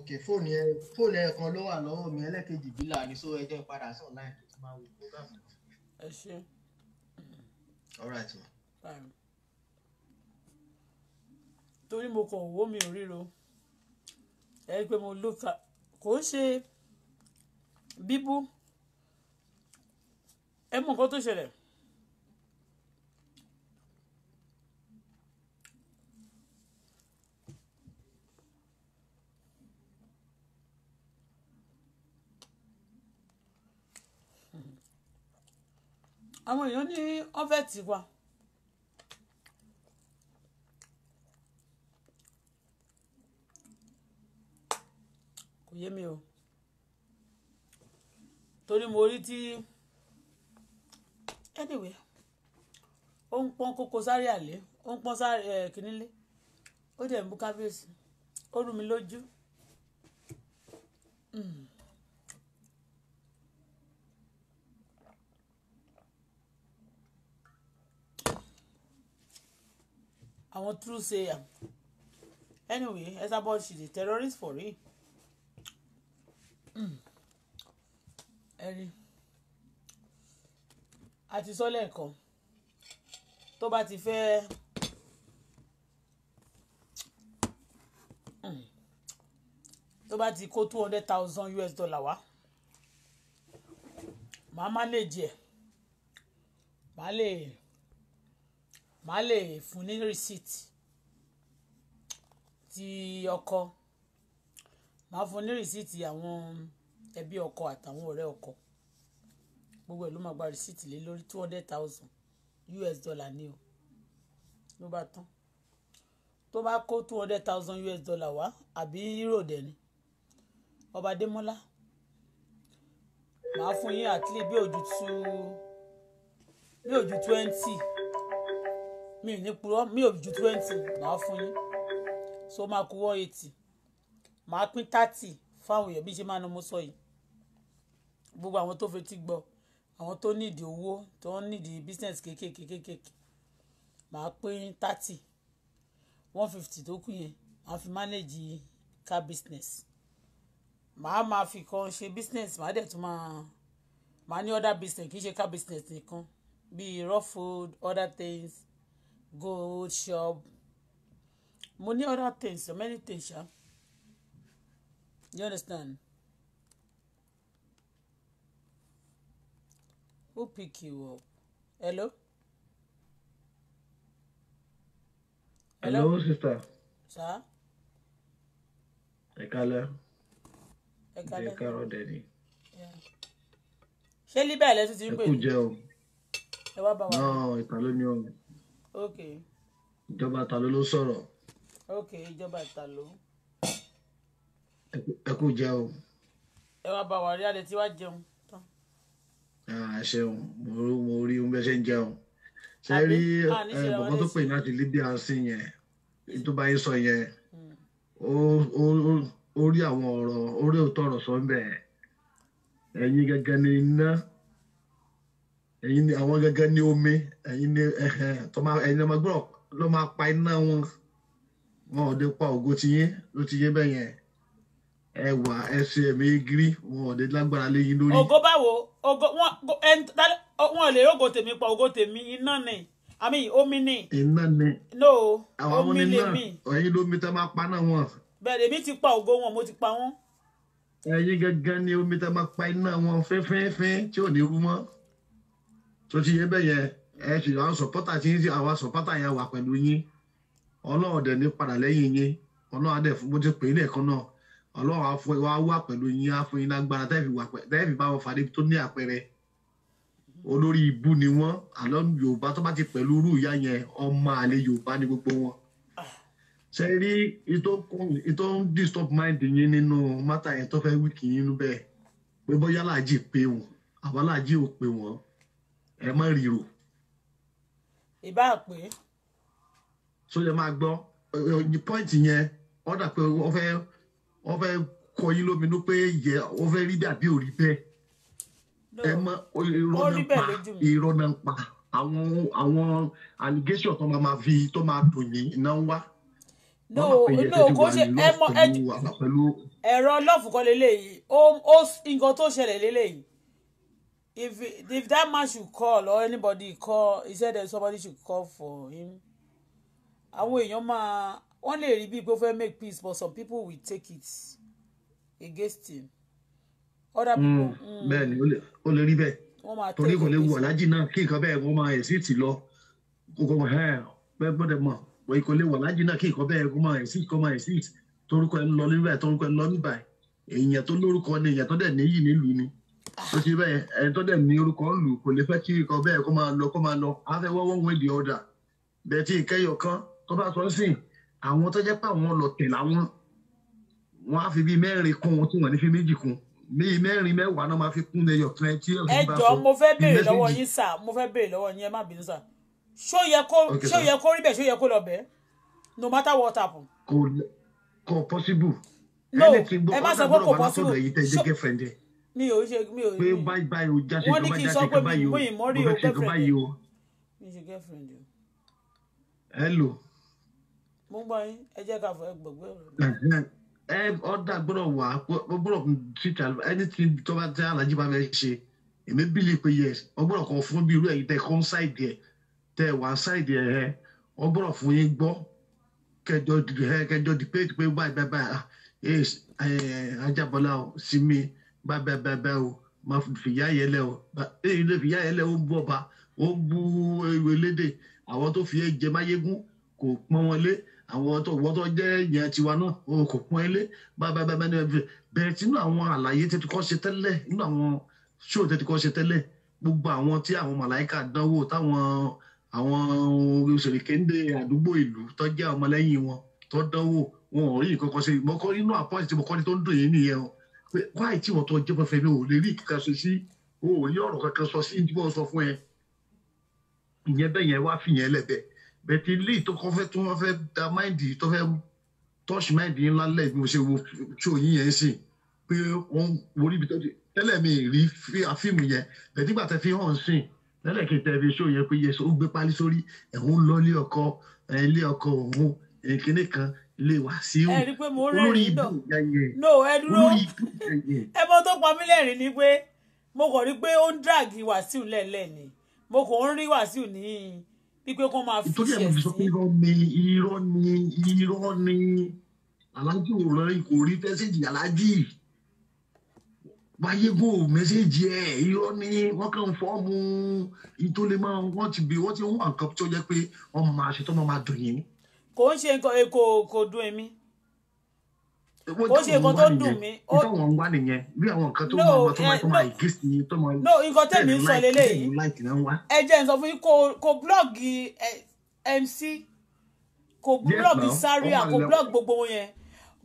S6: ok fóònù ẹ fóònù ẹ kan ló wà lọ́wọ́ mi ẹlẹ́kejì bílà ni so ẹ jẹ́ padà sí online tó ti máa wo program. ẹ ṣe. all right ma. torí
S1: mo kàn wó mi ò ríro ẹ pé mo ló ka kò ń ṣe bíbú ẹ mọ nǹkan tó ṣẹlẹ̀. àwọn èèyàn ní ọ́fẹ̀tì wa kò yé mi o torí mo rí tí anyway ó ń pọ́n kókó sáré àlẹ́ ó ń pọ́n sáré ẹ̀ eh, kínílé ó dẹ̀ ń bú kábíyèsí ó rú mi lójú. Mm. àwọn true sayer anyway Esabod she dey terrorist for real hmm. ẹ̀rí àti sọ́lẹ̀ nǹkan tó bá ti fẹ́ hmm. tó bá ti kó two hundred thousand US dollar wá màá manage ẹ̀ màá lè. Le màá lè fún ní rìsíìtì ti ọkọ màá fún ní rìsíìtì àwọn ẹbí ọkọ àtàwọn ọ̀rẹ́ ọkọ gbogbo ẹ̀ ló máa gba rìsíìtì lé lórí two hundred thousand US dollar ni o ló bá tán tó bá kó two hundred thousand US dollar wá àbí euro dẹ̀ ni ọba Adémọ́lá màá fún yín àtìlẹ́ bí òjú tú bí òjú twenty mi ò ní purọ́ mi ò ju twenty máa fún yín so máa kú one eighty máa pín thirty fáwọn èèyàn bí ṣe máa ń mo sọ yìí gbogbo àwọn tó fetí gbọ́ àwọn tó nídìí owó tó ń nídìí business kéékèèké kéékèèké máa pín thirty one fifty tó kù yẹn máa fi manage car business màá máa fi kan ṣe business màá dẹ̀ tún máa màá ní other business kì í ṣe car business nìkan bíi raw food other things gold shop mo other things so many things ṣá you understand who pick you up hello.
S3: hello, hello sister.
S1: sir.
S6: ẹ kálẹ́ ẹ kálẹ́ ẹ kárọ̀ dẹni.
S1: ṣé libẹ̀ lẹ́tún ti ń pè é. ẹ kú jẹ́ o. ẹ wá bá wa. náà ìtàn ló ní okay.
S5: ìjọba Ìtàló ló sọ̀rọ̀.
S1: okay ìjọba Ìtàló. ẹ kú jẹ o. ẹ wá bá wa rí alẹ́ tí wàá jẹun tán.
S5: ẹ ṣeun mo rí oúnjẹ ṣe ń jẹun ṣe rí bọ̀bọ̀ tó pè ní láti Libya sí yẹn tó bá yín sọ yẹn hmm. ó rí àwọn ọ̀rọ̀ ó rí òótọ́ ọ̀rọ̀ sọ ń bẹ̀ ẹ̀yin gẹ́gẹ́ ni iná ẹ̀yin ni àwọn gangan ní omi ẹ̀yin ni ẹ̀yin lọ́mọ gbọ́dọ̀ ló máa pa iná wọn wọn ò dé pa ògo tiyín ló ti yé bẹ́ẹ̀ yẹn ẹ wà ẹ ṣe ẹ̀mí gírí wọn ò dé lágbára léyìn lórí. ògo
S1: báwo ògo wọn ò lè ògo tèmi pa ògo tèmi iná ni àmì omi ni. iná ni. no omi lè mi.
S5: ẹ̀yin lómi tẹ́ máa pa náà wọn. bẹ́ẹ̀ lèmi ti pa ògo wọn mo ti pa wọn. ẹ̀yin gangan ni omi tẹ́ máa pa iná wọn fẹ́fẹ́fẹ́ tí ò ní rú mọ́ tó ti yé bẹ́yẹn ẹ ṣì àwọn sọ̀pọ́tà tí ń ṣe àwọn sọ̀pọ́tà yẹn wà pẹ̀lú yín ọlọ́run dẹ̀ ní padà lẹ́yìn yín ọlọ́run adẹ̀ fún bó ti pè é lẹ́ẹ̀kan náà ọlọ́run afọ wa wà pẹ̀lú yín afọ yín lágbára tẹ́ẹ̀fì bá wọn fàdé tó ní àpẹẹrẹ olórí ibú ni wọn àlọ́ yorùbá tó bá ti pẹ̀lú irú ìyá yẹn ọmọ àlè yorùbá ni gbogbo wọn ṣe rí ìtọ́ ń disturb mind yín nínú mátà yẹn tó fẹ́ wíkì yín bẹ́ẹ̀ pé bóyá làájì pé wọn àbá ò pé wọn ẹ mọ́ ríro. ìbá é tó lè máa gbọ́ point yẹn wọ́n dà pé wọ́n fẹ́ wọ́n fẹ́ kọ yín lóminú pé yẹ wọ́n fẹ́ rí dàbí òrí bẹ́ẹ̀ ẹ mọ ìrọ̀nà pa àwọn àwọn allegation tó máa fi tó máa dùn yín náà wá no no kò ṣe ẹ mọ ẹ
S1: ẹ̀rọ lọ́ọ̀fù kan lélẹ́yìí ó nǹkan tó ṣẹlẹ̀ lélẹ́yìí if if that man should call or anybody call he said that somebody should call for him àwọn èèyàn máa wọ́n lè rí bíi pé ó fẹ́ make peace but some people will take it against him other hmm, people. Hmm. bẹ́ẹ̀ ni ó lè rí bẹ́ẹ̀ torí kò lè wù aláàjì
S5: náà kí nǹkan bẹ́ẹ̀ wọ́n máa exit lọ kókó mọ̀ ẹ́ bẹ́ẹ̀ gbọ́dọ̀ mọ̀ wọ́n kò lè wù aláàjì náà kí nǹkan bẹ́ẹ̀ wọ́n máa exit kó máa exit torúkọ ẹ̀ ń lọ níbẹ̀ torúkọ ẹ̀ ń lọ níbẹ̀ èèyàn tó lórúkọ ni èèyàn tó dẹ̀ níyì nílùú ni. Mm ó ti bẹ́ẹ̀ ẹni tó dẹ̀ ní orúkọ ń lù kò lè fẹ́ kí ikọ̀ bẹ́ẹ̀ kó máa lọ kó máa lọ á fẹ́ wọ́wọ́ wọn di ọ̀dà bẹ́ẹ̀ tí ìkẹyọ̀ kan tó bá sọ sí àwọn tó jẹ́ pé àwọn ọlọ̀tẹ̀ làwọn wọn á fi bíi mẹ́rin kún wọn tí wọ́n ní fi méjì kún bíi mẹ́rin mẹ́wàá náà máa fi kún ẹyọ̀ tí ẹ jọ mo fẹ́ kó rí
S1: bẹ́ẹ̀ ṣó kó lọ bẹ́ẹ̀ no matter what happen.
S5: kò kò possible. no ẹ má sọ pé kò possible. ẹni tí gbọ́ pátá lọ́rọ̀ wà lọ́sọ̀rọ̀ èyí tẹ́ jẹ́ girlfriend mi ò ṣe mi ò ní. pé báyìí báyìí o jáde tó bá jáde kan báyìí o mo fẹ́ ṣe kan o. girlfriend o. hello.
S1: mo gbọ́ yín ẹ jẹ́ ká fọ ẹgbẹ̀gbẹ́
S5: rẹ. ẹ ọ̀dà gbọ́dọ̀ wà ó gbọ́dọ̀ twitter anything tó bá tẹ́ alájí bá fẹ́ ṣe èmi bílí pé yes ọgbọ́dọ̀ kan fún bí irú ẹ̀yin tẹ kọ́ ṣáìdì ẹ̀ tẹ wà ṣáìdì ẹ̀ ọgbọ́dọ̀ fún yín gbọ́ kẹjọ kẹjọ dìpẹ́ẹ̀tì pé báyìí báyìí ah, ajábọ́lá sinmi bàbàbàbà o máa fìyà yẹlẹ o èyí lè fìyà yẹlẹ ó ń bú ọba ó ń bú ewé lédè àwọn tó fi jẹ máyégún kò pọ́n wọn lé àwọn tó wọ́n tó jẹ́ yẹn tiwa náà o kò pọ́n ẹ lé bàbàbàbà ni bẹ̀rẹ̀ tí inú àwọn àlàyé tètè kọ́ ṣe tẹ́lẹ̀ inú àwọn ṣó tètè kọ́ ṣe tẹ́lẹ̀ gbogbo àwọn tí àwọn màláìka dánwò táwọn àwọn òṣèré kéńdé àdúgbò ìlú tó jẹ́ ọmọlẹ́yìn wọn tó dánwò wọn ò rí nǹkan kan ṣe mọ́kọ́ nínú àpọ́ǹtì tí mo kọ́ ni tó ń dùn yín nìyẹn o pé wáyé tí wọ́n tọ́ jẹ́ bọ́fẹ́ mi ò lè rí kíkà ṣe sí o ò ní ọ̀rọ̀ kankan sọ sí ìdíbọn sọ fún ẹ ìyẹn bẹ́ẹ̀ yẹn wá fi yẹn lẹ́bẹ̀ẹ́ bẹ̀tẹ̀ ilé tó kọ́ fẹ́ tó wọ́n fẹ́ da máìndì tó fẹ́ tọ́ṣì máìndì ńlá lẹ̀ bí mo ṣe wo tí òyìn yẹn sì pé wọ́n wo níbi tó tẹ́lẹ̀ mi rí fíìmù yẹn bẹ̀tẹ̀ nígbà tẹ́ fi hàn sí tẹ́lẹ̀ kí tẹ́ fi ṣó yẹn pé yẹn ó gbé pálí sórí ẹ̀hún lọ ilé ọkọ ilé ọkọ òun kínní kan
S4: lè wá
S1: sí o olórí ibú
S4: yẹyẹ olórí ibú yẹyẹ.
S1: ẹ mọ tó pa mí lẹ́rìn ni pé mo kàn rí pé ó ń drag Wàsíù lẹ́ẹ̀lẹ́ ni mo kàn ń rí Wàsíù ní pípé kó máa fi ṣẹ̀ sí. ìtọ́jú ẹ̀ mo fi sọ
S5: pé irọ́ ni irọ́ ni irọ́ ni aláàjì ò rán kò rí mẹ́sẹ̀gì aláàjì wáyégò mẹ́sẹ̀gì ẹ̀ irọ́ ni wọ́n kàn fọ́ọ̀mù ìtòlẹ́mọ̀ wọ́n ti bí wọ́n ti ń wà nǹkan tó yẹ pé wọ́n máa máa dùn yín kò ń ṣe nǹkan eh, kò kò dùn
S1: èmi
S6: kò ṣe nǹkan tó dùn mí. ó táwọn ń wá nìyẹn bí àwọn nǹkan tó máa wá tó eh, máa tó máa gist ni tó máa. no nǹkan tẹ̀mí ń sọ lélẹ́yìí
S1: ẹ jẹ́ n sọ fún yín kò blọ́ọ̀gì MC kò blọ́ọ̀gì Zaria eh, kò blọ́ọ̀gì gbogbo yẹn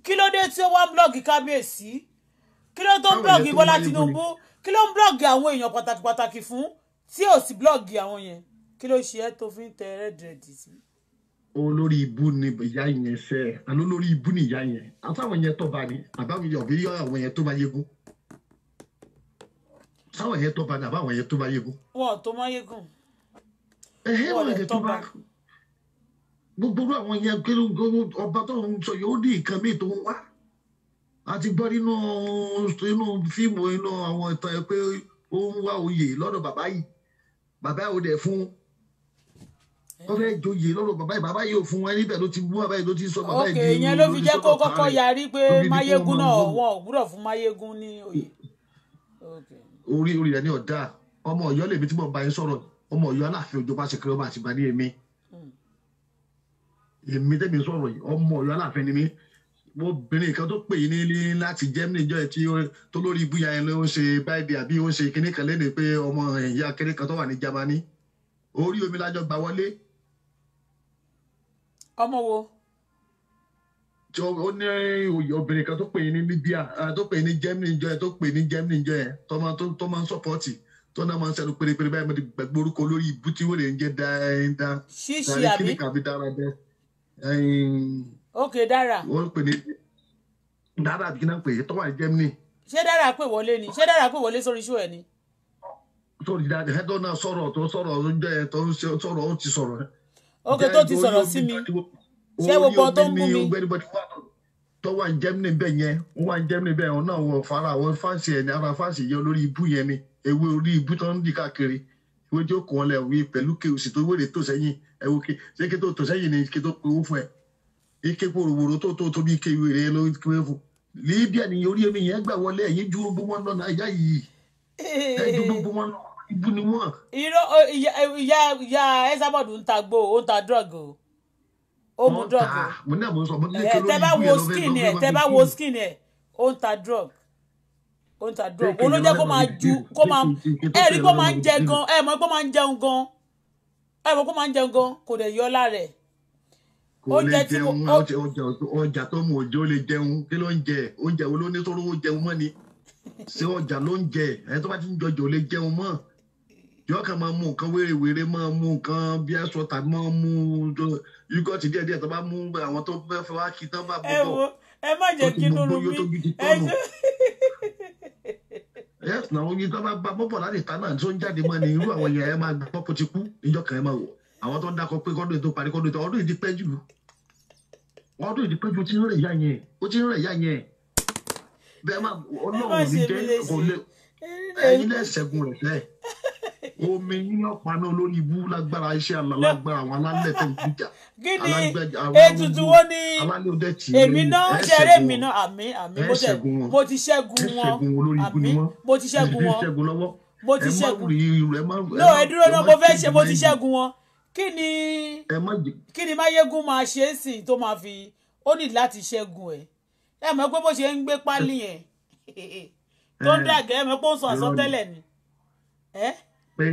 S1: kí ló dé tí ó wá blọ́ọ̀gì kábíyèsí kí ló tó ń blọ́ọ̀gì Bọ́lá Tinubu kí ló ń blọ́ọ̀gì àwọn èèyàn pàtàkì pàtàkì fún tí ò sì blọ́ọ̀gì àwọn yẹn kí ló ṣe é tó fi ń tẹ rẹ́dìrẹ́dì sí i
S5: olórí ibú ni ìyá yẹn ṣe àló lórí ibú ni ìyá yẹn àtàwọn yẹn tó bá ní àbáwọn yẹn ọbẹ yọ àwọn yẹn tó bá yégún sáwọn yẹn tó bá ní àbáwọn yẹn tó bá yégún.
S1: wọn tó mọ yégún.
S5: ẹhẹ wọn yẹn tó bá gbogbo àwọn yẹn gbẹlógbòó ọba tó ń sọ yóò di nǹkan míì tó ń wá a gbọ́ nínú inú fíìmù inú àwọn ìtàn ẹ pé ó ń wá oyè lọ́dọ̀ bàbá yìí bàbá yìí ò dẹ̀ fún un ó fẹ́ joyè lọ́dọ̀ bàbá yìí bàbá yìí ò fún wọn níbẹ̀ ló ti bú bàbá yìí ló ti sọ bàbá yìí di ìyẹn ló fi jẹ́ kó kọ́kọ́ yarí pé máyégún náà
S1: wọn ò fún máyégún ní oyè.
S5: orí rẹ ní ọ̀dà ọmọ ọ̀yọ́ lèmi tí mo bá yín sọ̀rọ̀ ọmọ ọ̀yọ́ aláàfin òjò bá ṣe ọmọ àti bá ní èmi hmm. èmi tẹ́mi sọ̀rọ̀ yìí ọmọ ọ̀yọ́ aláàfin ni mí obìnrin kan tó pè yín ní láti Germany jọ ẹ tí tó lórí ibúya yẹn ló ń ṣe báyìí àbí ó ń ṣe kinní kan lẹ́nu pé ọmọ ìyá kinní kan tó wà ní Germany orí omi lájọ gbà wọlé ọmọ wo. jọ ó ní oyè obìnrin kan tó pè ní Libya tó pè ní Germany jọ yẹn tó pè ní Germany jọ yẹn tó máa tó máa ń sọpọ́ọ̀tì tó náà máa ń sẹ́nu pérépéré báyìí mo ti gbàgbé orúkọ ibú tí wọ́n lè ń jẹ́ dáadáa. ṣíṣe àbí kíni kàbí dára bẹ́ẹ̀.
S1: ok dára. wọ́n
S5: pè ní dára àbí kíni pè é tó wà ní Germany.
S1: ṣé dára pè wọlé ni ṣé dára pè wọlé sórí iṣu ẹ ni.
S5: tó dáadáa ẹ tó náà sọ̀rọ̀ tó sọ̀rọ̀ tó jẹ́ tó ń sọ̀rọ̀ ó ti sọ̀rọ̀
S1: ok tó ti sọ̀rọ̀ sí mi ṣé gbogbo tó ń mú mi.
S5: tó wà ní Germany bẹ́ẹ̀ yẹn ó wà ní Germany bẹ́ẹ̀ yẹn náà wọ fara àwọn fáǹsì ẹ̀ ní ara fáǹsì yẹn olórí ibú yẹn ni ewé orí ibú tó ń dì káàkiri ìwé tí ó kàn lẹ̀ wí pẹ̀lú kéwòsì tó wéré tó sẹ́yìn ẹ̀ wò ké ṣé ké tó tó sẹ́yìn ni ké tó kówó fún ẹ̀ ike pòròwòrò tó tó tóbi ike wèrè ẹ lórí kéwé fún Libya ni orí omi yẹn gbà wọlé ẹ̀yìn dúró gbọmọ náà náà
S1: yá yìí ẹ̀ dúró gbọmọ náà ibu ni wọn. irọ́ ìyá ìyá ẹ̀sàbọ̀dù ń ta gbó ó ń ta drug o ó mu drug o. mo ní àmọ́ sọ mo ní kí ló ń gbé ẹ lọ́wọ́ tẹ́ bá wo ń ta drug ó ń ta drug ó ló jẹ́ kó máa ju kó máa ẹ̀ rí kó máa ń jẹ gan ẹ̀ mọ̀ kó máa ń jẹun gan ẹ̀ mọ̀ kó máa ń jẹun gan kò dẹ̀ yọ lára ẹ̀
S5: oúnjẹ tí mo oúnjẹ ọjà tó mú oúnjẹ lè jẹun kí ló ń jẹ oúnjẹ wo ló ní tó lówó jẹun mọ́ ni ṣé ọjà ló ń jẹ ẹni tó bá ti ń jọjọ lè jẹun mọ́ yóò kàn máa mú nǹkan wéréwéré máa mú nǹkan bí ẹsọ tàbí máa mú yúgọ tí díẹ̀ díẹ̀ tó bá mú àwọn tó fẹ́ fẹ́ wá kí tán bá bọ bọ ẹ má jẹ́ kí ló mi ẹ ṣe. *laughs* yes na oyin tó bá bá bọ́bọ̀ láti ta náà tó ń jáde mọ́ ni irú àwọn yẹn ẹ máa gbà pọ́pọ́ ti kú níjọ́ kan ẹ máa wọ̀ àwọn tó ń dákọ pé kọ́dún ètò parí kọ́dún ètò ọdún ìdí pẹ́ jù ọdún ìdí pẹ́ jù ó ti ń rẹ̀ yá yẹn ó ti ń rẹ̀ yá yẹn bẹ́ẹ̀ máa ọlọ́run omi iná paná lórí ibú lágbára iṣẹ́ alágbára àwọn alálẹ̀ tó ń gbìjà. gíní ètùtù wo ni èmi náà ṣeré mi náà àmì àmì mo ti ṣẹ́gun wọn àmì mo ti ṣẹ́gun wọn mo ti ṣẹ́gun no ẹ dúró náà mo fẹ́ ṣe mo ti ṣẹ́gun
S1: wọn kí ni kí ni máyégún máa ṣe é sìn tó máa fi ó ní láti ṣẹ́gun ẹ̀ ẹ mọ̀ pé bó ṣe ń gbé pálí yẹn *laughs* tó ń dàgẹ́ ẹ mọ̀ pé ó ń sọ àsọtẹ́lẹ̀ ni
S3: pé.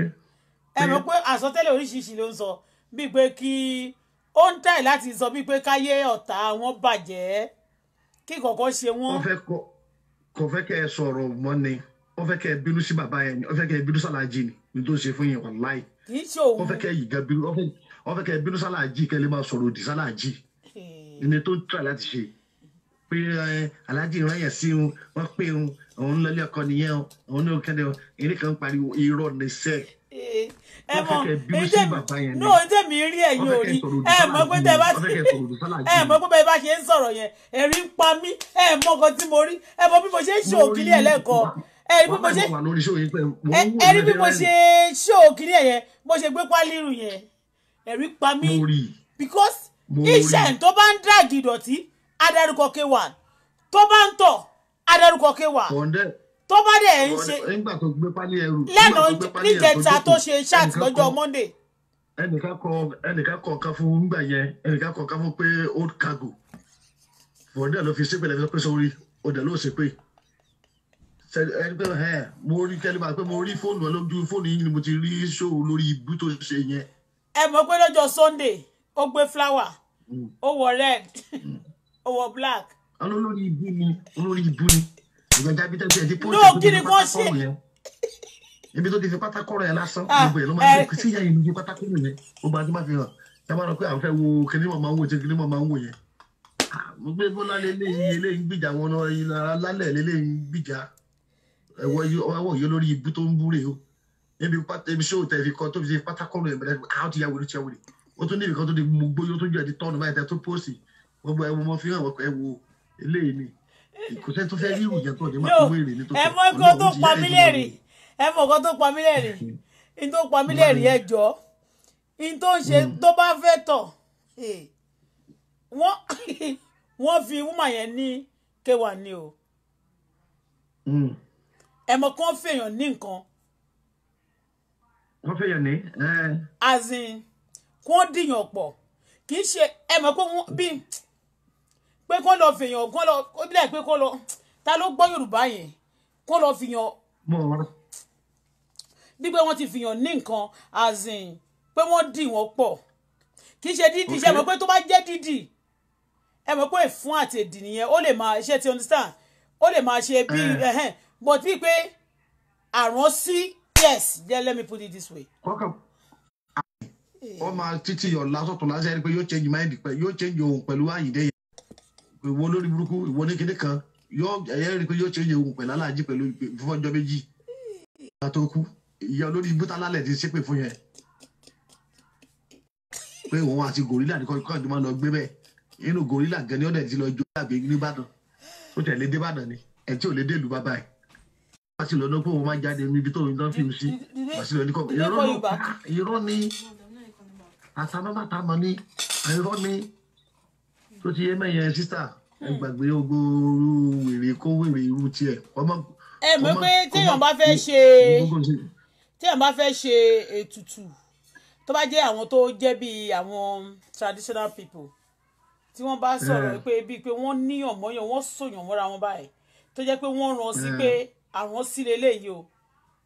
S3: ẹ mọ̀ pé
S1: àsọtẹ́lẹ̀ oríṣiríṣi ló ń sọ bíi pé kí ó ń tẹ̀ láti sọ bíi pé káyé ọ̀tá wọn bàjẹ́ kí kọ̀ọ̀kan ṣe wọ́n. wọ́n
S5: fẹ́ kọ́ kò fẹ́ kẹ́ ẹ sọ̀rọ̀ mọ́ ni ó fẹ́ kẹ́ ẹ bínú sí bàbá yẹn ni ó fẹ́ kẹ́ ẹ bínú sàlájì ni ní tó ṣe fún yẹn wàláì. kì í ṣe òun. ó fẹ́ kẹ́ ẹ yìgá bínú ó fẹ́ kẹ́ ẹ bínú sàlájì kẹ́ ẹ lè máa sọ̀rọ̀ òdì sàlájì ní tó ń tẹ̀ láti ṣe pé eh, aláàjì ìrànyàn sí un wọ́n pé un òun lọ́lé ọkọ nìyẹn o òun ní òkèdè o eré kan pariwo irọ́ ní sẹ́ eh, eh, ẹ mọ ẹjẹ mi
S1: ní oúnjẹ mi rí ẹ̀yin ò rí ẹ mọ pé tẹ bá ti ẹ mọ pé bá ṣe ń sọ̀rọ̀ yẹn ẹ̀rí ń pa mí ẹ mọ nǹkan tí mo rí ẹ mọ bí mo ṣe ń ṣe òkìlì ẹlẹkọọ ẹ rí bí mo ṣe
S5: ẹ bí mo ṣe
S1: ṣe òkìlì ẹ yẹn mo ṣe gbé pálírù yẹn ẹ̀rí pa mí because iṣẹ́ tó bá ń dàgì adarúkọ k1 tó bá ń tọ̀ adarúkọ k1 tó bá dẹ̀ ń ṣe lẹ́nu níjẹta tó ṣe chat lọ́jọ́ monday.
S5: ẹnìkan kọ ẹnìkan kọ ọ̀kan fún ngbà yẹn ẹnìkan kọ ọ̀kan fún pé old cargo bọ̀dẹ̀ ló fi sípè lẹ́fẹ̀ẹ́ pé sórí ọ̀dẹ̀ ló ṣe pé ẹgbẹ́
S7: ẹ̀ mo rí kẹ́lí máa pé mo rí fóònù ẹ lójú fóònù yìí ni mo ti rí ṣòwò lórí ibú tó ṣe yẹn. ẹ mọ̀ pé lọ́jọ́ sunday ó gbé flower mm. ó wọ red. Mm
S1: ó wọ black. olórí ibú ni olórí ibú ni ìgbàjá bí tẹ́tí ẹ̀ ti
S5: pọ́ọ̀tì no, ti fi pátákó yẹn ibi tó ti fi pátákó rẹ̀ lásán ah, gbogbo ẹ̀ ló máa ń eh. fi sí ìyá yẹn ní pátákó yẹn gbogbo àti má fi hàn ẹ máa rọ pé à ń fẹ́ wo kíní màmá ń wò jẹ́ kíní màmá ń wò yẹn ah, mo gbé bọ́lá lélẹ́yìn eléyìí gbìjà wọn lálẹ́ lélẹ́yìn gbìjà ẹ̀wọ̀ yìí olórí ibú tó ń búre o ebi pata ebi ṣé o tẹ̀ fi kọ́ tó fi pátákó rẹ̀ mẹ́rẹ́ àwọn ah, ti yà wẹ̀rẹ̀ tiẹ̀ wẹ̀rẹ̀ o tún ní ibìkan tó di mo gbóyó tó jẹ́ di tọ́ọ̀nù báyìí tẹ̀ tó pósì gbogbo ẹwọ mo fi hàn wọ́n ẹwọ eléyìí ni kò sẹ́ni tó fẹ́ rí ìròyìn tó ní máa kó wèrè ní tó tẹ̀ ẹ̀mọ́ nǹkan tó pa
S1: mí lẹ́rìn ẹ̀mọ́ nǹkan tó pa mí lẹ́rìn in tó pa mí lẹ́rìn ẹ̀ jọ in tó ń ṣe hmm. tó bá fẹ́ tọ̀ *laughs* wọ́n fi wúmà yẹn ní kéwà ni o hmm. ẹ̀mọ́ kan fèèyàn ní nǹkan.
S5: wọ́n fèèyàn ní. Eh.
S1: azin kó dìyàn pọ̀ kì í ṣe ẹ̀mọ́ pé wọ́n bí pé kó lọ fèèyàn kó lọ ó bílẹ̀ pé kó lọ ta ló gbọ́ yorùbá yẹn kó lọ fìyàn bí pé wọ́n ti fìyàn ní nǹkan azin pé wọ́n dì wọ́n pọ̀ kì í ṣe dídì ṣe mọ̀ pé tó bá jẹ́ dídì ẹ mọ̀ pé fún àti èdì nìyẹn ó lè máa ṣe ti understand ó lè máa ṣe bí eh. ẹhẹn but bíi pé àrùn sí yes then let me put it this way. kọ́kọ́
S5: ọ eh. máa títí yọ̀ lásọ̀tún lásán ẹni pé yóò change mind yóò change ohun pẹ̀lú àyíndé yẹn ìwọ olórí burúkú ìwọ ní kinní kan yóò ẹyẹ rí i pé yóò ṣe yẹ ohun pẹ̀lú aláàjì pẹ̀lú fọ́jọ́ méjì ká tó kú ìyá olórí ibú ti ṣépè fún yẹn pé òun àti gòrílà ní kọ́ńtà tó lọ gbé bẹ́ẹ̀ inú gòrílà gan ni ó dẹ̀ ti lọ jó àgbè nìbàdàn ó tẹ̀lé débàdàn ni ẹ̀ tí ò lè dé bàbá ẹ̀ wá sí lọ́dún pé òun máa jáde níbi tó ń dán fíìmù sí wá sí lọ́dún kọ́ irọ́ ni àtàmọ́mọ́tàmọ́ ni irọ́ ni tó ti yé mẹ́yẹn sísà ẹ hmm. gbàgbé ogo wèrè kó wèrè irú tiẹ̀
S1: ẹ mọ̀ pé téèyàn bá fẹ́ ṣe téèyàn bá fẹ́ ṣe ètùtù tó bá jẹ́ àwọn tó jẹ́ bíi àwọn traditional people tí wọ́n bá sọ̀rọ̀ eh. pé bíi pé wọ́n níyàn mọ́yàn wọ́n sòyàn mọ́ra wọn báyìí tó jẹ́ pé wọ́n ràn sí pé eh. àwọn sí leléyìí o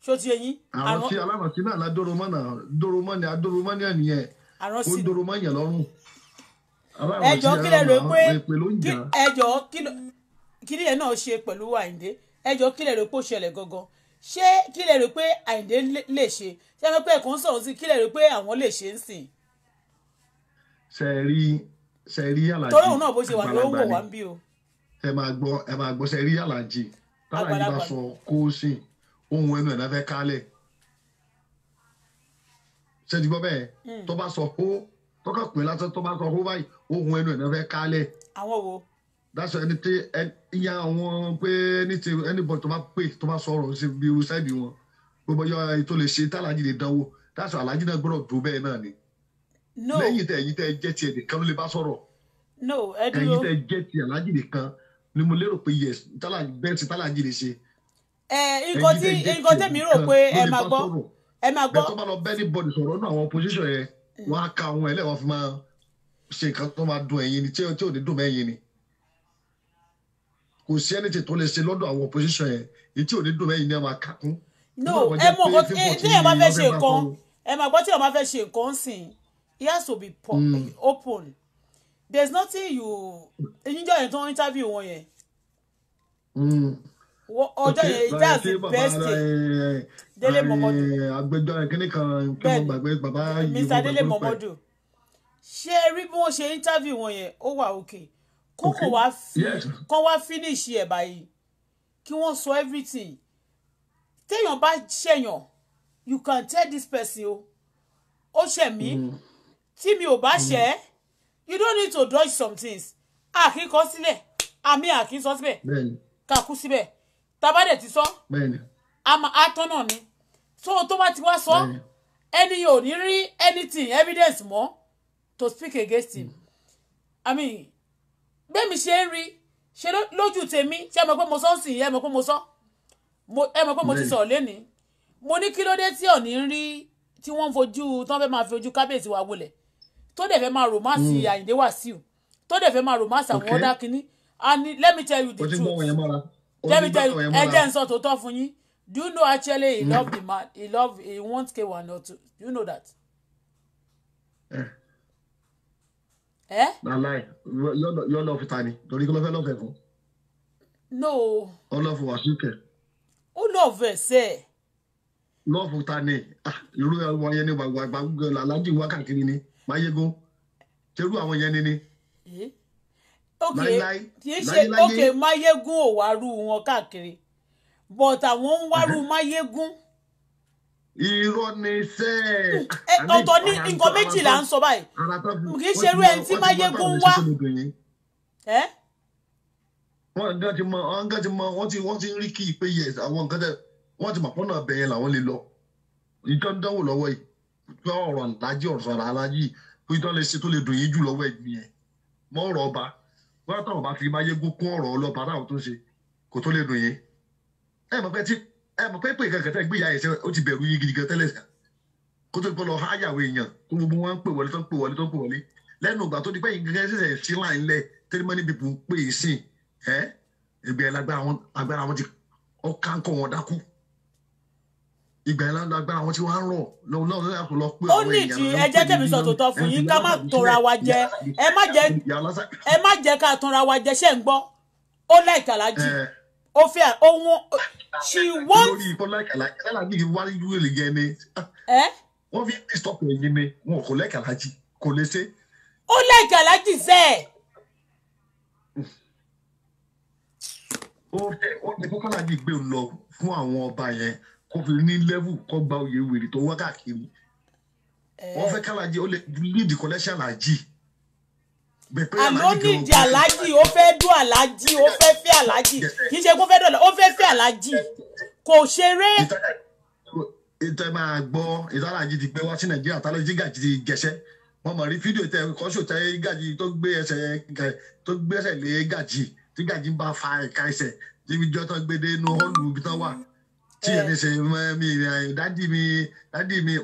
S1: ṣó ti eyín. àwọn tí
S5: alárànṣí náà ládóró mọ́ dóró mọ́ adóró mọ́ nìyẹn ó dóró mọ́ lọ́rùn ẹjọ́ kí lẹ rò pé
S1: ẹjọ́ kí lẹ náà ṣe pẹ̀lú àyíndé ẹjọ́ kí lẹ rò pé ó ṣẹlẹ̀ gangan ṣé kí lẹ rò pé àyíndé lè ṣe ṣé ẹ pé ẹ̀kan sọ̀rọ̀ sí kí lẹ rò pé àwọn lè ṣe ń sìn.
S5: ṣe é rí ṣe é rí alájí tọ́lọ́hùn náà bó ṣe wà ló ń wò wá ń bí o. ẹ máa gbọ́ ẹ máa gbọ́ ṣe é rí alájí tálájí bá sọ kó sìn ohun ẹnu ẹ̀ náà fẹ́ kálẹ̀ ṣe é ti bẹ́ẹ̀ hmm. tó bá sọ ó tọ́ka pè lásán tó bá sọ hó báyìí ohun ẹnu ẹ̀ náà fẹ́ kálẹ̀. àwọn wo. dáṣọ ẹni tí ìyá wọn pé ẹni bọ̀ tó bá pè tó bá sọ̀rọ̀ sí bí irú sáìdì wọn gbogbo yọ ètò lè ṣe tálájì lè dánwò dáṣọ alájì náà gbọ́dọ̀ tó bẹ́ẹ̀ náà ni. no lẹ́yìn tẹ̀ ẹ̀yìn tẹ̀ jẹ́ tiẹ̀ nìkan ló lè bá sọ̀rọ̀.
S1: no ẹ dúró ẹ̀yìn tẹ̀
S5: jẹ́ tiẹ̀ alájì nìkan ni mo lérò pé yes bẹ́ẹ̀ ti tálájì lè ṣe.
S1: ẹ nǹkan tí
S5: nǹkan tẹ̀mí wọn á ka ohun ẹ̀ lẹ́wọ̀n fi máa ṣe nǹkan tó máa dùn ẹ̀yin ni tí ò ní dùn mẹ́yìn ni kò sí anything tó lè ṣe lọ́dọ̀ àwọn opposition yẹn èyí tí ò ní dùn mẹ́yìn ni ẹ máa
S1: kà
S4: kún.
S5: no ẹ mọ nǹkan tí ẹ máa fẹ́ ṣe nǹkan
S1: ẹ máa gbọ́ tí ẹ máa fẹ́ ṣe nǹkan sìn it has to be hmm. open there is nothing you níjọ́ yẹn tó ń interview wọn yẹn hmm. ọjọ́ yẹn that's the best thing
S5: délé mọmọdù agbẹjọ́rò kíní kan kí wọn gbàgbé bàbá yìí mr délé
S1: mọmọdù ṣé rí bí wọn ṣe interview wọn yẹn ó wà òkè
S5: kókò
S3: wá
S1: kó wá finish ẹ báyìí kí wọn sọ everything téèyàn bá ṣèyàn you can tell this person o ó ṣẹ̀ mí mm. tí mi ò bá mm. ṣẹ̀ ẹ́ you don't need to dodge some things àkíkọ sílẹ̀ àmì àkísọ síbẹ̀ kàkú síbẹ̀ tabadẹ̀ ti sọ àmọ́ àtọ́nà ni so tó bá ti wá sọ ẹni ò ní rí anything evidence mọ́ to speak against him hmm. i mean gbẹ̀mí ṣe ń rí ṣe lójú tèmi ṣe mọ̀ pé mo sọ ń sìn ẹ mọ̀ pé mo sọ ẹ mọ̀ pé mo ti sọ̀rọ̀ lẹ́nìí mo ní kí ló dé tí ọ̀ní ń rí tí wọ́n ń fojú tán fẹ́ máa fi ojú kábíyèsí wa wọlẹ̀ tó dẹ̀ fẹ́ máa ròmásì hmm. àyìndé wàsíù tó dẹ̀ fẹ́ máa ròmásì àwọn ọ̀dà kínní and let me tell you the truth
S6: let me tell you ẹ jẹ́ n
S1: sọ tòótọ́ fún yín do you know actually he mm. love the man he love he want K102 or do you know that. Eh? Eh? na lie
S5: yọ lọ fún ta ni torí kí ló fẹ́ lọ́fẹ̀ẹ́ fún. no. ó lọ fún wàásù kẹ.
S1: ó lọ fẹ́ sẹ́ ẹ̀.
S5: lọ́ọ̀fù ta ni ah, irú àwọn yẹn ni gbàgbàgbà làlájì wákàtí ni máyégún ṣerú àwọn yẹn ni ni.
S1: Eh? ok kì í ṣe ok máyégún ò wá rú wọn káàkiri but àwọn ń wárú mhm. máyégún. irọ́ ni iṣẹ́. Eh, ọ̀tọ̀ ní nǹkan méjì là ń sọ báyìí kì í ṣerú ẹni tí máyégún wá. Eh?
S5: wọ́n nǹkan ti mọ wọ́n nǹkan ti mọ wọ́n ti wọ́n ti ń rí kí i pé yes àwọn nǹkan tẹ wọ́n ti mọ̀ pọ́nà bẹ̀yẹn làwọn lè lọ nǹkan dánwò lọ́wọ́ yìí pé ọ̀rọ̀ ńlájí ọ̀rọ̀ sọ̀rọ̀ alájí pé ìtàn lè ṣe tó lè dùn yín jù lọ́wọ́ ẹ̀mí ẹ̀ mọ́ ọ̀rọ̀ ọba wọ́n á tàn ọba kiri máyégún kún ọ̀rọ̀ ọlọ́ba táwọn tó ṣe kò tó lè dùn yín ẹ mọ̀ pé tí ẹ mọ̀ pé pé kankan tẹ́ gbéyà ẹ̀sẹ̀ ó ti bẹ̀rù yín gidi gan tẹ́lẹ̀ sà kó tó gbọ́ lọ háyàwó èèyàn tó gbogbo wọn ń pè wọlé tó ń pè wọlé tó ń pè wọlé lẹ́nu ìgbà tó di pé yín gẹ́gẹ́ sẹ̀sẹ̀ sí láì lẹ̀ tẹ́lẹ̀ mọ́ níbi ìbùn pé yín sìn ẹ́ ìgbà yẹn lágbára wọn agbára wọn ti ọkà ńkọ wọn dákú ìgbà yẹn lágbára wọn ti ní ẹ jẹ́ tèmi sọ tòótọ́ fún yín ká má tanra wa jẹ
S1: ẹ má jẹ́ ká tanra wa jẹ ṣé ń gbọ́ ó láìkàlájì ó fẹ́ ohun she wants. lórí
S5: ìfọ́ láìka láìka sálábì wárí wíìlì yẹn ni ah, eh? wọ́n fi disturb ẹ̀yin ni wọn kò láìka lájì kò lè ṣe.
S1: ó láìka lájì sẹ́ ẹ̀.
S5: ó fẹ́ ó ní kókó lájì gbé lọ fún àwọn ọba yẹn kó fi ní level kó gba oyè wèrè tó wá káàkiri eh. wọ́n fẹ́ kálájì
S1: ó lè lead collection lájì. Like àná nídìí aláàjì ó fẹ́ dún aláàjì ó fẹ́ fẹ́ aláàjì kì í ṣe kó fẹ́ dún ó fẹ́ fẹ́ aláàjì kò ṣeré.
S5: ìtẹ́ máa gbọ́ ìtàlájì ti pẹ́ wá sí nàìjíríà tálọ́ jígà ti gẹ̀ṣẹ́ wọ́n mọ̀ rí fídíò tẹ kọ́ṣọ́ tẹ gàjì tó gbé ẹsẹ̀ tó gbé ẹsẹ̀ lé gàjì tí gàjì ń bá fa ẹ̀ka ẹsẹ̀ níbi jọ́ tán gbé inú họ́ọ̀lù ibi tán wà tí eh. ẹni ṣe mi dádì mi dádì mi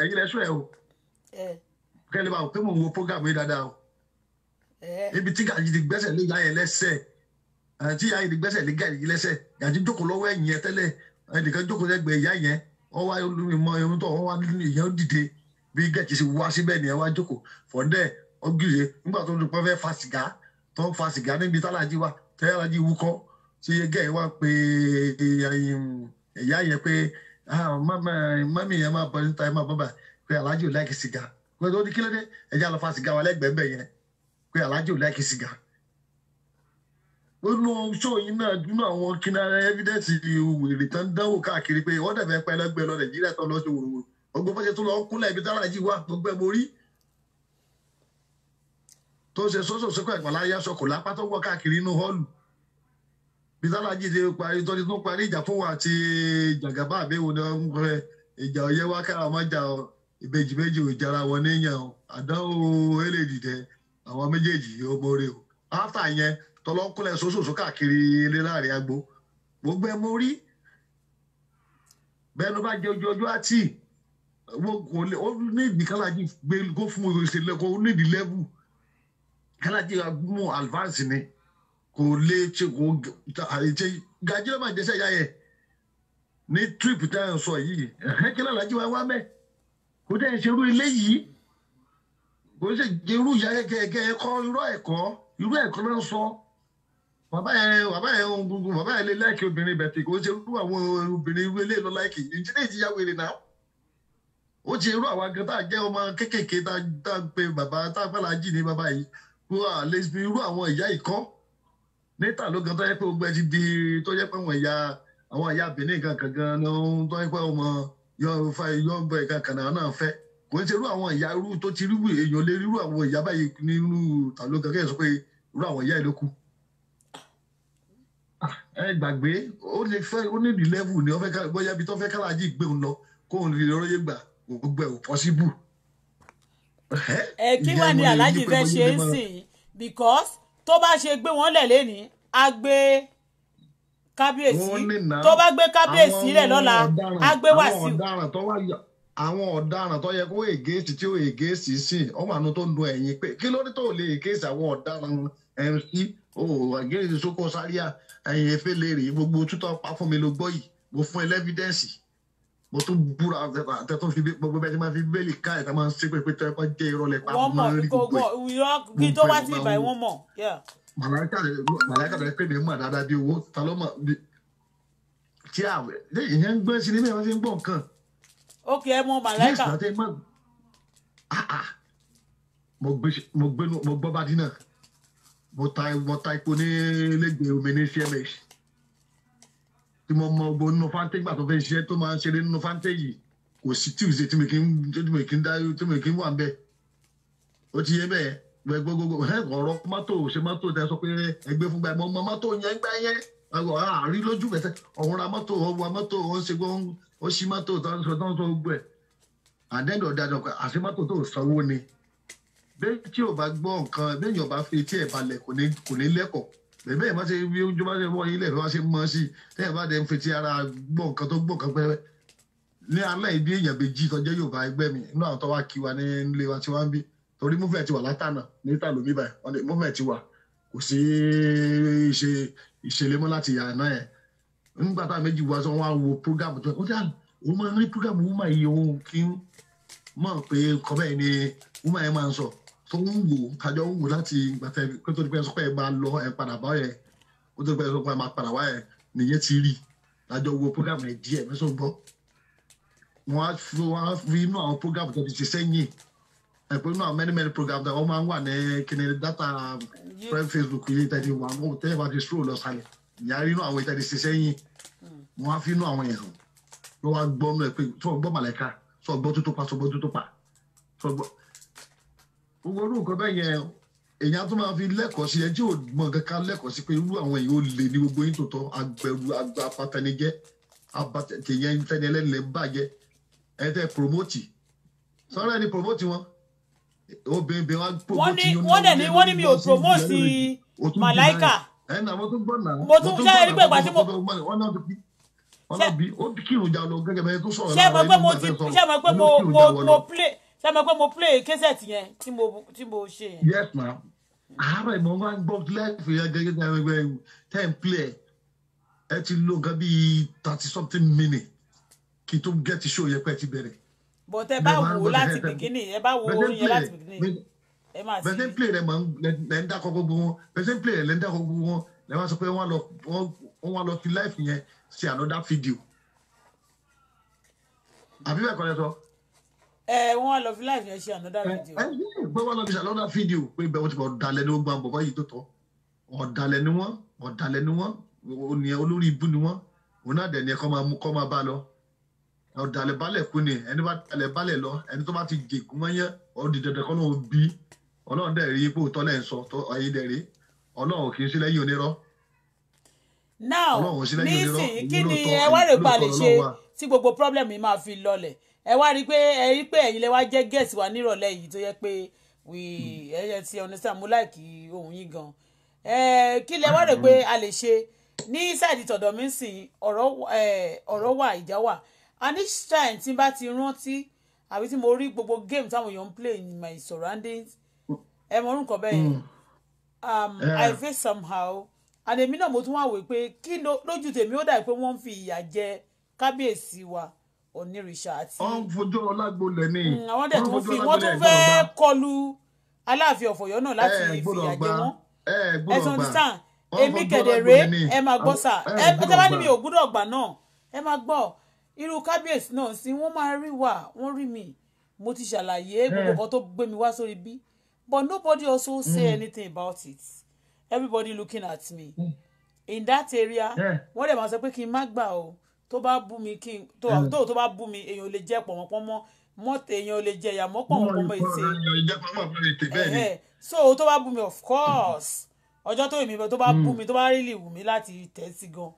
S5: ẹ̀yin lẹ́sọ̀ ẹ̀ o eh. kẹ́lẹ́ bá wò pé mò ń wo program yìí dáadáa o ibi eh. tí Gàjí ti gbẹ́sẹ̀ lé ìyá yẹn lẹ́sẹ̀ àti eh, ìyá yẹn ti gbẹ́sẹ̀ lé Gàjí lẹ́sẹ̀ Gàjí jókòó lọ́wọ́ ẹ̀yìn yẹn tẹ́lẹ̀ eh, ẹnìkan jókòó lẹ́gbẹ̀ẹ́ ìyá yẹn wọ́n wá olùmọ̀ ẹ̀rù tó wọ́n wá nínú ìyẹn dìde bí Gàjí ṣe wá síbẹ̀ nìyẹn wá jókòó fọ̀ndẹ̀ ọgìrì nígbà tó dùn pé fẹ́ fa sìgá tó ń fa sìgá níbi tálájì wa tẹ́lájì wúkọ́ ṣe gẹ̀ wá pé ìyá yẹn pé ah, mami yẹn máa bọ́ níta ẹ̀ máa bọ́ bá pé alájì ò láìkì sìgá pé ó pé alájì ò láìkí sìgá ó lo sóyin náà dúnú àwọn kínára evidence wèrè tán dánwò káàkiri pé wọ́n dẹ̀fẹ́ pẹ́ lọ́gbẹ́ lọ nàìjíríà tán lọ́sọ̀ wòrò ọgbọ́n bọ́sẹ̀ tó lọ kúnlẹ̀ ibi tálájì wà gbogbo ẹ̀ mórí tó ṣe sọ́sọ̀ sọ́kọ̀ ìpàláyà sọkò lápá tó káàkiri inú ti parí tọ́jú tó parí ìjà fún wa àti jàgàbá àbẹ̀wò ìjà wákàrà ìbejì méjì àwọn méjèèjì ọmọ rẹ o after yẹn tọlọ́kúnlẹ̀ sóṣòṣò káàkiri ilé láàrin agbo gbogbo ẹ̀ mo rí bẹ́ẹ̀ ló bá jẹ́ ojú ọjọ́ àti ó nídìí kálájì gbé kó fún ìṣẹ̀lẹ̀ kó nídìí lẹ́bù kálájì mú advance ni kò lè ṣe kò àìṣe gàjí ló máa jẹ́sẹ̀ yá yẹ ní trip tá à ń sọ yìí ẹ̀hẹ́n kí lálájì wá wá mẹ́ kó dẹ́ ṣerú ilé yìí kò ń ṣe irú ìyá kẹkẹ ẹkọ irú ẹ̀kọ́ irú ẹ̀kọ́ ló ń sọ bàbá yẹn bàbá yẹn ohun gbogbo bàbá yẹn lè láìkí obìnrin bẹ̀tẹ̀ kò ń ṣe irú àwọn obìnrin irú eléyìí lọ láìkí ìdílé ìjìyàwó èrè náà ó ti irú àwọn agan tá a jẹ́ ọmọ kéékèèké tá a pe bàbá tá a pàlà jì ní bàbá yìí kó a lè fi irú àwọn ìyá ìkọ́ níta ló gan tó yẹ pé gbogbo ẹ ti di tó yẹ pé àwọn ìyá àwọn ìyá Benin kankan gan tó yẹ pé ọmọ yọ Yorùbá ìkankan náà fẹ́ kò ń ṣe àwọn ìyá irú tó ti rí èèyàn lè rí àwọn ìyá báyìí ní irú ta ló sọ pé irú àwọn ìyá ìlókù. ẹ gbàgbé ó lè fẹ́ ó ní ní lẹ́vù ni bóyá ibi tó fẹ́ kálàjì gbé òun lọ kó òun lè rọ́yè gbà gbogbo ẹ̀ ò pọ́síbù.
S6: ẹ kí wàá ní aláàjì fẹ́ ṣe é sìn
S1: because tó bá ṣe gbé wọn lẹ̀ lẹ́ni á gbé kábíyèsí tó bá gbé kábíyèsí rẹ̀ lọ́la á gbé wàsíù. àwọn
S5: ọ̀daràn tó wá yà àwọn ọ̀daràn tó yẹ kó ègéèsì tí ó ègéèsì sí ọmọ àánú tó ń du ẹ̀yìn pé kí ló ní tó lè ègéèsì àwọn ọ̀daràn MC o àgéèsì Soko Zaria ẹ̀yìn efe léèrè gbogbo tútọ́ pa fún mi ló gbọ́ yìí mo fún ẹ lẹ́fídẹ́ǹsì mo tún búra àtẹ tó fi gbogbo bẹ́ẹ̀ tí máa fi bẹ́ẹ̀lì ká ẹ̀ tá máa ń ṣe pépé tó ẹ kọ́ jẹ́ irọ́ lẹ́pà máa ń rí gbogbo ẹ̀ kí tó wọ́n mọ̀ màláìka rẹ pé mi mọ
S1: ókè ẹ mọ màláìkà. yes àti
S5: mọ mo gbé mo gbọ́ bá dínà mo ta mo ta epo ní lẹ́gbẹ̀ẹ́ omi ní cms tí mo mọ gbogbo nínú fante gbà tó fẹ́ ṣiṣẹ́ tó máa ń ṣeré nínú fante yìí kò sí tuesday tí mi kì í tí mi kì í dá tí mi kì í wà ń bẹ̀ ó ti yé bẹ́ẹ̀ gbẹ gbogbo ẹ ọ̀rọ̀ mọ́tò ṣe mọ́tò tẹ sọ pé ẹgbẹ́ fúngbà ẹ mọ́tò yẹn gbá àárí lójú bẹ̀tẹ̀ ọ̀hún ra mọ́tò ọ̀hún wa mọ́tò ọ̀hún ṣe gbọ́n ó ṣí mọ́tò tó ń sọ tó ń sọ gbogbo ẹ̀ àdẹ́dọ̀ dájọ́ pé àṣẹ mọ́tò tó sanwó ni bẹ́ẹ̀ tí ò bá gbọ́ nǹkan bẹ́ẹ̀ yóò bá fi etí ẹ̀ balẹ̀ kò ní lẹ́kọ̀ọ́ bẹ́ẹ̀ yẹn bá ṣe bí ojú bá ṣe wọ ilé ìfẹ́ wá ṣe mọ́ sí tẹ́ ẹ̀ bá dẹ̀ ń fetí ara gbọ́ nǹkan tó gbọ́ nǹkan pẹ́rẹ́ ní alẹ́ ìbí èèyàn méjì tó jẹ́ Yorùbá ẹgbẹ́ mi inú àwọn tó wá kí wa ní ilé wa tí wọ́n ń bí torí múfẹ̀ ti wà látànà ní tàlómi báyìí múfẹ̀ ti wà kò sí ìṣe ìṣelémọ́ láti yàrá náà yẹn nígbà tá méjì wá sọ wọn á wo program tó ó wọn máa ń rí program wọn máa yẹ wọn kí n mọ̀ pé kọ́bẹ̀ ni wọn máa yẹ máa ń sọ tó ń wò kájọ ń wò láti gbàtẹ́ pé tó ti pẹ́ sọ pé ẹ máa lọ ẹ padà bá yẹ ó tó ti pẹ́ sọ pé ẹ máa padà wá yẹ nìyẹn ti rí lájọ wo program yẹn díẹ̀ mẹ́sàn gbọ́ wọn á fi inú àwọn program tó ti ṣe sẹ́yìn ẹ̀pẹ́ inú àwọn many many program tó wọ́n máa ń wà ní kíni data Facebook yìí tẹ̀lé wọn tẹ́lẹ̀ bá ti stroll lọ sálẹ̀ ìyá rí inú àwọn ìtàdé ṣe sẹ́yìn mo wá fínú àwọn èèyàn ló wá gbọ́ ọ́nà pé tó gbọ́ màlẹ́ka tó gbọ́ tó tó pa tó gbọ́ tó tó pa tó gbọ́. gbogbo orú nǹkan bẹ́ẹ̀ yẹn èèyàn tó máa fi lẹ́kọ̀ọ́ sí ẹjẹ́ ò mọ̀ kankan lẹ́kọ̀ọ́ sí pé irú àwọn èèyàn ò lè ní gbogbo yín tòótọ́ agbẹ̀rù àgbà apatanijẹ́ abatẹ̀yẹn tẹ́ni ẹlẹ́nilẹ̀ bàjẹ́ ẹ tẹ́ ẹ̀yin mo tún gbọ́ mo tún ṣe ẹni pé ìgbà mo wọ́n bí wọ́n náà kírun jà lọ gẹ́gẹ́ bẹ́ẹ̀ tó sọ̀rọ̀ náà ṣé pé mo ti ṣé mo pé mo mo
S1: play ṣé mo pé mo play késẹ̀tì yẹn tí mo tí mo ṣe yẹn.
S5: yes ma àárọ̀ ìmọ̀ máa ń gbọ́ lẹ́ẹ̀fẹ̀ yẹn gẹ́gẹ́ bí ẹgbẹ́ ten play ẹ ti lo nǹkan bíi thirty something minute kí tó get show yẹn pẹ́ ti bẹ̀rẹ̀.
S1: bọ̀tẹ́ bá wò láti bìkínì ẹ bá wò orin láti bìkínì bẹsẹ ń plé rẹ
S5: mọ lẹ ń dákọ gbogbo wọn bẹsẹ ń rẹ lẹ ń dákọ gbogbo wọn lẹ wá sọ pé wọn wá lọ fi láìfù yẹn ṣe ànọdá fídíò àbí bẹ́ẹ̀ kọ́ lẹ ẹ
S1: wọn lọ fi láìfù yẹn ṣe ànọdá fídíò.
S5: ẹ ẹ pé wọn lọ fi ṣànọdá fídíò pé bẹ́ẹ̀ wọn ti bọ dalẹ ní olórí ibú ni wọn òun náà dẹ̀ ni máa mú kọ́ máa bá lọ ọ̀dàlẹ̀ balẹ̀ kú ni ẹni bá dalẹ̀ balẹ̀ lọ ẹni tó bá ti jẹ̀kú mọ́yẹ́ ọ̀dì dandan kọ́ ló bí ọlọ́run dẹ̀ rí ipò tọ́lẹ̀ ń sọ ẹ̀yin dẹ̀ rí ọlọ́run kì í sí lẹ́yìn onírọ́.
S1: now nísìnyí kí ni ẹ wá rè pa lè ṣe tí gbogbo problem yìí máa fi lọlẹ̀ ẹ wá rí i pé ẹ rí i pé ẹ̀yin lẹ wá jẹ́ gẹ̀ẹ́sì wa nírọ̀lẹ́ yìí tó yẹ pé wì ẹ̀yẹ ti understand mo like ohun yín gan kí lẹ wá rè pé a lè ṣe ní sáìdì tọ̀dọ̀ mi sìn ọ̀rọ̀ wà ìjà wà and each time tí n bá ti rántí àbí tí mo rí gbogbo game táwọn èèyàn ń play in my surroundings ẹ mọ orúkọ bẹ́ẹ̀ yẹn mm. um, i feel somehow and èmi náà mo tún wá wò pé kí lójú tèmi ó dà pé wọ́n ń fi ìyà jẹ kábíyèsí wa onírìṣà àti. wọ́n fojú ọlágbólẹ̀ ni. Mm, àwọn dẹ̀ tún fi wọ́n tún fẹ́ kọlu aláàfin ọ̀fọ̀yọ́ náà láti fìyà jẹ wọ́n. ẹ tún ti tàn èmi kẹ̀dẹ̀ rèé ẹ máa gbọ́ sà ẹ tẹ́ bá ní mi ò gbúdọ̀ gbà náà ẹ máa gbọ́ irú kábíyèsí náà sí wọ́n máa rí wà wọ́n rí mi mo ti ṣàlàyé gbogbo kan tó gbé mi wá sórí bí But nobody also say mm. anything about it. Everybody looking at me. Mm. In that area, wọ́n dẹ̀ máa sọ pé kí n má gbà o. Tó bá bú mi kí n tó tó tó bá bú mi èèyàn ò lè jẹ́ pọ̀mọ́pọ́mọ́ mọ́tò èèyàn ò lè jẹ ìyà mọ́pọ̀ ètè. So tó bá bú mi of course ọjọ́ tó èmi tó bá bú mm. mi tó bá rí lè wù mí láti tẹ̀ sí gan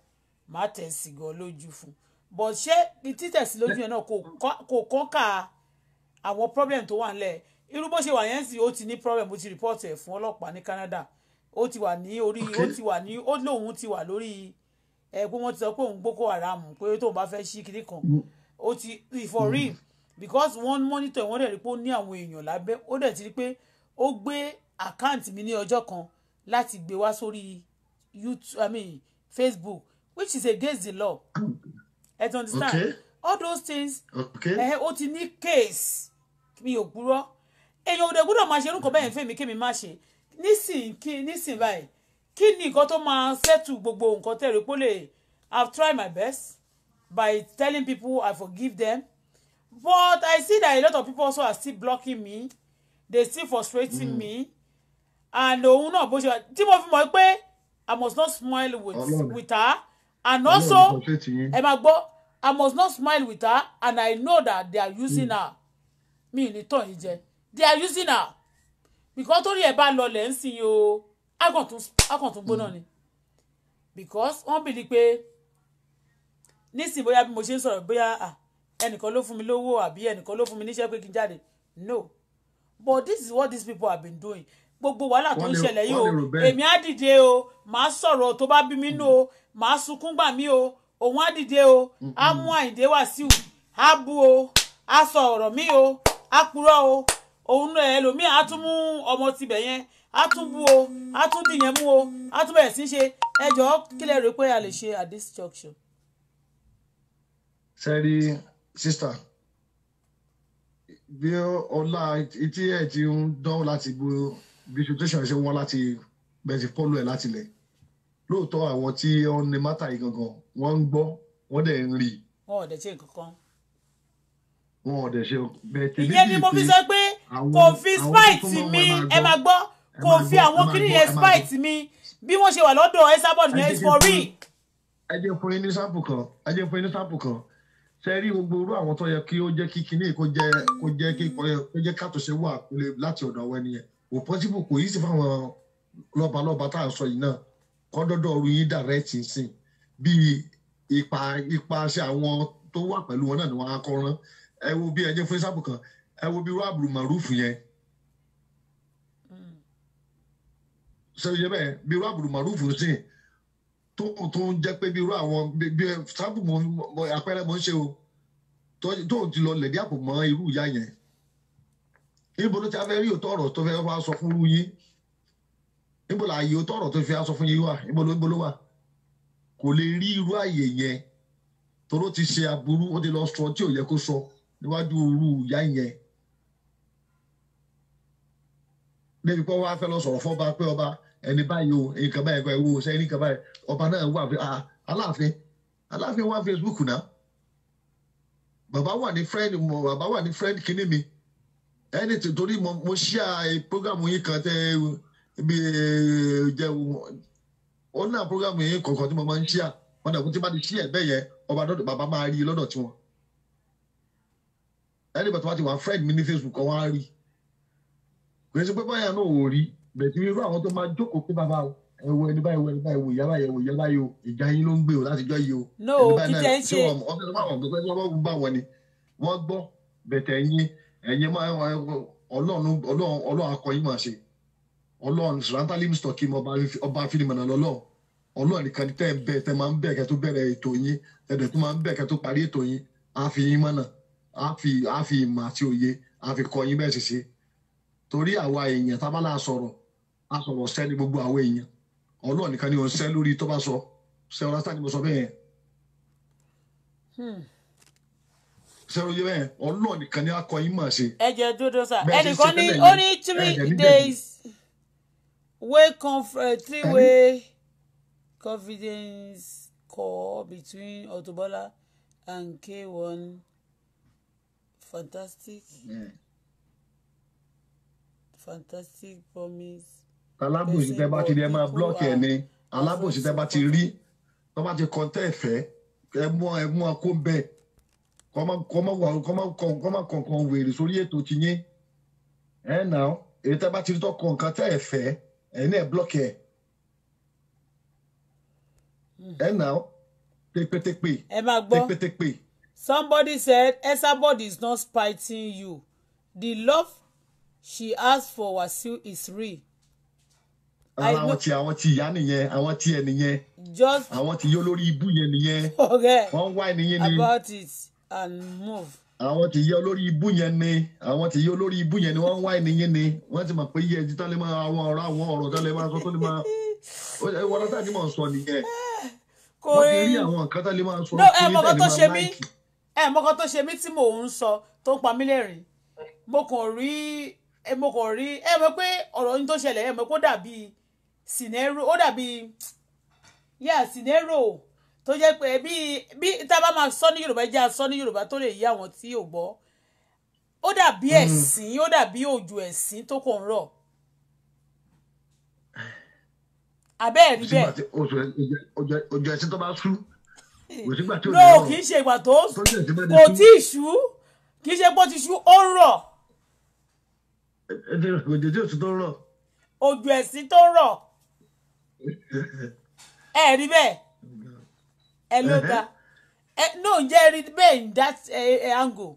S1: má tẹ̀ sí gan lójú fún un but ṣé títẹ̀ sí lójú yẹn náà kò kọ́ka àwọn problem tó wà nílẹ̀ irú bó ṣe wà yẹn sì ó ti ní problem ó ti report ẹ̀ fún ọlọ́pàá ní Canada ó ti wà ní orí ó ti wà ní ó lóun ti wà lórí ẹ pé wọ́n ti sọ pé òun Boko Haram pé tóun bá fẹ́ ṣí kiri kan mm. ó ti for mm. real because wọ́n monitor wọ́n dẹ̀ rí pé ó ní àwọn èèyàn lábẹ́ ó dẹ̀ ti rí pé ó gbé àkáǹtì mi ní ọjọ́ kan láti gbé wá sórí YouTube I mean Facebook which is against the law ẹ ti understand okay. all those things ẹ ó ti ní case mi ò gbúrọ́ èèyàn òde gbúdọ̀ máa ṣe irú bẹ́ẹ̀ fún mi kí má ṣe nísìn báyìí kí ni nǹkan tó máa ṣètù gbogbo nǹkan tẹ̀rẹ̀ pé lè I've tried my best by telling people I forgive them but I see that a lot of people also are still blocking me they still frustrating mm. me and òun náà bó ṣe wà tí mo fi mọ̀ pé I must not smile with, with her and also ẹ máa gbọ́ I must not smile with her and I know that they are using mm. her mi ì ní tàn yín jẹ they are using her because torí ẹ̀ bá lọlẹ̀ ń sìn o akọ̀tún gbóná ni because wọ́n bìlí pé nísìnyí bóyá bí mo ṣe so sọ̀rọ̀ bóyá ẹnìkan ló fún mi lówó àbí ẹnìkan ló fún mi níṣẹ́ pé kí n jáde no but this is what these people have been doing gbogbo wàhálà tó ń ṣẹlẹ̀ yìí o èmi á o màá sọ̀rọ̀ tó bá bí mi nù o màá sunkún gbà mí o òun á dìde o á mú àyíndé wá sí o á bú o á sọ ọ̀rọ̀ mi o á purọ́ o òun náà ẹlòmíì á tún mú ọmọ tibẹ̀ yẹn á tún bú o á tún dìyẹn mú o á tún bẹ̀rẹ̀ sí ṣe ẹjọ́ kí lè rò pé a lè ṣe at this junction.
S5: sẹ́rí sísà bí ọlá etí ẹ̀ ti ń dán láti gbó bí situation ṣe wọ́n láti bẹ̀rẹ̀ sí pọ́lù ẹ̀ láti lẹ̀ lóòótọ́ àwọn tí wọ́n ní mátà yìí gangan wọ́n ń gbọ́ wọ́n dẹ̀ ń rí i.
S1: wọn ò dẹ̀ ṣe nǹkan kan.
S5: wọn ò dẹ̀ ṣe bẹ́ẹ̀ tèmi bíi ìyẹn ni mo fi sọ pé kò
S1: fi spite mi ẹ máa gbọ́ kò fi àwọn kiri yẹn spite mi bí wọ́n ṣe wà lọ́dọ̀ Esabod yẹn is for real.
S5: ẹ jẹ́ fún yín ní sáàpù kan ẹ jẹ́ fún yín ní sáàpù kan ṣe rí gbogbo irú àwọn tó yẹ kí ó jẹ́ kí kinní kó jẹ́ kó jẹ́ kí kó jẹ́ kàtúnṣe wà láti ọ̀dọ̀ àwọn ènìyàn kò pọ́sibù kò yí sí fáwọn lọ́balọ́ba tá à ń sọ yìí náà kọ́dọ́dọ̀ ọ̀run yín dàrẹ́tì sí bí ipa ipa ṣe àwọn tó wà pẹ̀lú wọn náà ni wọ́n á kọ́ rán ẹ wo bí ẹ jẹ́ fún sáàpù ẹ wo bí irú àbùrùmọ̀rúfù yẹn sẹ́yìn bẹ́ẹ̀ bí irú àbùrùmọ̀rúfù sí tó tó ń jẹ́ pé bí irú àwọn bí sábù mo àpẹẹrẹ mo ń ṣe o tó ti lọ lẹ̀dí àpò mọ́ irú ìyá yẹn níbo ló ti afẹ́ rí òótọ́ ọ̀rọ̀ tó fẹ́ wá sọ fún irú yín níbo la àyè òótọ́ ọ̀rọ̀ tó fẹ́ wá sọ fún yín wà níbo ló níbo ló wà kò lè rí irú àyè yẹn toró ti ṣe aburú ó ti lọ sọ tí ò yẹ kó sọ níwájú irú ìyá yẹn débi pé wọ́n á fẹ́ lọ sọ̀rọ̀ fọ́ba pé ọba ẹni báyìí o nǹkan báyìí kọ́ ẹ wo sẹ́yìn nǹkan báyìí ọba náà wà aláàfin aláàfin wà Facebook náà bàbá wà ní friend mo bàbá wà ní friend kìíní mi ẹni tí torí mo mo ṣíà programu yìí kan tẹ bí jẹ wọn náà programu yìí kọ̀ọ̀kan tí mo máa ń ṣíà wọn dàgbọ́n tí bá ti ṣíà bẹ́ẹ̀ yẹn ọba dọ́dọ̀ bàbá máa rí lọ́dọ̀ tiwọn ẹni bàtà wá ti wà friend mi ní Facebook kan wá rí i kò pé báyà náà ò rí bẹ̀tí irú àwọn tó máa jókòó pé bàbá o ẹwọ ẹni báyìí ẹwọ ẹni báyìí ẹwọ ìyá báyìí ẹwọ ìyá báyìí o ìjà yín ló ń gbé o láti jọ yìí o. no kìtẹ́ ń ṣe wọ́n gbọ́ bẹ̀tẹ̀ ẹ̀yin ẹ̀yin máa ọlọ́run ọlọ́run akọ yín máa ṣe ọlọ́run sùrántà livingston kí mo ọba fílímù náà lọ́lọ́run ọlọ́run nìkan tẹ́ ẹ bẹ́ẹ̀ tẹ́ máa ń bẹ́ẹ̀ kẹ́ tó bẹ̀rẹ̀ ètò yín tẹ̀dẹ̀ tó máa ń bẹ́ẹ̀ kẹ́ torí àwa èèyàn tá a bá náà sọ̀rọ̀ a sọ̀rọ̀ ṣẹ́ ní gbogbo àwọn èèyàn ọlọ́ọ̀ nìkan ni ò ń ṣẹ́ lórí tó bá sọ ṣẹ́ ọlá sáà ni mo sọ bẹ́ẹ̀ sẹ́rọ̀yẹ hmm. bẹ́ẹ̀ ọlọ́ọ̀ nìkan ni akọ yín mà ṣe.
S1: ẹ jẹ́ dúró ẹnìkan ní ó three days wey eh, three way confidence call between Auto and K1 fantastic. Yeah fantastic promise.
S6: alábòsí bá ti rí ẹ máa blọọkì ẹ ni
S5: alábòsí bá ti rí tó bá ti kọńtẹ ẹfẹ ẹ mú ẹ mú akó bẹ́ẹ̀ kọ́mọ kọ̀ọ̀kan wèrè sórí ètò ti ẹ nà ó èyí tẹ bá ti rí tó kọ nǹkan tẹ ẹ ní ẹ blọọkì ẹ
S1: hmm. ẹ nà ó tepetepe tepetepe. somebody said esabod is not spiting you the love she asked for Wasiu isri. real.
S5: ara àwọn tí àwọn tí ìyá nìyẹn àwọn tí ẹ nìyẹn àwọn tí yóò lórí ibú yẹn nìyẹn wọn wá nìyẹn ni about
S1: it and move.
S5: àwọn tí yóò lórí ibú yẹn ni àwọn tí yóò lórí ibú yẹn ni One wine, nìyẹn ni wọn ti mọ pé iye ẹjí tálẹ́ máa àwọn ọ̀rọ̀ àwọn ọ̀rọ̀ tálẹ́ máa sọ tó lè máa wọn lọ́sà ni mò ń sọ nìyẹn
S1: wọn ti rí àwọn
S5: nǹkan tálẹ́ máa sọ tó lè máa láìkì.
S1: ẹ mọ́kàn tó ṣe mí tí mò ń sọ tó ń pa mí lẹ́rìn-ín mo kàn rí ẹ mọ̀ kàn rí ẹ mọ̀ pé ọ̀rọ̀ yín tó ṣẹlẹ̀ ẹ mọ̀ pé dàbí sinero ó dàbí yà sinero tó jẹ́ pé bí bí tá a bá máa sọ ní Yorùbá jẹ́ a sọ ní Yorùbá tó lè yí àwọn tí ò gbọ́ ó dàbí hmm. ẹ̀sìn ó dàbí òjò ẹ̀sìn tó kàn rọ̀ abẹ́ ẹ̀ rí bẹ́ẹ̀.
S5: òjò ẹ̀sìn tó bá sú
S1: kò sígbà tí òjò rọ̀. no kì í ṣe ìgbà tó kò tí ì sú kì í ṣe bó ti sú ó ń rọ̀
S6: òjò tí òtún tó ń rọ̀.
S1: òjò ẹ̀sìn tó ń rọ̀ *laughs* ẹ rí bẹ́ẹ̀ ẹ ló ga ẹ náà jẹ́ rí bẹ́ẹ̀ in that eh, eh, angle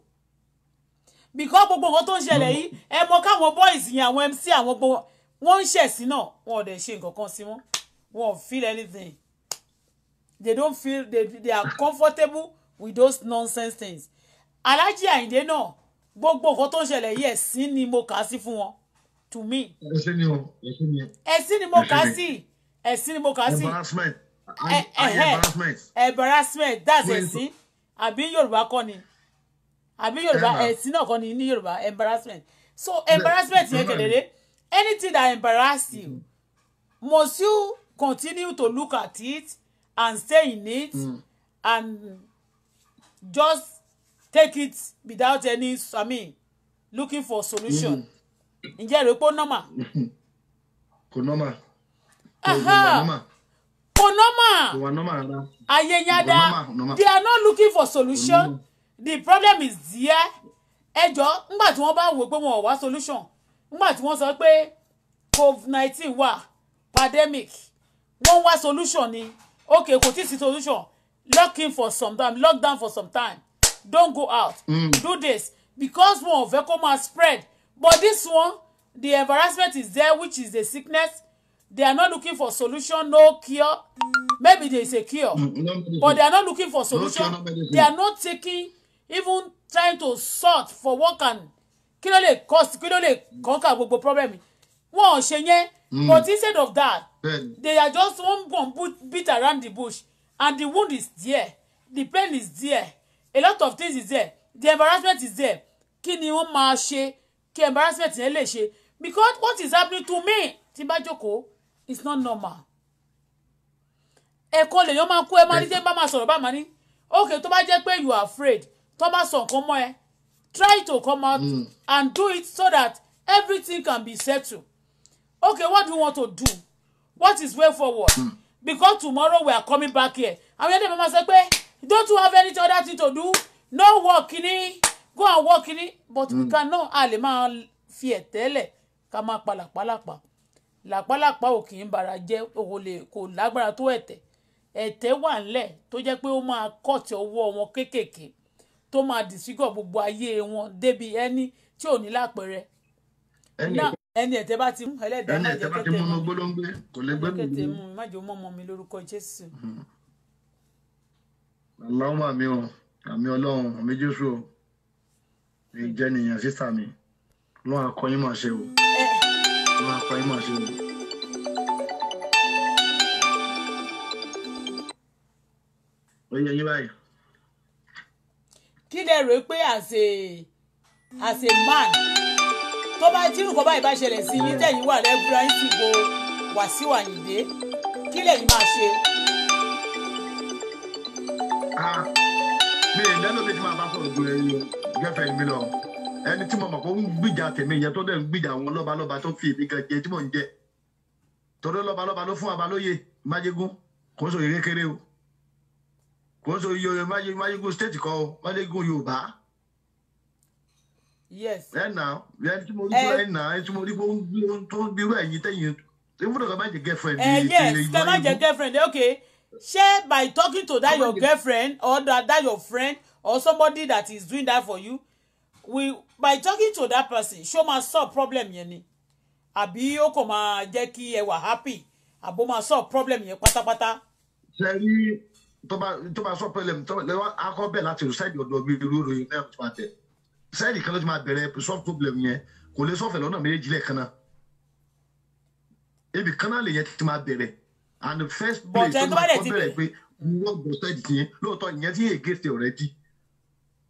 S1: bìkọ́ gbogbo nǹkan tó ń ṣẹlẹ̀ yìí ẹ mọ káwọn boys yẹn àwọn MC àwọn gbogbo wọ́n ń ṣẹ̀sìn náà wọn ò dẹ̀ ṣe nǹkan kan sí wọn wọn ò feel anything they don't feel they, they are comfortable with those nonsense things Alhaji Ayinde náà. No gbogbo nǹkan tó ń ṣẹlẹ̀ yìí ẹ̀sìn ni mo kà á sí fún wọn to me.
S5: ẹ̀sìn ni o ẹ̀sìn ni o.
S1: ẹ̀sìn ni mo kà á sí ẹ̀sìn ni mo kà á sí. embarrassment eh, eh, eh. embarrassment. embarrassment that's ẹ̀sìn àbí Yorùbá kọ́ ni àbí Yorùbá ẹ̀sìn náà kọ́ ni ní Yorùbá embarrassment so embarrassment yẹn kedere anything that embarrass you mm-hmm. must you continue to look at it and stay in it mm. and just take it without any i mean looking for solution mm-hmm. ǹjẹ́ rẹ̀ pé *laughs* normal.
S6: kò normal
S7: kò normal
S1: ayeyada they are not looking for solution the problem is there ẹjọ́ nígbà tí wọ́n bá wò pé wọn wá solution nígbà tí wọ́n sọ pé covid nineteen wà pandemic wọ́n wá solution ni okay kò tí ì sí solution locking for some time lockdown for some time don't go out mm. do this because one ò fẹ́ kó spread but this one the embarrassment is there which is the sickness they are not looking for solution no cure maybe there is a cure
S6: mm,
S1: but they are not looking for solution no cure, they are not taking even trying to sort for what can kí ló lè cause kí ló lè conquer gbogbo problem wọn ò ṣe yẹn mm. but instead of that mm. they are just one one beat around the bush and the wound is there the pain is there a lot of things is there the embarrassment is there kí ni wọ́n máa ṣe kí embarrassment yẹn lè ṣe because what is happening to me tí bá jókòó is not normal ẹ̀kọ́ lèyàn máa kú ẹ máa ní tẹ́ bá máa sọ̀rọ̀ bá máa ní okay tó bá jẹ́ pé you are afraid tó bá sọ nǹkan mọ́ ẹ try to come out mm. and do it so that everything can be settled okay what do you want to do what is way forward mm. because tomorrow we are coming back here àwọn yẹn dẹ̀ máa sọ pé don't you have any other thing to do no work ni go and work ni but mm. we hmm. cannot a lè máa fi ẹ̀tẹ́lẹ̀ ká máa pa làpálàpá làpálàpá ò kì í bara jẹ́ òwò lè kò lágbára tó ẹ̀tẹ̀ ẹ̀tẹ̀ wà ńlẹ̀ tó jẹ́ pé ó máa kọ̀tì ọwọ́ wọn kéékèèké tó máa dìsígọ̀ gbogbo ayé wọn débi ẹni tí ò ní lápẹẹrẹ ẹni ẹ̀tẹ̀ bá ti mú ẹlẹ́dàá má jẹ́ kété mú
S7: kò lè gbé
S1: mi lórúkọ Jésù.
S5: Hmm aláwọ̀ àmì o àmì ọlọ́run àmì jésù o lè jẹ́ nìyẹn sísá mi ọlọ́run akọyín máa ṣe
S6: o ọlọ́run akọyín máa ṣe o. ó yín báyìí.
S1: kí lè rò pé as a as a man tó bá tí nǹkan báyìí bá ṣẹlẹ̀ sí yín tẹ̀yìn wà lẹ́gbẹ̀rẹ́ yín ti bo Wàsíù Àyìndé kí lè yín máa ṣe ha ah,
S5: mi ì lẹ́nu mi ti máa bá sọ̀rọ̀ ju ẹyin gẹ́fẹ̀ mi lọ ẹni tí mo mọ̀ kó ń gbìjà tèmi yẹn tó dẹ̀ ń gbìjà àwọn lọ́balọ́ba tó fi èmi gan jẹ tí mò ń jẹ torí lọ́balọ́ba ló fún abalóye májégún kò sọ èrè kéré o kò sọ iye májégún stéètì kan májégún yorùbá. ẹnà ẹni tí mo rí kó ẹnà
S1: ẹni tí mo rí tó ń bírú ẹ̀yìn tẹ̀yìn tó ń má jẹ girlfriend. ẹ yẹ ẹ má jẹ girlfriend eh, okay ṣé by talking to that your girlfriend or that, that your friend or somebody that is doing that for you we by talking to that person ṣó máa solve problem yẹn ni àbí ó kàn máa jẹ́ kí ẹ wà happy àbó ma solve problem yẹn pátápátá. ṣe rí tó bá tó bá solve problem tó lẹ́wọ́ akọ bẹ́ẹ̀ láti rò sáìdì
S5: ọ̀dọ̀ mi irú ìròyìn náà tó máa tẹ̀ sáìdì kan ló ti máa bẹ̀rẹ̀ solve problem yẹn kò lè solve ẹ̀ lọ́nà méjì lẹ́ẹ̀kan náà ibì kan náà lè yẹn ti máa bẹ̀rẹ̀ and the first place tó máa kọ́ bẹ̀rẹ̀ pé wọ́n gbọ́ sẹ́ẹ̀dì tiẹ̀ lóòótọ́ ìyẹn ti yẹ gẹ́sẹ̀ ọ̀rẹ́ dí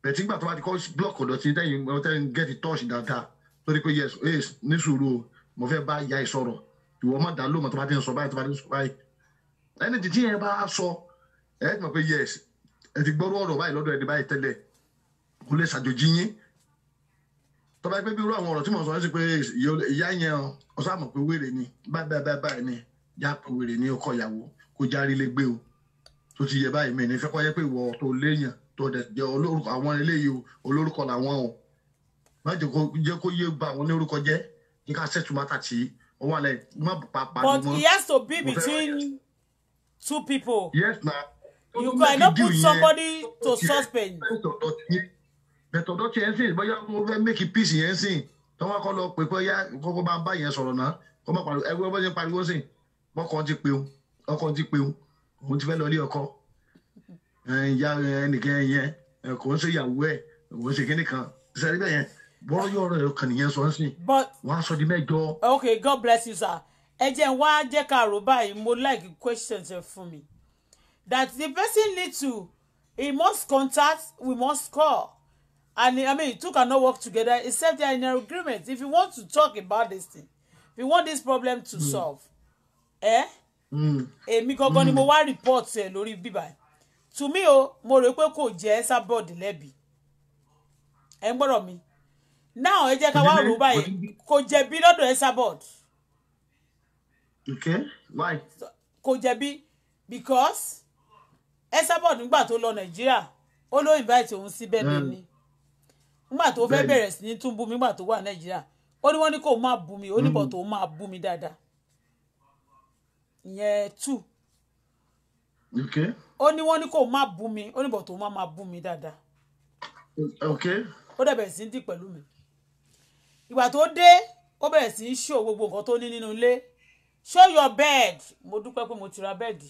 S5: bẹ̀tí gbà tó bá ti kọ́ block ọ̀dọ̀ sí tẹ́yìn tẹ́yìn get it touch dáadáa torí pé yes yes ní sùúrù o mo fẹ́ bá ya ìsọ̀rọ̀ ìwọ má dàá lóòmọ̀ tó bá ti ń sọ báyìí tó bá ti ń sọ báyìí ẹni tí tíyẹn bá sọ ẹ ti mọ̀ pé yes ẹ ti gbọ́rú ọ̀rọ̀ báyìí lọ́dọ̀ ẹni báyìí tẹ́lẹ̀ kó lè ṣàjòjì yín tó bá pẹ́ bí já ní ọkọ ìyàwó kó járí lé gbé o tó ti yẹ báyìí mẹ́rin fẹ́ kọ́ yẹ pé ìwọ tó léèyàn tó dẹ̀ jẹ́ olórúkọ àwọn eléyìí olórúkọ làwọn o má jẹ́ kó yé ba àwọn onírúkọ jẹ́ kí ká ṣètò mátà tí wọ́n wà lẹ́yìn má pàápàá ni wọ́n. but he has to be between two people. yes ma. you cannot put somebody to suspend. bẹ̀tọ̀ dọ́tí ẹ̀ ń sìn bóyá mo fẹ́ make peace yẹn sìn tọ́wọ́ kọ́ lọ pé yá kọ́kọ́ bá bá yẹn sọ̀rọ̀ náà kọ́ má pariwo ẹgbẹ́ bọ́ ṣe pariwo sìn wọn kàn jí pé wọn kàn jí pé o ti fẹ́ lọ ilé ọkọ ìyá ẹnìkan yẹn kò ń ṣe ìyàwó ẹ kò ń ṣe kíní kan sẹ́rí bẹ́ẹ̀ yẹn wọ́n yọ ọ̀rọ̀ ẹ̀kan sọ ń sìn wọ́n di mẹ́jọ.
S1: okay god bless you sir ẹ jẹ́ wá jẹ́ ká rò báyìí mo like questions ẹ fún mi that the person need to he must contact we must call and i mean two cannot work together except they are in an agreement if you want to talk about this thing if you want this problem to mm. solve. ẹ mm. èmi gangan ni mm. mo wá report ẹ lórí bíbá ẹ tùmí o mo rò pé kò jẹ Esabod lẹbi ẹ ń gbọ́dọ̀ mi náà ẹ jẹ ká wá rò báyìí kò jẹ lọ́dọ̀ Esabod. Okay, why? kò jẹ̀bi because Esabod nígbà tó lọ Nàìjíríà ó ló invite òun sí bẹ́ẹ̀ ni mm. nígbà tó fẹ́ bẹ̀rẹ̀ sí ní tún bú mi nígbà tó wà Nàìjíríà ó ní wọ́n ní kò máa bú mi ó ní bọ̀ tó máa bú mi dáadáa ìyẹn two. okay. ó ní wọ́n ní kó má bú mi ó ní bọ̀ tó má má bú mi dáadáa. okay. ó dẹ̀ bẹ̀rẹ̀ sí í dì pẹ̀lú mi. ìgbà tó dé ó bẹ̀rẹ̀ sí í ṣó gbogbo nǹkan tó ní nínú ilé show your bed mo dúpẹ́ pé mo ti ra bẹ́ẹ̀dì.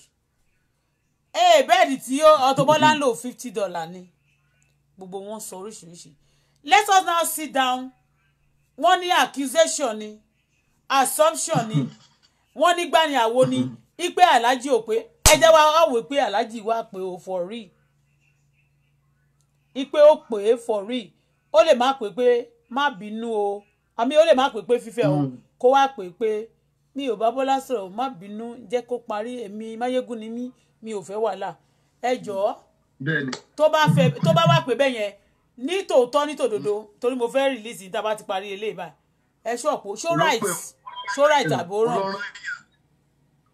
S1: ee bẹ́ẹ̀dì tí Auto ń lò fifty dollar ni gbogbo wọn sọ oríṣiríṣi let us now sit down wọ́n ní accusation ni assumption ni *laughs* wọ́n ní gbani àwo ni ipe aláàjì ò pé ẹjẹ́ wa wá wò pé aláàjì wá pé o for real ipe ó pè é for real ó lè má pè pé má bínú o àmì ó lè má pè pé fífẹ́ o hmm. kó wá pè pé mi ò bá Bọ́lá sọ̀rọ̀ má bínú jẹ́ kó parí èmi Máyégún ni mí mi ò fẹ́ wàhálà ẹ jọ̀ọ́ tó bá fẹ́ tó bá wà pé bẹ́ẹ̀ yẹn ní tòótọ́ ní tòdodo torí mo fẹ́ rìlíìsì tá a bá ti parí eléyìí báyìí ẹ ṣọ́ọ̀pù ṣó right ṣóra ìtàbó ràn.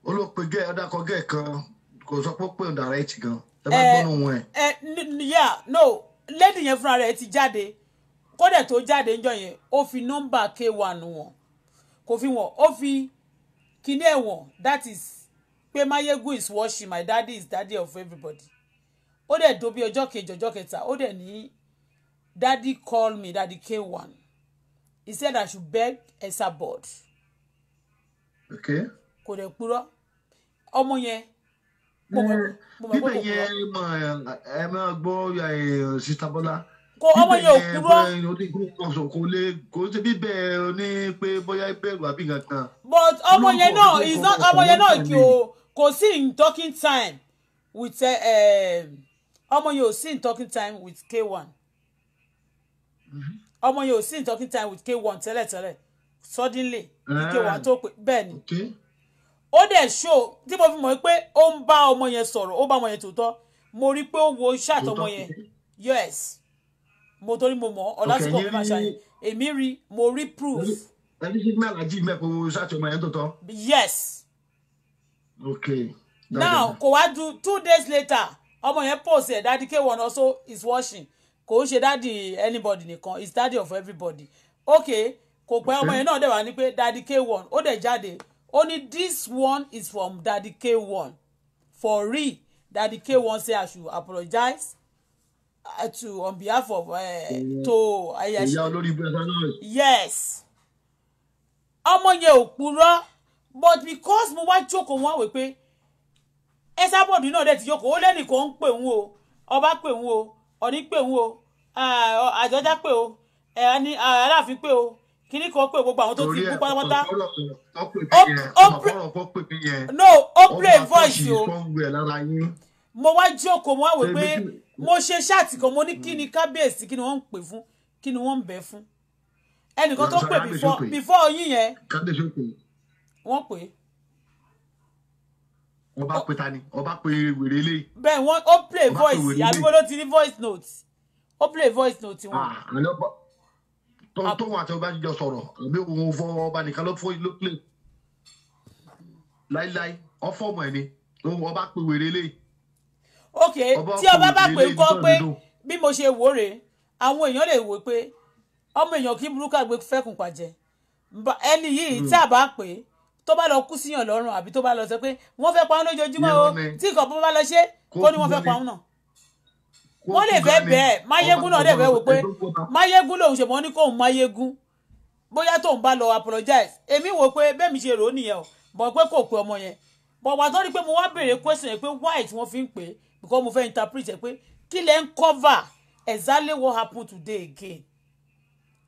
S1: olóòpẹ
S5: gẹ adakọ gẹ kan kò sọ pé ó pè ń dàrẹ ìtì gan ẹ bá gbọ́n òun ẹ.
S1: ẹ yà no lady yẹn fúnra rẹ̀ ti jáde kódà tó jáde ńjọ́ yẹn ó fi nọ́mbà k1 wọn kò fi wọn ó fi kíní ẹ̀wọ̀n that is pé mayegun is washing my daddy is daddy of everybody ó dẹ̀ dóbi ọjọ́ kejì ọjọ́ kẹta ó dẹ̀ ní daddy call me daddy k1 he said i should beg esa board kò dẹ̀ purọ́ ọmọ yẹn bíbẹ̀
S5: yẹn ẹ máa gbọ́ uh, sísá bọ́lá
S1: kò ọmọ yẹn
S5: ò kúrò. kò lè kò ṣe bíbẹ̀ ní pé bóyá ìbẹ̀rù àbí kankan.
S1: but ọmọ yẹn náà is not ọmọ yẹn náà kì ó kò sí in talking time with eh, eh, ọmọ yẹn ò sí in talking time with k1 mm-hmm. ọmọ yẹn ò sí in talking time with k1 tẹ́lẹ̀tẹ́lẹ̀ suddenly ike ah, wa tó pé bẹ́ẹ̀ ni ó dẹ̀ ṣó tí mo fi mọ̀ pé ó ń bá ọmọ yẹn sọ̀rọ̀ ó bá ọmọ yẹn tòótọ́ mo rí pé ó wo ṣáàtì yẹn yes mo torí mo mọ̀ ọlásìkò fún àṣà yẹn èmi rí mo rí proof.
S5: ẹni ṣe mẹ́rin àjí mẹ́kọ̀ọ́ wo ṣáàtì yẹn tòótọ́. yes. okay.
S1: now kò wá ju two days later ọmọ yẹn post ẹ̀ dadi k1 also is washing. kò ń ṣe dadi anybody nìkan is dadi of everybody okay kò pẹ́ ọmọ yẹn náà dẹ̀ wá ní pé Daddy K1 ó dẹ̀ jáde ó ní this one is from Daddy K1 for real Daddy K1 say I should apologize uh, to on behalf of uh, to ayashi yes ọmọ yẹn ò purọ́ but because mo wá jókòó wọn wò pé ẹ sábọ̀dù náà dẹ̀ ti jókòó ó lẹ́nìkan ń pè ń o ọba pè ń o ọ̀ní pè ń o uh, àjọjá pè o uh, aláàfin pè o kíní kan pé gbogbo àwọn tó ti kú pátápátá no ó play voice o mo wá jókòó mo wá wò pé mo ṣe ṣáàtì kan mo ní kí ni hmm. kábíyèsí kí ni wọ́n ń pè fún kí ni wọ́n ń bẹ̀ fún ẹnìkan tó pè before yín yẹn wọ́n pè é
S7: ọba pe ta ni ọba pe wèrè lé. bẹ́ẹ̀ wọn ó play voice àbí wọn ló ti ní voice note
S5: ó play voice note wọn. Ah, tóun àti ọba jíjọ sọ̀rọ̀ òbí òun fọ ọba nìkan ló lè láíláí ọfọmọ ẹ ni òun
S1: ọba pè wèrè lé. ok tí ọba bá pè ń kọ́ pé bí mo ṣe wò rè àwọn èèyàn lè wò pé ọmọ èèyàn kí burúkú àgbẹ̀ fẹ́kùn pàjẹ́ ẹni yìí hmm. tí a bá pè é tó bá lọ kú síyàn lọ́rùn àbí tó bá lọ sọ pé wọ́n fẹ́ pa ọ́n lójoojúmọ́ o tí ìkọ̀ọ̀bọ̀n bá lọ ṣe kó ní wọ́n fẹ́ pa ọ́n náà wọ́n lè fẹ́ bẹ́ẹ̀ máyégún náà lè fẹ́ wò pé máyégún lòun ṣe mọ́ ní kóun máyégún bóyá tóun bá lọ apologize èmi wò pé bẹ́ẹ̀ mi ṣe rò ó nìyẹn o bọ̀ pé kò pé ọmọ yẹn bọ̀ wà tó rí pé mo wá béèrè question yẹn pé why tí wọ́n fi ń pè é because mo fẹ́ interpret ẹ̀ pé kí lẹ́ ń cover exactly what happened today again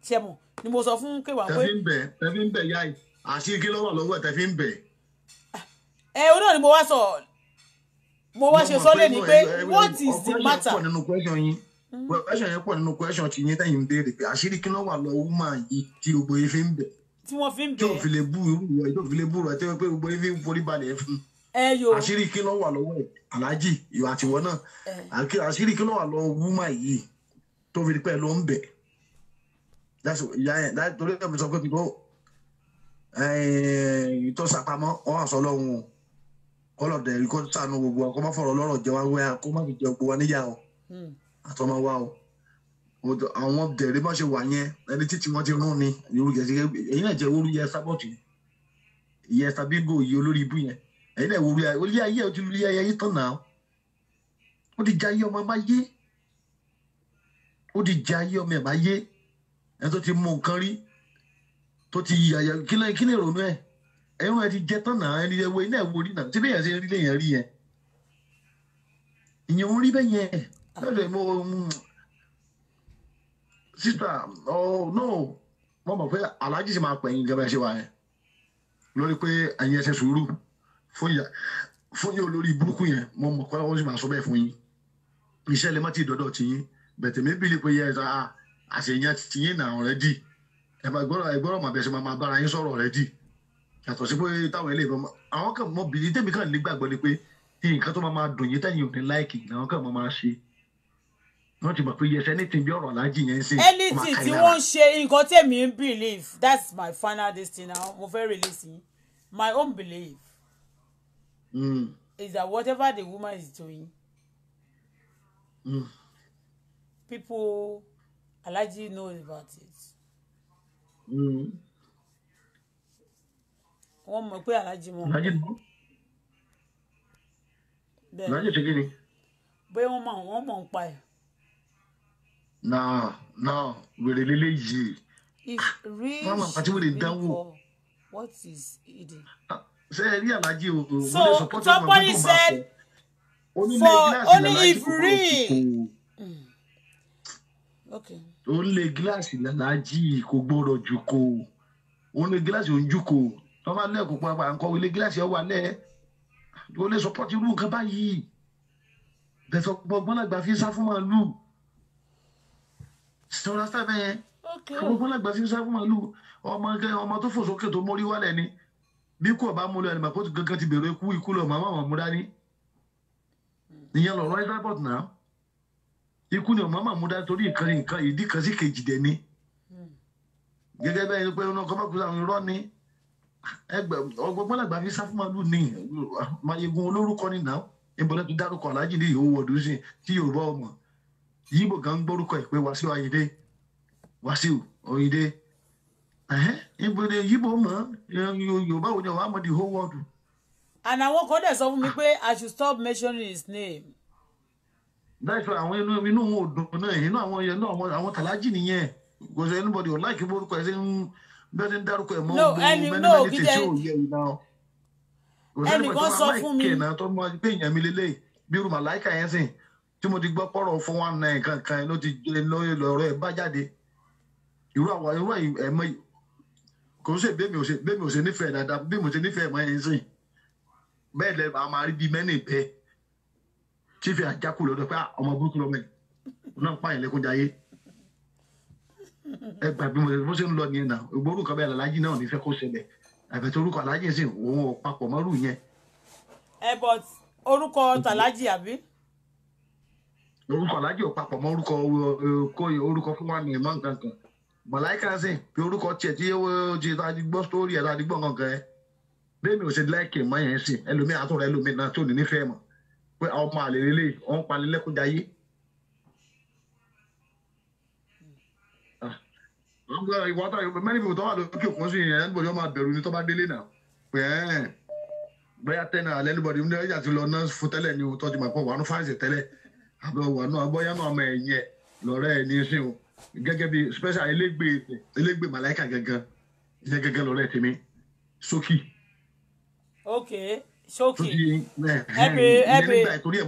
S1: ṣe ni mo sọ fún kéwàá pé. tẹ̀fí ń
S5: bẹ̀ tẹ̀fí ń bẹ̀ yáì àṣírí kí lọ́wọ́ lọ́wọ́ tẹ̀fí ń bẹ̀.
S1: Ah, ẹ onáà ni mo wá sọ mo wá ṣe sọ́lẹ̀ ni pé what is the matter.
S5: Mm-hmm. question yẹn pọ̀ nínú question ti yín tẹ̀yìn béèrè pé àṣírí kí ló wà lọ woman yìí tí gbogbo yìí fi ń bẹ̀. tí wọ́n fi ń bẹ̀. tí òfin lè bú rẹ̀ tí òfin lè bú rẹ̀ tí wọ́n pé gbogbo yìí fi ń forí balẹ̀ fún. àṣírí kí ló wà lọ́wọ́ aláàjì ìwà àtiwọ́ náà àṣírí kí ló wà lọ woman yìí tó fi pẹ́ ló ń bẹ̀. torí ẹ̀ mi sọ pé kí ló tó sàpamọ́ ọ̀ kọlọdẹ kó sànù gbogbo wa kó má fọ̀rọ̀ lọ́rọ̀ jẹ wá wẹyà kó má fi jẹ gbogbo wa níyà o hmm. àtọmọ wa o àwọn dẹrẹ bá ṣe wà yẹn ẹni títí wọn ti rún ni irú yẹn èyí náà jẹ wóru yẹ sábọọtù yẹ sábígò yìí olórí ibú yẹn èyí náà wóru yẹ olú ayé ẹ ti lu ayé yìí tán náà ó ti jẹ ayé ọmọ ẹ má yé ó ti jẹ ayé ọmọ ẹ má yé ẹni tó ti mú nǹkan rí tó ti yàyà kí lè ronú ẹ ẹ̀wọ̀n ẹ ti jẹ tán náà ẹni ẹwọ iná ẹwọ orí náà síbẹ̀ yẹn ṣe rí lẹ́yìn rí yẹn ìyẹn orí bẹ́ẹ̀ yẹn lọ́dọ̀ mo sísá oh no mo mọ̀ pé aláàjì sì máa pẹ̀yìn gẹ́gẹ́ ṣe wá yẹn lórí pé ẹ̀yin ẹsẹ̀ sùúrù fún yà fún yà olórí burúkú yẹn mo mọ̀ pé wọ́n sì máa sọ bẹ́ẹ̀ fún yín iṣẹ́ lè má ti dọ́dọ̀ tì yín bẹ̀tẹ̀ mi bìlì pé yẹ ah, àṣeyàn tì yín náà already ẹ̀ gbọ́dọ̀ ẹ̀ gbọ́dọ̀ mà bẹ́ẹ̀ ṣe máa bára yín sọ̀rọ̀ already yàtọ̀ sí pé táwọn ilé ìbọn àwọn kan mọ bìí tèmi kan nígbàgbọ́ ni pé nǹkan tó máa dùn yín tẹ̀yìn òní láìkì làwọn kan máa ṣe wọ́n ti mọ̀ pé yẹsẹ̀ anything bí ọ̀rọ̀ aláàjì yẹn ń ṣe. tí wọ́n
S1: ṣe nǹkan tèmi ń believe that's my final destiny now mo fẹ́ release yín my own belief mm. is that whatever the woman is doing mm. people aláàjì know about it. Mm wọ́n mọ̀ pé aláàjì mọ̀. aláàjì mọ̀ aláàjì ṣe kí ni. bóyá wọ́n mọ̀ wọ́n mọ̀
S5: náà náà wèrè lélẹ̀ yìí.
S1: if real mama what is it.
S5: Ah, ṣé ẹ rí aláàjì o. so somebody said for only if real.
S1: Hmm. okay.
S5: ó ń lé gíláàsì lálàájì kò juko. jù kò ó ń lé gíláàsì tó bá ní ẹ̀kọ́ pàápàá nǹkan ilé gíláàsì ọ̀wà lẹ̀ yóò lè support irú nǹkan báyìí bẹ̀sọ̀ gbọ́ngbọ́n àgbà fi sá fún màálù sọ̀rọ̀ sábẹ́ yẹn gbọ́ngbọ́n àgbà fi sá fún màálù ọmọ ọmọ tó fò tó mórí wálẹ̀ ni bí kò bá múlò ẹni màkó gangan ti bèrè ikú ikú lọ màmá àwọn múra ní ìyẹn lọ̀rọ̀ ẹ̀dàbọ̀t náà ikú ni màmá múra torí nǹkan nǹkan ìdí kan sí kejì dẹ̀ ni hmm. gẹ́gẹ́ bẹ́ẹ̀ ni pé ọ̀nà kọ́ bá kú sáwọn irọ́ ni. ọgbọ́n lágbàáyé sáfúnmáàlú ní mayegun olórúkọ nínà ìbọ̀lẹ́ tó dárúkọ aláàjì ní ìhòòhò ọdún sí tí yorùbá ọmọ yíbo gan gbórúkọ ẹ̀ pé wàsíù ayíǹde wàsíù oyíǹde ìbọ̀lẹ́ yíbo
S1: yorùbá òní ọ̀wá mọ̀ di whole world. and àwọn kan dẹ̀ sọ fún pé i should stop mentioning his name. láìpẹ́ àwọn inú inú náà inú
S5: àwọn nìyẹn anybody bẹ́ẹ̀ ni dárúkọ ẹ̀ mọ́ gbogbo mẹ́ni mẹ́ni tètè ò
S6: yẹ ìná kò sẹ́ni pẹ̀lú àwọn aláìkè
S5: náà tó máa gbé ìyẹn mi lélẹ̀ bí irú màláìkà yẹn sìn tí mo ti gbọ́ pọ̀rọ̀ fún wa náà nǹkan kan ló ti lọ́rọ̀ ẹ̀ bá jáde irú àwọn irú ẹ̀mọ́ kò sí bẹ́ẹ̀mi ò ṣe nífẹ̀ẹ́ dáadáa bí mo ṣe nífẹ̀ẹ́ mọ́ yẹn sìn bẹ́ẹ̀ lẹ́ a máa rí bíi mẹ́ni bẹ́ẹ̀ tí fi àjákulẹ̀ ọdọ pé ah, ọmọ burúkú lọ́mọ ẹ̀ náà pààyàn lẹ́kúnjayé ẹ gbà bí mo ṣe ń lọ nìyẹn náà ìgbórú kan bẹ́ẹ̀ alájí náà ní fẹ́ kó ṣẹlẹ̀ àbẹ̀tẹ̀ orúkọ alájí sì òun ò papọ̀ mọ́rù yẹn. ẹ bọ orúkọ tàlájì àbí. orúkọ alájí ò papọ̀ mọ́ orúkọ eh, kó orúkọ fún wa nìyẹn mọ́ nǹkan kan mọ̀láìkà sì pé orúkọ tiẹ̀ tí ó ti adigbọ́ sórí ẹ̀ adigbọ́ nǹkan ẹ̀ bẹ́ẹ̀ mi ò ṣe láìkè mọ́ yẹn sí ẹlòmíì àtúrọ̀ ẹlòmíì náà tó ní nífẹ̀ẹ́ mọ̀ pé ọmọ àlè ìwà tá many people tó wà lókè òkun sí yẹn anybody wọn máa bẹ̀rù ni tó bá délé náà pé ẹ́ẹ̀ bẹ́ẹ̀ tẹ́nà alẹ́ anybody ní ẹ̀yà ti lọ náà fún tẹ́lẹ̀ ni tó ti mọ̀ pé wàánu fáìsì tẹ́lẹ̀ àbẹ̀ wàánu abọ́yá náà ọmọ ẹ̀yẹ lọ́rẹ́ ẹ̀ ní sí o gẹ́gẹ́ bí special elégbè elégbè màláìkà gangan ìyẹn gangan lọ́rẹ́ tèmi sókì.
S1: ok sókì
S5: ẹ bèrè ẹ bèrè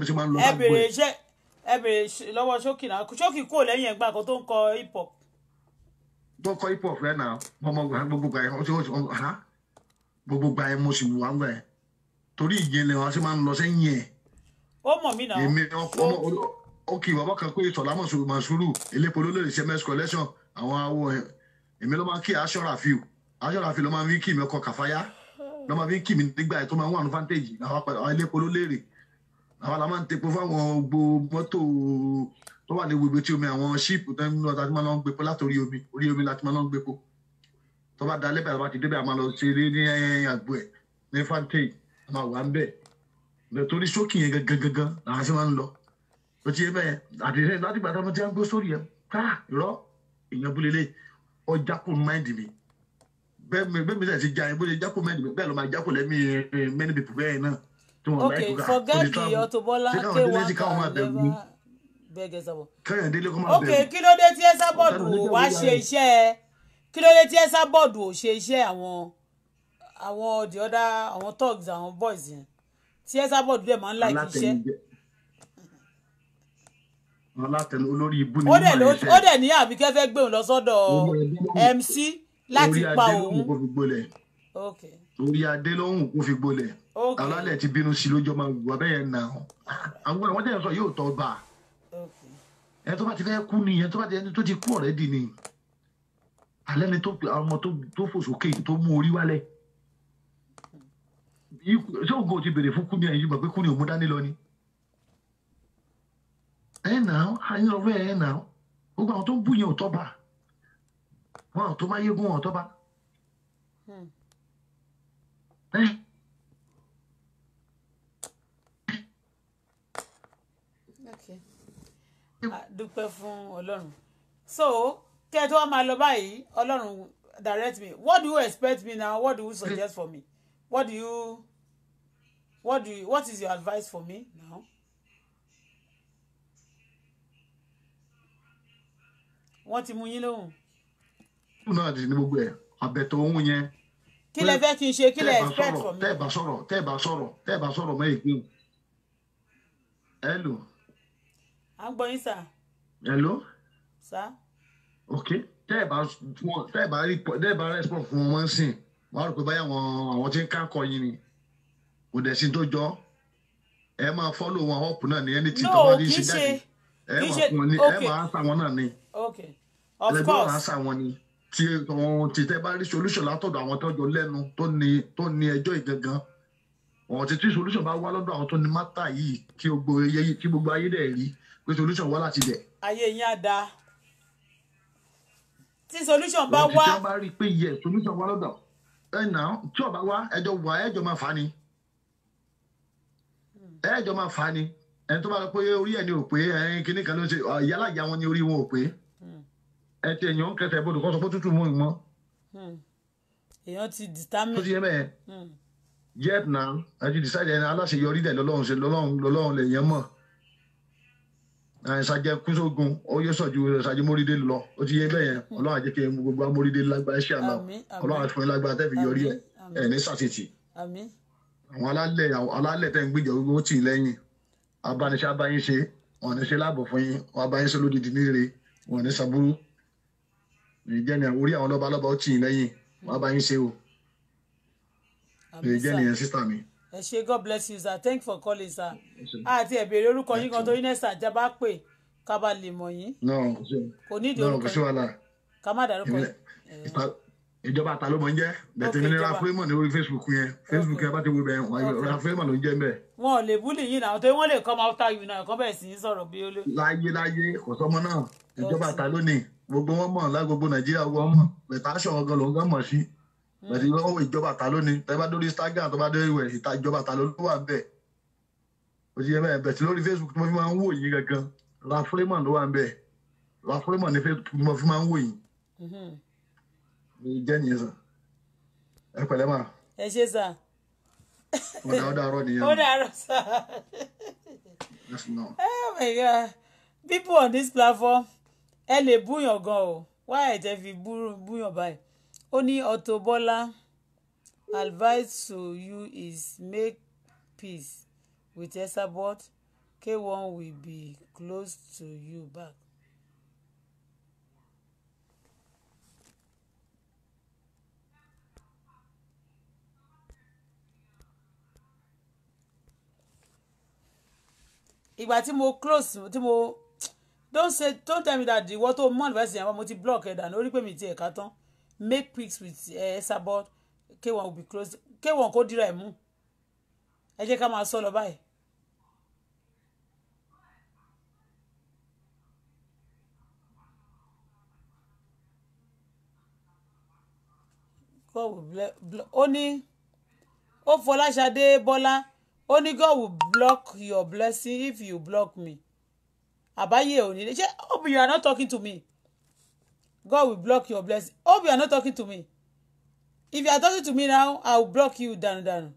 S1: ẹ bèrè lọ́wọ́ sókì náà sókì kò lẹ́yìn ẹgbàá kan tó ń kọ hip hop gbọ́kọ hip hop rẹ náà
S5: ọmọ gbogbo gbà yẹn ọtí ọtí ọmọ ha gbogbo gbà yẹn mo sì wù wá ń bẹ torí ìjẹlẹ wọn a sì máa ń lọ sẹ́yìn ẹ̀.
S1: ó mọ̀ mí náà. èmi
S5: ọkọ òkè bàbá kan pé ìtọ̀lá mọ̀sùlùmọ̀sùlù elépo ló lè ṣe mess collection àwọn awọ èmi ló máa ń kí aṣọ ràfíù aṣọ ràfíù ló máa ń fi kí mi ọkọ kàfáyà ló máa fi kí mi nígbà tó máa ń wà ní fáńtẹ́jì àwọn elépo ló léèrè àwọn làwọn máa ń tepo fáwọn gbogbo mọ́tò tó wà ní gbogbo tí omi àwọn ṣíìpù tó ń lọ tá a ti máa lọ ń gbépo látòrí omi orí omi la ti máa ń gbépo tó bá dalẹ́ bẹ̀rẹ̀ bá ti débẹ̀ a máa lọ ṣeré ní àgbo ẹ̀ ní fantage a máa wà ń bẹ̀ bẹ̀ torí ṣókì yẹn gangan gangan làwọn ṣe máa ń lọ ó ti yé bẹ́ẹ̀ àdìrẹ́ láti gbàdá ọmọ tí wọ́n gbó sórí ẹ̀ ká irọ́ èèyàn búlélẹ̀ ọjà kò máìndì mi bẹ́ẹ̀ bẹ́ẹ̀ mi sẹ̀ ti ja ẹ̀ bóyá jákò máìndì mi bẹ́ẹ̀ ló máa jákò lẹ́mí many people bẹ́ẹ̀ náà tí wọ́n láì kúkà.
S1: ok forget the bẹ́ẹ̀gẹ̀ sábọ̀.
S5: kẹ́hìndínlé kó má bẹ̀rù. ok kí
S1: ló dé tí ẹ́sà bọ́ọ̀dù ò wá ṣe iṣẹ́ kí ló dé tí ẹ́sà bọ́ọ̀dù ò ṣe iṣẹ́ àwọn àwọn the other àwọn thugs àwọn boys yẹn tí ẹ́sà bọ́ọ̀dù dẹ̀ máa ń láì fi iṣẹ́.
S5: alátẹnu olórí ibú ni wọ́n máa ń ṣe. ó
S1: dẹ̀ ní àbíkẹ́ fẹ́ gbé òun lọ sọ́dọ̀ MC láti pa òun. ok
S5: orí adé ló ń kó fi gbolẹ̀ alálẹ̀ ti bínú sí lójó máa wù abẹ́yẹn nà án àwọn ọmọdé yẹn sọ yóò tọ́ bá a ẹni tó bá ti fẹ́ kú ni ẹni tó bá ti ẹni tó ti kú ọ̀rẹ́dì ni alẹ́ ni tó ọmọ tó fò sókè tó mú orí wálẹ̀ ṣé òun kò ti béèrè fún kúni ẹ̀yin gbà pé kúni òun dání lọ ni ẹ̀yin náà ẹ̀yin ọ̀rẹ́ ẹ̀yin náà gbogbo àwọn tó ń bú yẹn ò tọ́ba wọn tó máa yégún wọn
S1: dúpẹ́ fún ọlọ́run so kí ẹ tó wá máa lọ báyìí ọlọ́run direct me what do you expect me now what do you suggest for me what do you what do you what is your advice for me now. wọ́n ti mú yín lóhùn.
S5: kúrò náà di ní gbogbo ẹ̀ àbẹ̀tọ̀ ohun yẹn.
S1: kí lẹ fẹ́ kí n ṣe kí lẹ expect for
S5: me. tẹ́ ẹ bá sọ̀rọ̀ tẹ́ ẹ bá sọ̀rọ̀ tẹ́ ẹ bá sọ̀rọ̀ mọ́ ìpín. hello
S1: à ń gbọ́ yín sà.
S5: hello. sà. ok tẹ́ ẹ̀ bá tẹ́ ẹ̀ bá rí tẹ́ ẹ̀ bá respond fún wọn ń sìn wọ́n á rò pé báyà wọn àwọn tí ń kákọ yín ni kò dẹ̀ sí tó jọ ẹ máa follow wọn up náà ní ẹni tí tó bá rí sí jáde
S6: ẹ máa fún wọn ní ẹ máa
S5: sá wọn náà ni ẹgbẹ́ wọn á sá wọn ni tí wọn ti tẹ́ bá rí solution látọ̀dọ̀ àwọn tó jọ lẹ́nu tó ní ẹjọ́ ìgangan ọ̀hún ti tí solution bá wá lọ́dọ̀ àwọn tó ní mátà yìí kí gbogbo ayé dẹ̀ rí pé solution wá láti bẹ̀. ayé yín á dáa
S1: tí solution bá wá. lọ́ọ̀tì tí wọ́n
S5: bá rí i pé yẹ solution wá lọ́dọ̀ ẹ̀ nà tí ọba wá ẹjọ́ wà ẹjọ́ máa fà á ni ẹjọ́ máa fà á ni ẹni tó bá lọ pé orí ẹ̀ ni ò pé ẹ̀yin kìíní kan ló ṣe yálà ìyá wọn ni orí wọn ò pé hmm. ẹ̀ ti ẹ̀yàn kẹsẹ̀ ibodò kọ́ sọ pé tútù mú ìmọ̀.
S3: Hmm.
S1: èèyàn
S5: ti determine. tó ti yẹ bẹ́ẹ̀ hmm. yẹ́pù náà ẹ ti decide ẹni aláṣeyọrí dẹ̀ lọ́lọ́run ṣe lọ́lọ́run lọ́lọ́run lè yẹn mọ̀ ṣàjẹ kúnṣogun oyè sọjú ṣàjẹ eh, mórídé lọ ó ti yé bẹ́ẹ̀ yẹn hmm. ọlọ́run àjẹkẹ́ gbogbo amórídé lágbára ṣé àná ọlọ́run àti fúnni lágbára tẹ́fì yọrí ẹ̀ ní sàtìtì àwọn alálẹ̀ alálẹ̀ tẹ́ ń gbìjọ gbogbo ó tì í lẹ́yìn abániṣẹ́ abáyín ṣe wọn ní ṣe láàbọ̀ fún yín wọn abáyín ṣe lódìdí níre wọn ní sàbúrú ìjẹ́ni orí àwọn lọ́balọ́ba ó tì í lẹ́yìn wọn abáyín ṣe o
S1: ìjẹ́ni yẹn sísà mi ẹ ṣe god bless you sir thank you for calling sir àti ẹ̀bẹ̀rẹ̀ orúkọ yín kan tó yín nẹ́sà jábá pè ká bá lè mọ̀ yín
S5: kò ní ìdí orúkọ yín
S1: ká má dárúkọ yín. ìjọba àta ló mọ ń jẹ
S5: bẹtẹ mi ní rafremo ní orí facebook yẹn facebook yẹn bá ti wo ibẹ rafremo ló ń jẹ mbẹ.
S1: wọn ò lè búlì yín náà tó wọn lè come after you náà kàn bẹ́ẹ̀ sì ń sọ̀rọ̀ bí ó lé. láyé láyé kò sọmọ náà ìjọba àta
S5: lónìí gbogbo wọn mọ lágbogbo nàìjíríà wọn mọ bẹtà aṣọ ọgọ mọ sí bẹ̀rẹ̀ ìwé owó ìjọba ta ló ni tẹ́ bá dórí Instagram tó bá dórí ìwé ìta ìjọba ta ló wà bẹ́ẹ̀ o ti yẹ bẹ́ẹ̀ bẹ̀tì lórí Facebook tí mo fi máa ń wò yín gangan la Freeman ló wà bẹ́ẹ̀ la Freeman ni mo fi máa ń wò yín mhm. mi jẹ́ nìyẹn sàn ẹ pẹ̀lẹ́ mà.
S1: ẹ ṣe sà. ọ̀dà ọ̀dà àárọ̀ nìyẹn. ọ̀dà àárọ̀ sà. oh my god people on this platform ẹ lè búyàn gan o why ẹ tẹ fi búyàn báyìí ó ní Auto advice to you is make peace with Esabod K1 will be close to you back. ìgbà tí mo close tí mo don't say don't tell me that the water tó mọ́ nípa ẹ̀sìn mo ti block ẹ̀ dànù ó rí pé mi ti ẹ̀ka tán make peace with Esabod k1 will be close k1 kó dira ẹ̀ mú ẹ jẹ́ ká máa sọ lọ báyìí. God will bless ó ní ó Fọláṣadé Bọ́lá God will block your blessing if you block me àbáyé òní oh you are not talking to me. God will block your blessing. Hope you are not talking to me. If you are talking to me now, I will block you down down.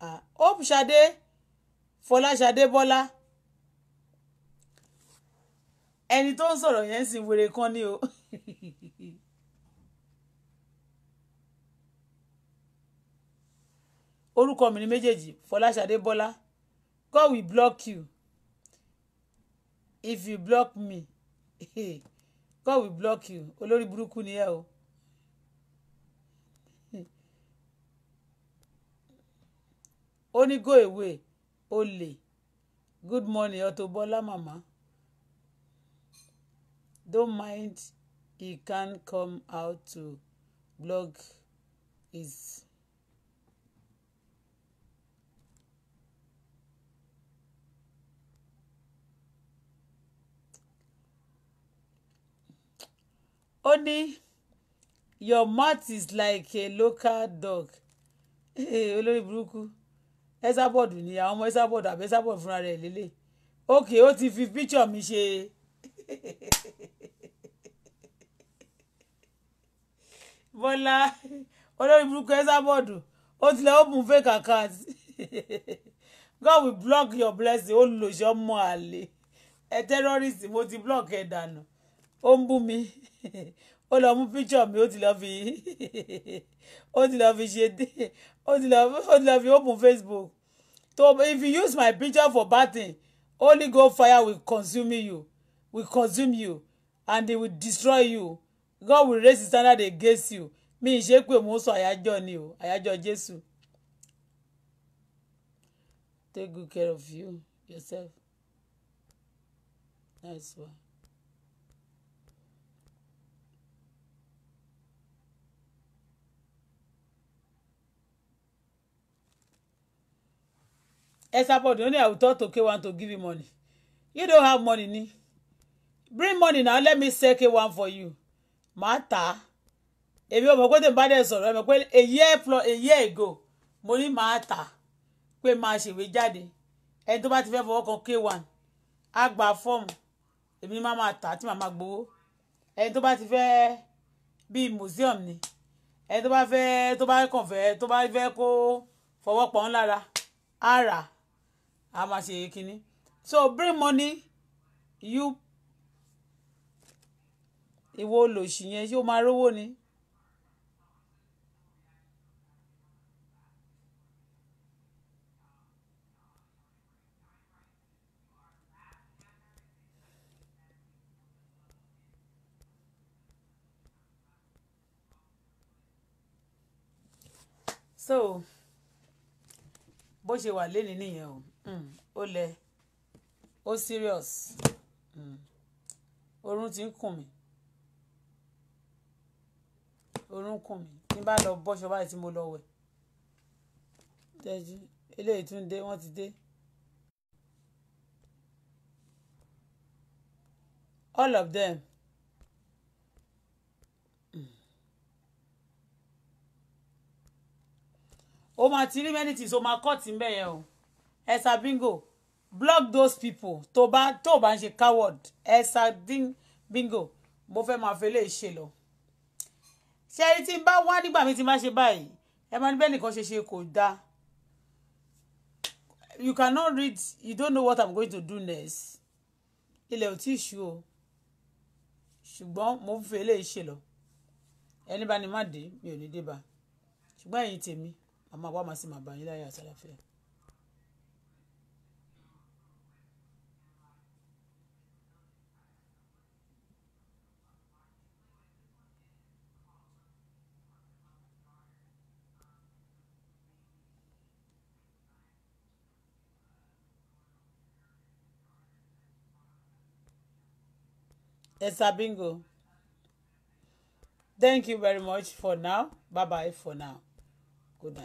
S1: Uh, ah, Hope Ṣadé Fọlá Ṣadé Bọ́lá ẹni tó ń sọ̀rọ̀ yẹn ń sin wèrè kan ni o. *laughs* orúkọ mi ni méjèèjì Fọláṣadé Bọ́lá God will block you if you block me *laughs* God will block you olórí burúkú ni ẹ o. ó ní go away olè good morning Auto Bola mama don't mind he can come out to block his. ó ní your mouth is like a local dog *laughs* olórí burúkú Esabod ni àwọn ọmọ Esabod àbẹ Esabod fúnra rẹ̀ lélẹ̀ okay ó ti fi picture mi ṣe *laughs* Bọ́lá olórí burúkú Esabod ó tilẹ̀ open fake account *laughs* God will block your blessing ó lòṣọ́ mọ́ àlè ẹ terrorist mo ti block ẹ̀ dànù ó ń bú mi ó lọ mú picture mi ó ti lọ fi ó ti lọ fi ṣe ó ti lọ ó ti lọ fi open Facebook so if you use my picture for bad thing only Ghost fire will consume you will consume you and they will destroy you God will raise his standard against you mi ì ṣe pé mò ń sọ àyájọ́ ni o àyájọ́ Jésù. Take good care of you yourself. That's why. Esabod only I will talk to K1 to give you money. You don't have money ni. Bring money now let me sell K1 for you. Mata. tà á. Èmi ò mọ̀ pé tèmi bá dẹ̀ sọ̀rọ̀ a year plus a year ago Money mata. màá tà á pé And to buy ẹni tó bá ti fẹ́ K1 Agba form. fọ́ọ̀mù èmi máa máa tà á tí màá máa gbowó ẹni tó bá museum ni And to buy to buy convert to buy tó bá fẹ́ kó fọwọ́ pọ̀ ń lára a máa ṣe kínní so bring money you ìwọ olòṣì yẹn ṣé o máa rówó ni. so bó ṣe wà lénìí nìyẹn o ó lẹ ó serious oorun ti ń kùn mí oorun kùn mí tí n bá lọ bọ́ṣọ báyìí tí mo lọ wẹ̀ tẹ́jú eléyìí tún dé wọ́n ti dé. all of them o máa ti rí many things o máa kọ́ tí ń bẹ̀ o. Esther Bingo block those people tó bá tó bá ń ṣe coward Esther Bingo mo fẹ́ máa fẹ́ lè ṣe lọ. ṣe ẹni tí ń bá wá nígbà mi ti máa ṣe báyìí ẹ máa ní bẹ́ẹ̀ nìkan ṣe ṣe kò dáa you cannot read you don't know what i'm going to do next ilẹ̀ ò tí ì ṣú o ṣùgbọ́n mo ń fẹ́ lè ṣe lọ ẹni bá ní má dé mi ò ní dé bá ṣùgbọ́n ẹ̀yin tèmi màmá wa máa sì máa bá yín láyé àtàlàfẹ́. Esther Bingo. Thank you very much for now. Bye bye for now. Good night.